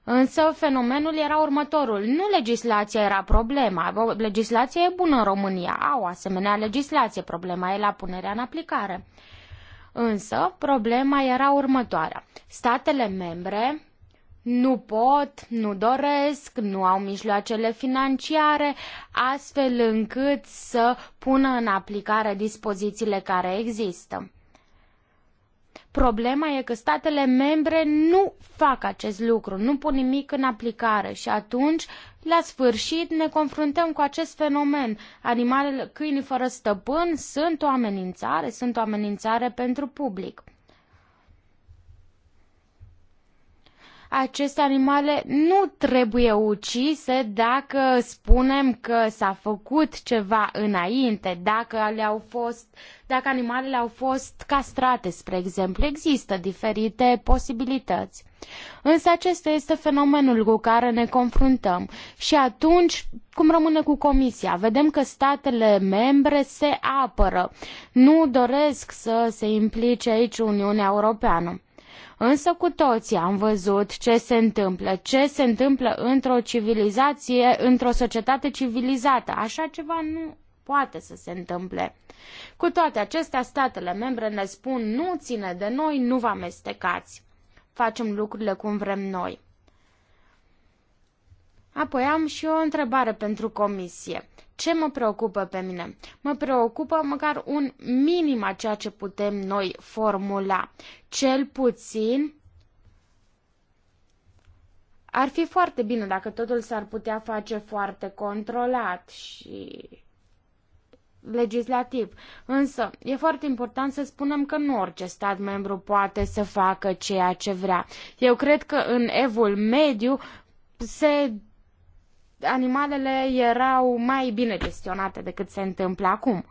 Însă fenomenul era următorul. Nu legislația era problema. Legislația e bună în România. Au asemenea legislație. Problema e la punerea în aplicare. Însă, problema era următoarea. Statele membre nu pot, nu doresc, nu au mijloacele financiare, astfel încât să pună în aplicare dispozițiile care există. Problema e că statele membre nu fac acest lucru, nu pun nimic în aplicare și atunci, la sfârșit, ne confruntăm cu acest fenomen. Animalele, câinii fără stăpân sunt o amenințare, sunt o amenințare pentru public. aceste animale nu trebuie ucise dacă spunem că s-a făcut ceva înainte, dacă, le-au fost, dacă animalele au fost castrate, spre exemplu. Există diferite posibilități. Însă acesta este fenomenul cu care ne confruntăm. Și atunci, cum rămâne cu Comisia? Vedem că statele membre se apără. Nu doresc să se implice aici Uniunea Europeană. Însă cu toții am văzut ce se întâmplă, ce se întâmplă într-o civilizație, într-o societate civilizată. Așa ceva nu poate să se întâmple. Cu toate acestea, statele membre ne spun nu ține de noi, nu vă amestecați. Facem lucrurile cum vrem noi. Apoi am și o întrebare pentru comisie. Ce mă preocupă pe mine? Mă preocupă măcar un minim a ceea ce putem noi formula. Cel puțin ar fi foarte bine dacă totul s-ar putea face foarte controlat și legislativ. Însă, e foarte important să spunem că nu orice stat membru poate să facă ceea ce vrea. Eu cred că în evul mediu se animalele erau mai bine gestionate decât se întâmplă acum.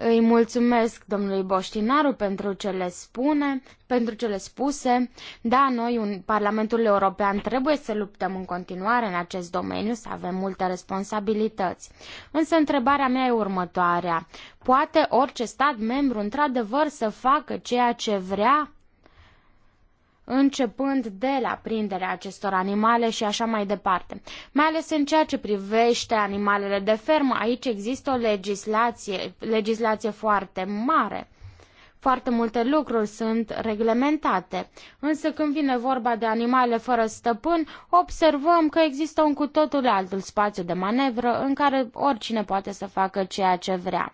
Îi mulțumesc domnului Boștinaru pentru le spune, pentru ce le spuse. Da, noi, un, Parlamentul European, trebuie să luptăm în continuare în acest domeniu, să avem multe responsabilități. Însă întrebarea mea e următoarea. Poate orice stat membru într-adevăr să facă ceea ce vrea începând de la prinderea acestor animale și așa mai departe. Mai ales în ceea ce privește animalele de fermă, aici există o legislație, legislație foarte mare. Foarte multe lucruri sunt reglementate, însă când vine vorba de animale fără stăpân, observăm că există un cu totul altul spațiu de manevră în care oricine poate să facă ceea ce vrea.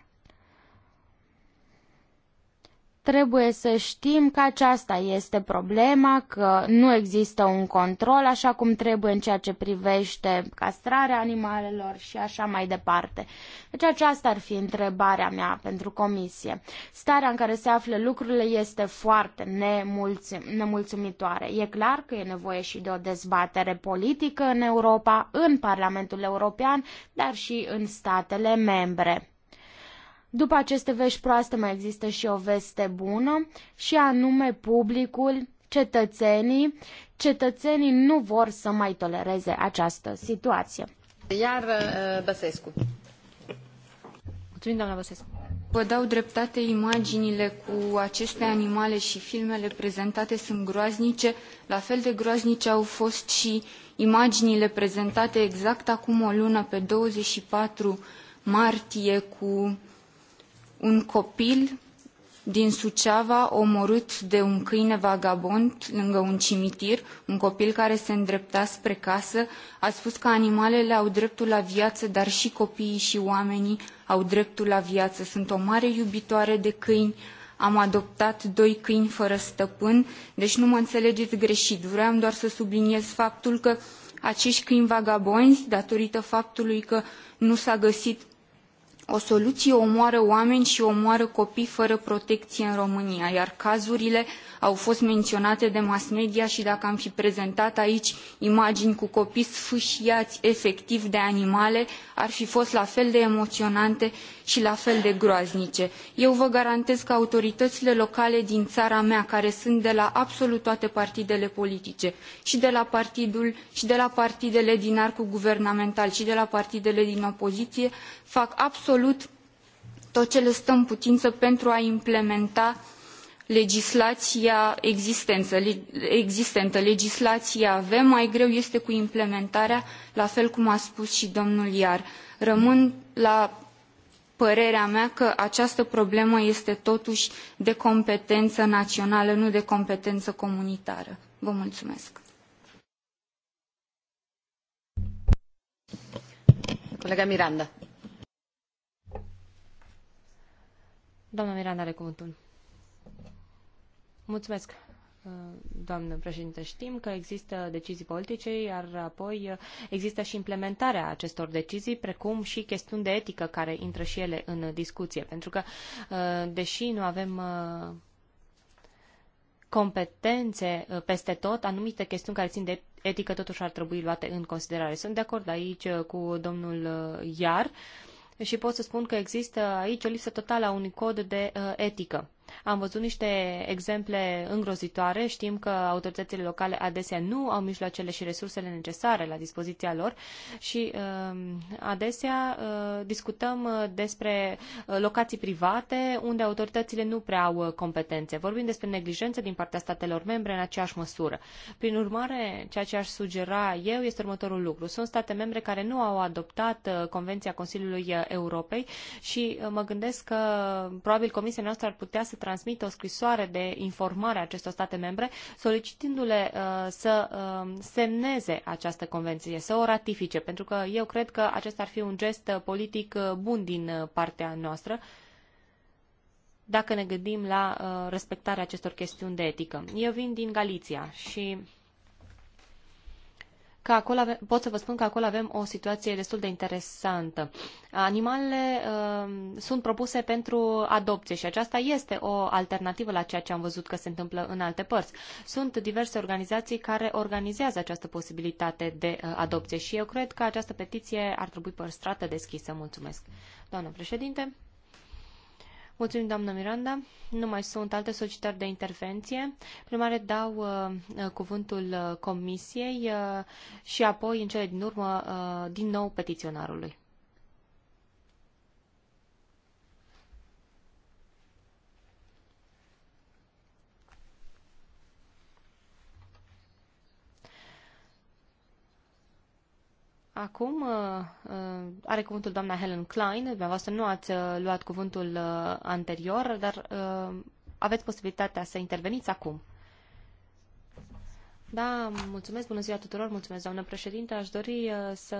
Trebuie să știm că aceasta este problema, că nu există un control așa cum trebuie în ceea ce privește castrarea animalelor și așa mai departe. Deci aceasta ar fi întrebarea mea pentru comisie. Starea în care se află lucrurile este foarte nemulțum- nemulțumitoare. E clar că e nevoie și de o dezbatere politică în Europa, în Parlamentul European, dar și în statele membre. După aceste vești proaste mai există și o veste bună și anume publicul, cetățenii, cetățenii nu vor să mai tolereze această situație. Iar uh, Băsescu. Mulțumim, doamna Băsescu. Vă dau dreptate, imaginile cu aceste animale și filmele prezentate sunt groaznice. La fel de groaznice au fost și imaginile prezentate exact acum o lună, pe 24 martie, cu un copil din Suceava omorât de un câine vagabond lângă un cimitir, un copil care se îndrepta spre casă, a spus că animalele au dreptul la viață, dar și copiii și oamenii au dreptul la viață. Sunt o mare iubitoare de câini, am adoptat doi câini fără stăpân, deci nu mă înțelegeți greșit. Vreau doar să subliniez faptul că acești câini vagabonzi, datorită faptului că nu s-a găsit o soluie omoară oameni i omoară copii fără protecie în românia iar cazurile au fost menionate de mass media i dacă am fi prezentat aici imagini cu copii sfâiai efectiv de animale ar fi fost la fel de emoionante și la fel de groaznice. Eu vă garantez că autoritățile locale din țara mea, care sunt de la absolut toate partidele politice și de la, partidul, și de la partidele din arcul guvernamental și de la partidele din opoziție, fac absolut tot ce le stă în putină pentru a implementa legislaia existentă. Legislația avem mai greu este cu implementarea la fel cum a spus i domnul jahr. rămân la părerea mea că această problemă este totuși de competență națională, nu de competență comunitară. Vă mulțumesc. Colega Miranda. Doamna Miranda are cuvântul. Mulțumesc, Doamnă președinte, știm că există decizii politice, iar apoi există și implementarea acestor decizii, precum și chestiuni de etică care intră și ele în discuție. Pentru că, uh, deși nu avem uh, competențe uh, peste tot, anumite chestiuni care țin de etică totuși ar trebui luate în considerare. Sunt de acord aici cu domnul Iar și pot să spun că există aici o lipsă totală a unui cod de etică. Am văzut niște exemple îngrozitoare. Știm că autoritățile locale adesea nu au mijloacele și resursele necesare la dispoziția lor și um, adesea uh, discutăm uh, despre uh, locații private unde autoritățile nu prea au competențe. Vorbim despre neglijență din partea statelor membre în aceeași măsură. Prin urmare, ceea ce aș sugera eu este următorul lucru. Sunt state membre care nu au adoptat Convenția Consiliului Europei și mă gândesc că probabil Comisia noastră ar putea să transmită o scrisoare de informare a acestor state membre, solicitându-le uh, să uh, semneze această convenție, să o ratifice, pentru că eu cred că acesta ar fi un gest uh, politic bun din partea noastră dacă ne gândim la respectarea acestor chestiuni de etică. Eu vin din Galiția și că acolo avem, pot să vă spun că acolo avem o situație destul de interesantă. Animalele uh, sunt propuse pentru adopție și aceasta este o alternativă la ceea ce am văzut că se întâmplă în alte părți. Sunt diverse organizații care organizează această posibilitate de uh, adopție și eu cred că această petiție ar trebui păstrată deschisă. Mulțumesc. Doamnă președinte. Mulțumim, doamnă Miranda. Nu mai sunt alte solicitări de intervenție. Primare dau uh, uh cuvântul uh, comisiei uh, și apoi, în cele din urmă, uh, din nou petiționarului. Acum uh, uh, are cuvântul doamna Helen Klein. Dumneavoastră nu ați uh, luat cuvântul anterior, dar aveți posibilitatea să interveniți acum. Da, mulțumesc, bună ziua tuturor, mulțumesc, doamnă președinte. Aș dori să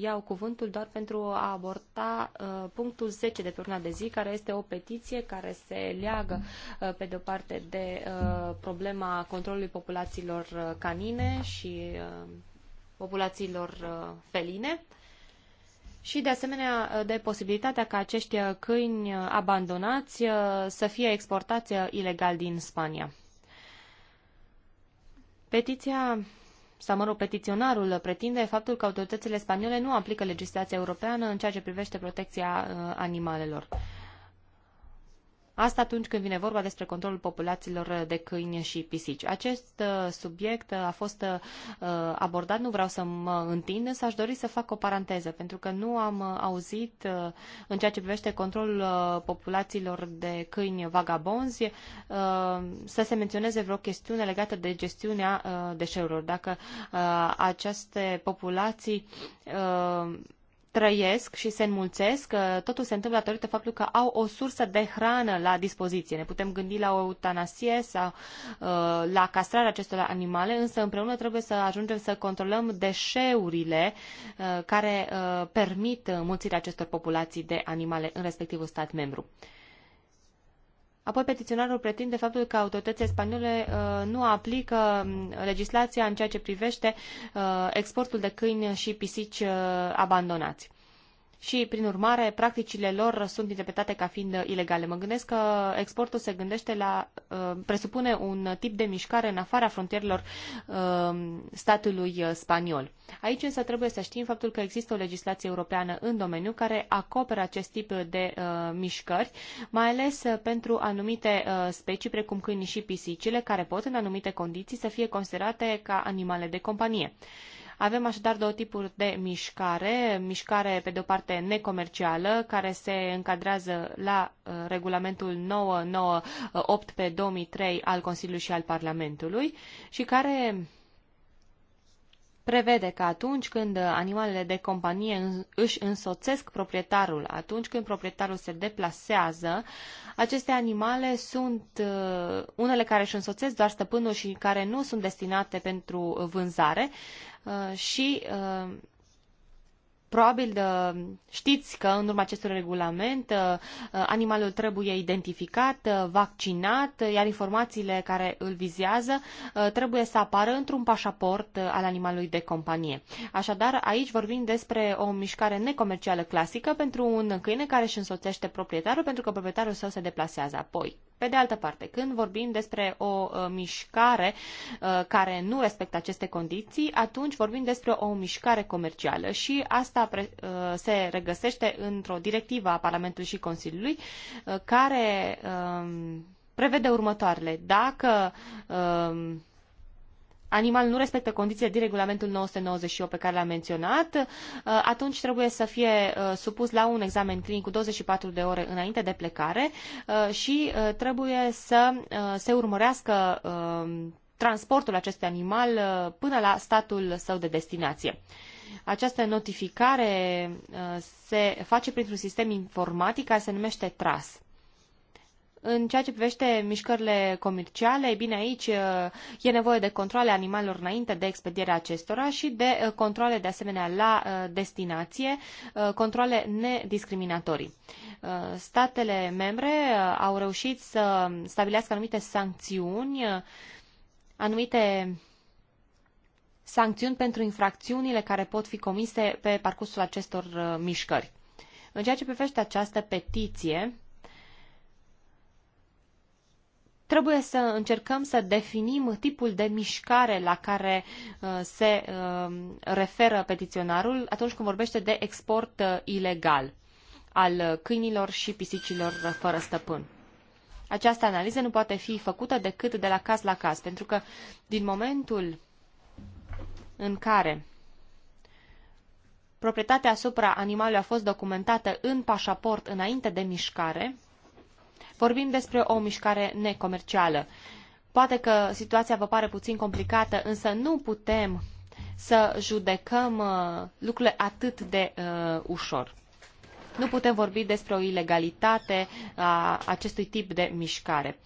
iau cuvântul doar pentru a aborda punctul 10 de pe urna de zi, care este o petiție care se leagă, pe de-o parte, de problema controlului populațiilor canine și populațiilor uh, feline și, de asemenea, uh, de posibilitatea ca acești uh, câini abandonați să fie exportați ilegal din Spania. Petiția sau, mă rog, petiționarul pretinde faptul că autoritățile spaniole nu aplică legislația europeană în ceea ce privește protecția animalelor. Asta atunci când vine vorba despre controlul populațiilor de câini și pisici. Acest uh, subiect a fost uh, abordat, nu vreau să mă întind, însă aș dori să fac o paranteză, pentru că nu am uh, auzit în ceea ce privește controlul populațiilor de câini vagabonzi să se menționeze vreo chestiune legată de gestiunea deșeurilor. Dacă aceste populații trăiesc și se înmulțesc, uh, totul se întâmplă datorită faptului că au o sursă de hrană la dispoziție. Ne putem gândi la o eutanasie sau uh, la castrarea acestor animale, însă împreună trebuie să ajungem să controlăm deșeurile uh, care permit mulțirea acestor populații de animale în respectivul stat membru. Apoi petiționarul pretinde faptul că autoritățile spaniole uh, nu aplică um, legislația în ceea ce privește uh, exportul de câini și pisici uh, abandonați și, prin urmare, practicile lor sunt interpretate ca fiind ilegale. Mă gândesc că exportul se gândește la, uh, presupune un tip de mișcare în afara frontierelor uh, statului spaniol. Aici însă trebuie să știm faptul că există o legislație europeană în domeniu care acoperă acest tip de uh, mișcări, mai ales pentru anumite specii precum câinii și pisicile, care pot în anumite condiții să fie considerate ca animale de companie. Avem așadar două tipuri de mișcare. Mișcare, pe de o parte, necomercială, care se încadrează la uh, regulamentul 998 pe 2003 al Consiliului și al Parlamentului și care prevede că atunci când animalele de companie își însoțesc proprietarul, atunci când proprietarul se deplasează, aceste animale sunt uh, unele care își însoțesc doar stăpânul și care nu sunt destinate pentru vânzare, Uh, și uh, Probabil uh, știți că în urma acestui regulament animalul trebuie identificat, vaccinat, iar informațiile care îl vizează trebuie să apară într-un pașaport al animalului de companie. Așadar, aici vorbim despre o mișcare necomercială clasică pentru un câine care își însoțește proprietarul pentru că proprietarul său se deplasează apoi. Pe de altă parte, când vorbim despre o uh, mișcare uh, care nu respectă aceste condiții, atunci vorbim despre o mișcare comercială și asta pre, uh, se regăsește într-o directivă a Parlamentului și Consiliului uh, care uh, prevede următoarele. Dacă uh, animal nu respectă condițiile din regulamentul 998 pe care l-am menționat, uh, atunci trebuie să fie uh, supus la un examen clinic cu 24 de ore înainte de plecare uh, și trebuie să se urmărească transportul acestui animal până la statul său de destinație. Această notificare se face printr-un sistem informatic care se numește TRAS. În ceea ce privește mișcările comerciale, bine aici uh, e nevoie de controle animalelor înainte de expedierea acestora și de uh, controle de asemenea la uh, destinație, controle nediscriminatorii. Statele membre au reușit să stabilească anumite sancțiuni, anumite sancțiuni pentru infracțiunile care pot fi comise pe parcursul acestor mișcări. În ceea ce privește această petiție, Trebuie să încercăm să definim tipul de mișcare la care uh, se uh, referă petiționarul atunci când vorbește de export uh, ilegal al câinilor și pisicilor fără stăpân. Această analiză nu poate fi făcută decât de la caz la caz, pentru că din momentul în care proprietatea asupra animalului a fost documentată în pașaport înainte de mișcare, Vorbim despre o mișcare necomercială. Poate că situația vă pare puțin complicată, însă nu putem să judecăm uh, lucrurile atât de uh, ușor. Nu putem vorbi despre o ilegalitate a acestui tip de mișcare.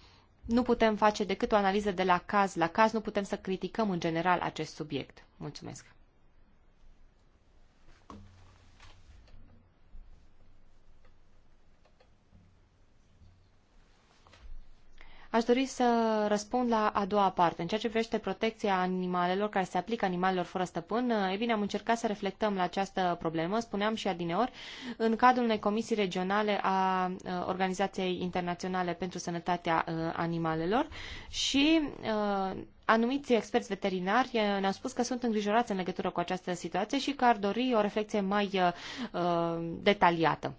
Nu putem face decât o analiză de la caz la caz, nu putem să criticăm în general acest subiect. Mulțumesc. Aș dori să răspund la a doua parte. În ceea ce privește protecția animalelor care se aplică animalelor fără stăpân, e bine, am încercat să reflectăm la această problemă, spuneam și adineori, în cadrul unei comisii regionale a uh, Organizației Internaționale pentru Sănătatea uh, Animalelor și uh, anumiți experți veterinari ne-au spus că sunt îngrijorați în legătură cu această situație și că ar dori o reflexie mai uh, detaliată.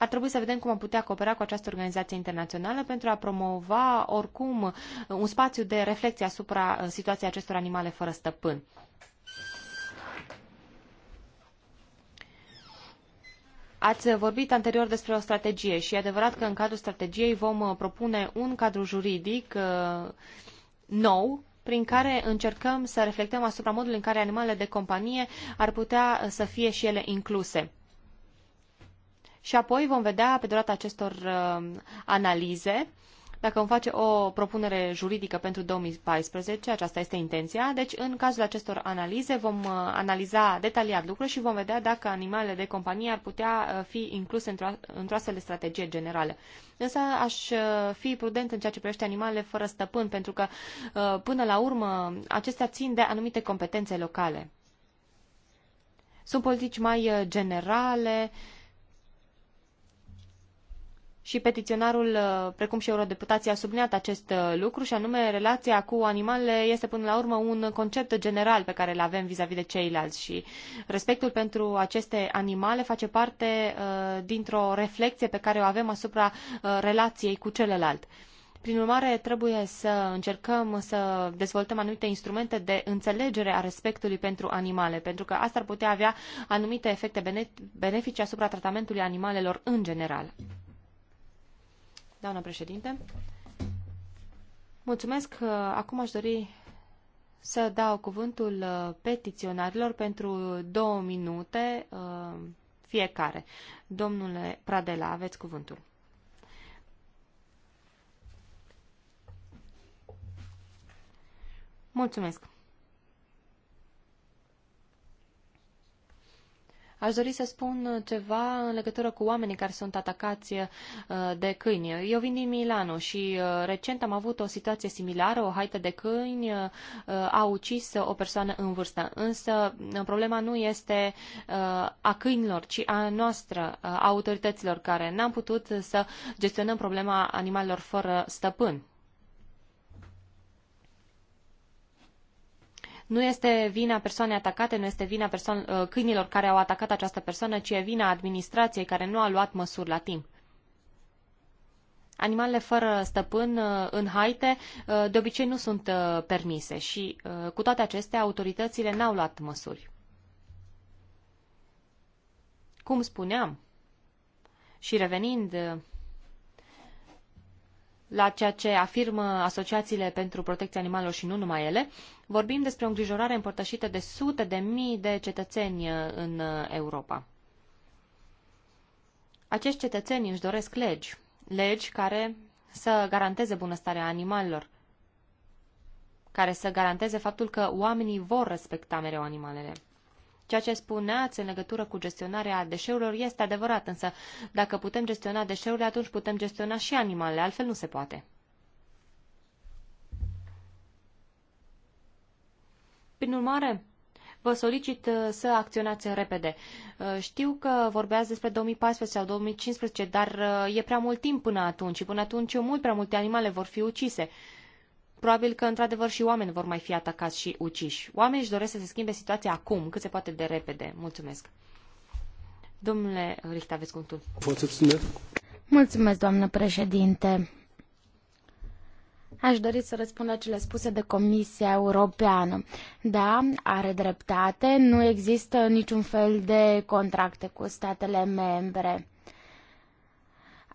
Ar trebui să vedem cum am putea coopera cu această organizație internațională pentru a promova oricum un spațiu de reflexie asupra uh, situației acestor animale fără stăpân. Ați vorbit anterior despre o strategie și e adevărat că în cadrul strategiei vom uh, propune un cadru juridic uh, nou prin care încercăm să reflectăm asupra modului în care animalele de companie ar putea să fie și ele incluse și apoi vom vedea pe durata acestor uh, analize dacă vom face o propunere juridică pentru 2014, aceasta este intenția, deci în cazul acestor analize vom uh, analiza detaliat lucrurile și vom vedea dacă animalele de companie ar putea uh, fi incluse într-o, într astfel de strategie generală. Însă aș fi prudent în ceea ce privește animalele fără stăpân, pentru că până la urmă acestea țin de anumite competențe locale. Sunt politici mai generale, uh, și petiționarul, uh, precum și eurodeputații, a subliniat acest uh, lucru și anume relația cu animalele este până la urmă un concept general pe care îl avem vis-a-vis -vis de ceilalți și respectul pentru aceste animale face parte uh, dintr-o reflexie pe care o avem asupra uh, relației cu celălalt. Prin urmare, trebuie să încercăm să dezvoltăm anumite instrumente de înțelegere a respectului pentru animale, pentru că asta ar putea avea anumite efecte benefice asupra tratamentului animalelor în general doamna președinte. Mulțumesc. Acum aș dori să dau cuvântul uh, petiționarilor pentru două minute uh, fiecare. Domnule Pradela, aveți cuvântul. Mulțumesc. Aș dori să spun ceva în legătură cu oamenii care sunt atacați uh, de câini. Eu vin din Milano și uh, recent am avut o situație similară. O haită de câini uh, a ucis o persoană în vârstă. Însă problema nu este a câinilor, ci a noastră, a autorităților care n-am putut să gestionăm problema animalelor fără stăpân. Nu este vina persoanei atacate, nu este vina uh, câinilor care au atacat această persoană, ci e vina administrației care nu a luat măsuri la timp. Animalele fără stăpân uh, în haite uh, de obicei nu sunt permise și cu toate acestea autoritățile n-au luat măsuri. Cum spuneam și revenind la ceea ce afirmă asociațiile pentru protecția animalelor și nu numai ele, vorbim despre o îngrijorare împărtășită de sute de mii de cetățeni în Europa. Acești cetățeni își doresc legi, legi care să garanteze bunăstarea animalelor, care să garanteze faptul că oamenii vor respecta mereu animalele. Ceea ce spuneați în legătură cu gestionarea deșeurilor este adevărat, însă dacă putem gestiona deșeurile, atunci putem gestiona și animalele, altfel nu se poate. Prin urmare, vă solicit uh, să acționați repede. Uh, știu că vorbeați despre 2014 sau 2015, dar uh, e prea mult timp până atunci și până atunci mult prea multe animale vor fi ucise probabil că într-adevăr și oameni vor mai fi atacați și uciși. Oamenii își doresc să se schimbe situația acum, cât se poate de repede. Mulțumesc. Domnule Richt, aveți cuvântul. Mulțumesc, doamnă președinte. Aș dori să răspund la cele spuse de Comisia Europeană. Da, are dreptate, nu există niciun fel de contracte cu statele membre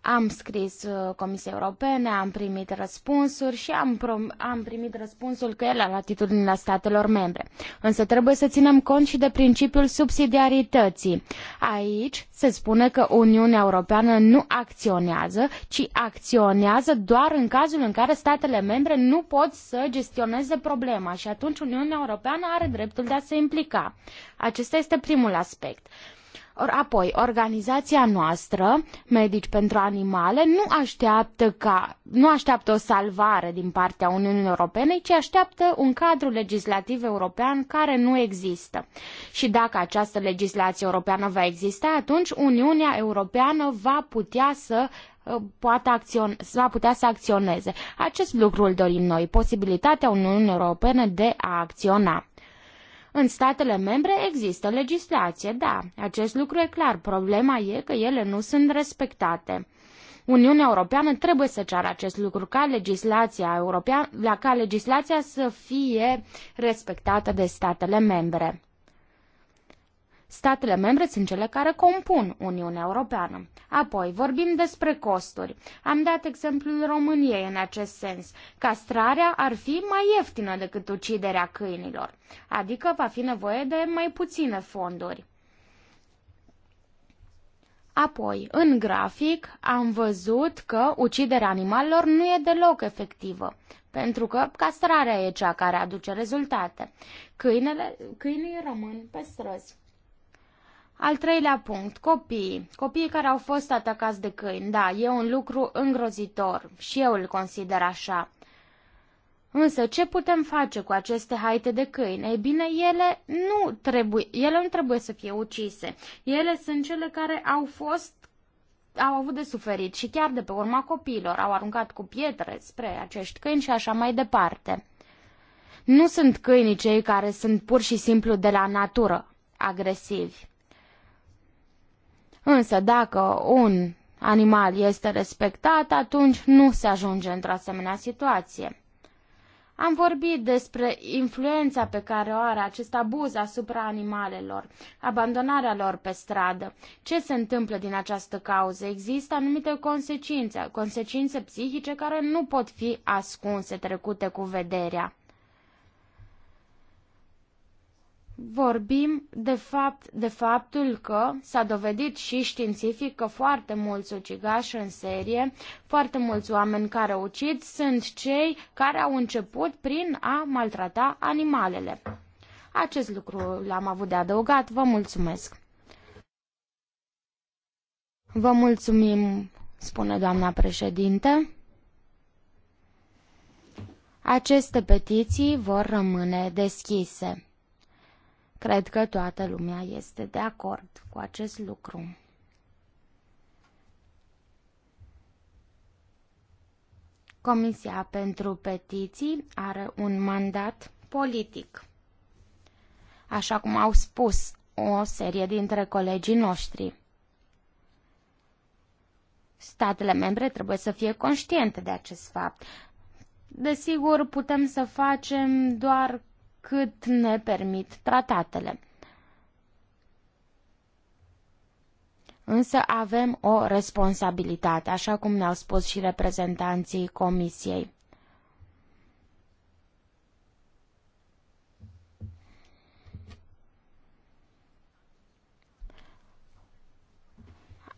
am scris uh, Comisiei Europene, am primit răspunsuri și am, am primit răspunsul că el la latitudinea statelor membre. Însă trebuie să ținem cont și de principiul subsidiarității. Aici se spune că Uniunea Europeană nu acționează, ci acționează doar în cazul în care statele membre nu pot să gestioneze problema și atunci Uniunea Europeană are dreptul de a se implica. Acesta este primul aspect apoi, organizația noastră, Medici pentru Animale, nu așteaptă, ca, nu așteaptă o salvare din partea Uniunii Europene, ci așteaptă un cadru legislativ european care nu există. Și dacă această legislație europeană va exista, atunci Uniunea Europeană va putea să uh, poate acțion, va putea să acționeze. Acest lucru îl dorim noi, posibilitatea Uniunii Europene de a acționa. În statele membre există legislație, da, acest lucru e clar. Problema e că ele nu sunt respectate. Uniunea Europeană trebuie să ceară acest lucru ca legislația europeană, ca legislația să fie respectată de statele membre. Statele membre sunt cele care compun Uniunea Europeană. Apoi, vorbim despre costuri. Am dat exemplul României în acest sens. Castrarea ar fi mai ieftină decât uciderea câinilor, adică va fi nevoie de mai puține fonduri. Apoi, în grafic, am văzut că uciderea animalelor nu e deloc efectivă, pentru că castrarea e cea care aduce rezultate. Câinele, câinii rămân pe străzi. Al treilea punct, copiii. Copiii care au fost atacați de câini, da, e un lucru îngrozitor și eu îl consider așa. Însă, ce putem face cu aceste haite de câini? Ei bine, ele nu trebuie, ele nu trebuie să fie ucise. Ele sunt cele care au fost au avut de suferit și chiar de pe urma copiilor au aruncat cu pietre spre acești câini și așa mai departe. Nu sunt câinii cei care sunt pur și simplu de la natură agresivi. Însă dacă un animal este respectat, atunci nu se ajunge într-o asemenea situație. Am vorbit despre influența pe care o are acest abuz asupra animalelor, abandonarea lor pe stradă. Ce se întâmplă din această cauză? Există anumite consecințe, consecințe psihice care nu pot fi ascunse, trecute cu vederea. vorbim de, fapt, de faptul că s-a dovedit și științific că foarte mulți ucigași în serie, foarte mulți oameni care ucid sunt cei care au început prin a maltrata animalele. Acest lucru l-am avut de adăugat. Vă mulțumesc! Vă mulțumim, spune doamna președinte. Aceste petiții vor rămâne deschise. Cred că toată lumea este de acord cu acest lucru. Comisia pentru petiții are un mandat politic. Așa cum au spus o serie dintre colegii noștri. Statele membre trebuie să fie conștiente de acest fapt. Desigur, putem să facem doar cât ne permit tratatele. Însă avem o responsabilitate, așa cum ne-au spus și reprezentanții Comisiei.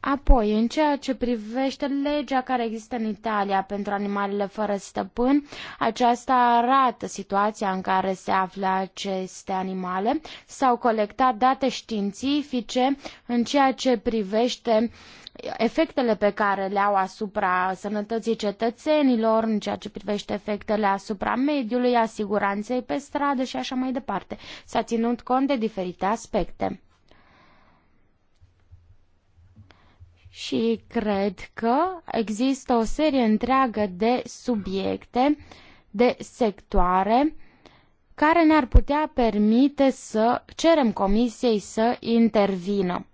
Apoi, în ceea ce privește legea care există în Italia pentru animalele fără stăpân, aceasta arată situația în care se află aceste animale. S-au colectat date științifice în ceea ce privește efectele pe care le au asupra sănătății cetățenilor, în ceea ce privește efectele asupra mediului, a siguranței pe stradă și așa mai departe. S-a ținut cont de diferite aspecte. și cred că există o serie întreagă de subiecte, de sectoare, care ne-ar putea permite să cerem comisiei să intervină.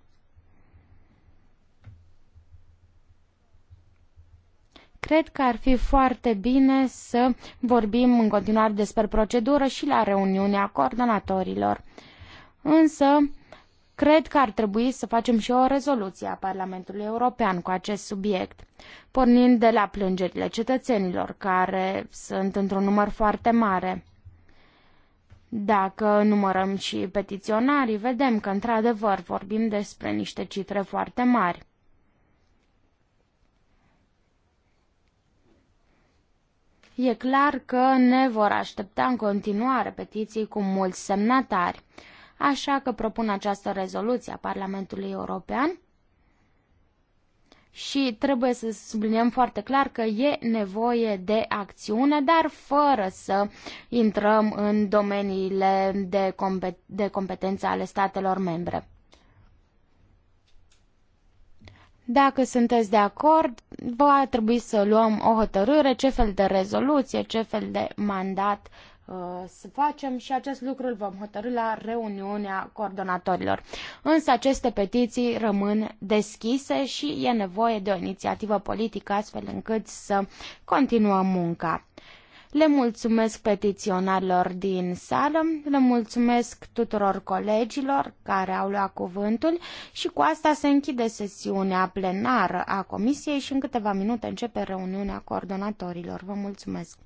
Cred că ar fi foarte bine să vorbim în continuare despre procedură și la reuniunea coordonatorilor. Însă, Cred că ar trebui să facem și o rezoluție a Parlamentului European cu acest subiect, pornind de la plângerile cetățenilor, care sunt într-un număr foarte mare. Dacă numărăm și petiționarii, vedem că, într-adevăr, vorbim despre niște cifre foarte mari. E clar că ne vor aștepta în continuare petiții cu mulți semnatari. Așa că propun această rezoluție a Parlamentului European și trebuie să subliniem foarte clar că e nevoie de acțiune, dar fără să intrăm în domeniile de, compet- de competență ale statelor membre. Dacă sunteți de acord, va trebui să luăm o hotărâre ce fel de rezoluție, ce fel de mandat uh, Uh, să facem și acest lucru îl vom hotărâ la reuniunea coordonatorilor. Însă aceste petiții rămân deschise și e nevoie de o inițiativă politică astfel încât să continuăm munca. Le mulțumesc petiționarilor din sală, le mulțumesc tuturor colegilor care au luat cuvântul și cu asta se închide sesiunea plenară a comisiei și în câteva minute începe reuniunea coordonatorilor. Vă mulțumesc!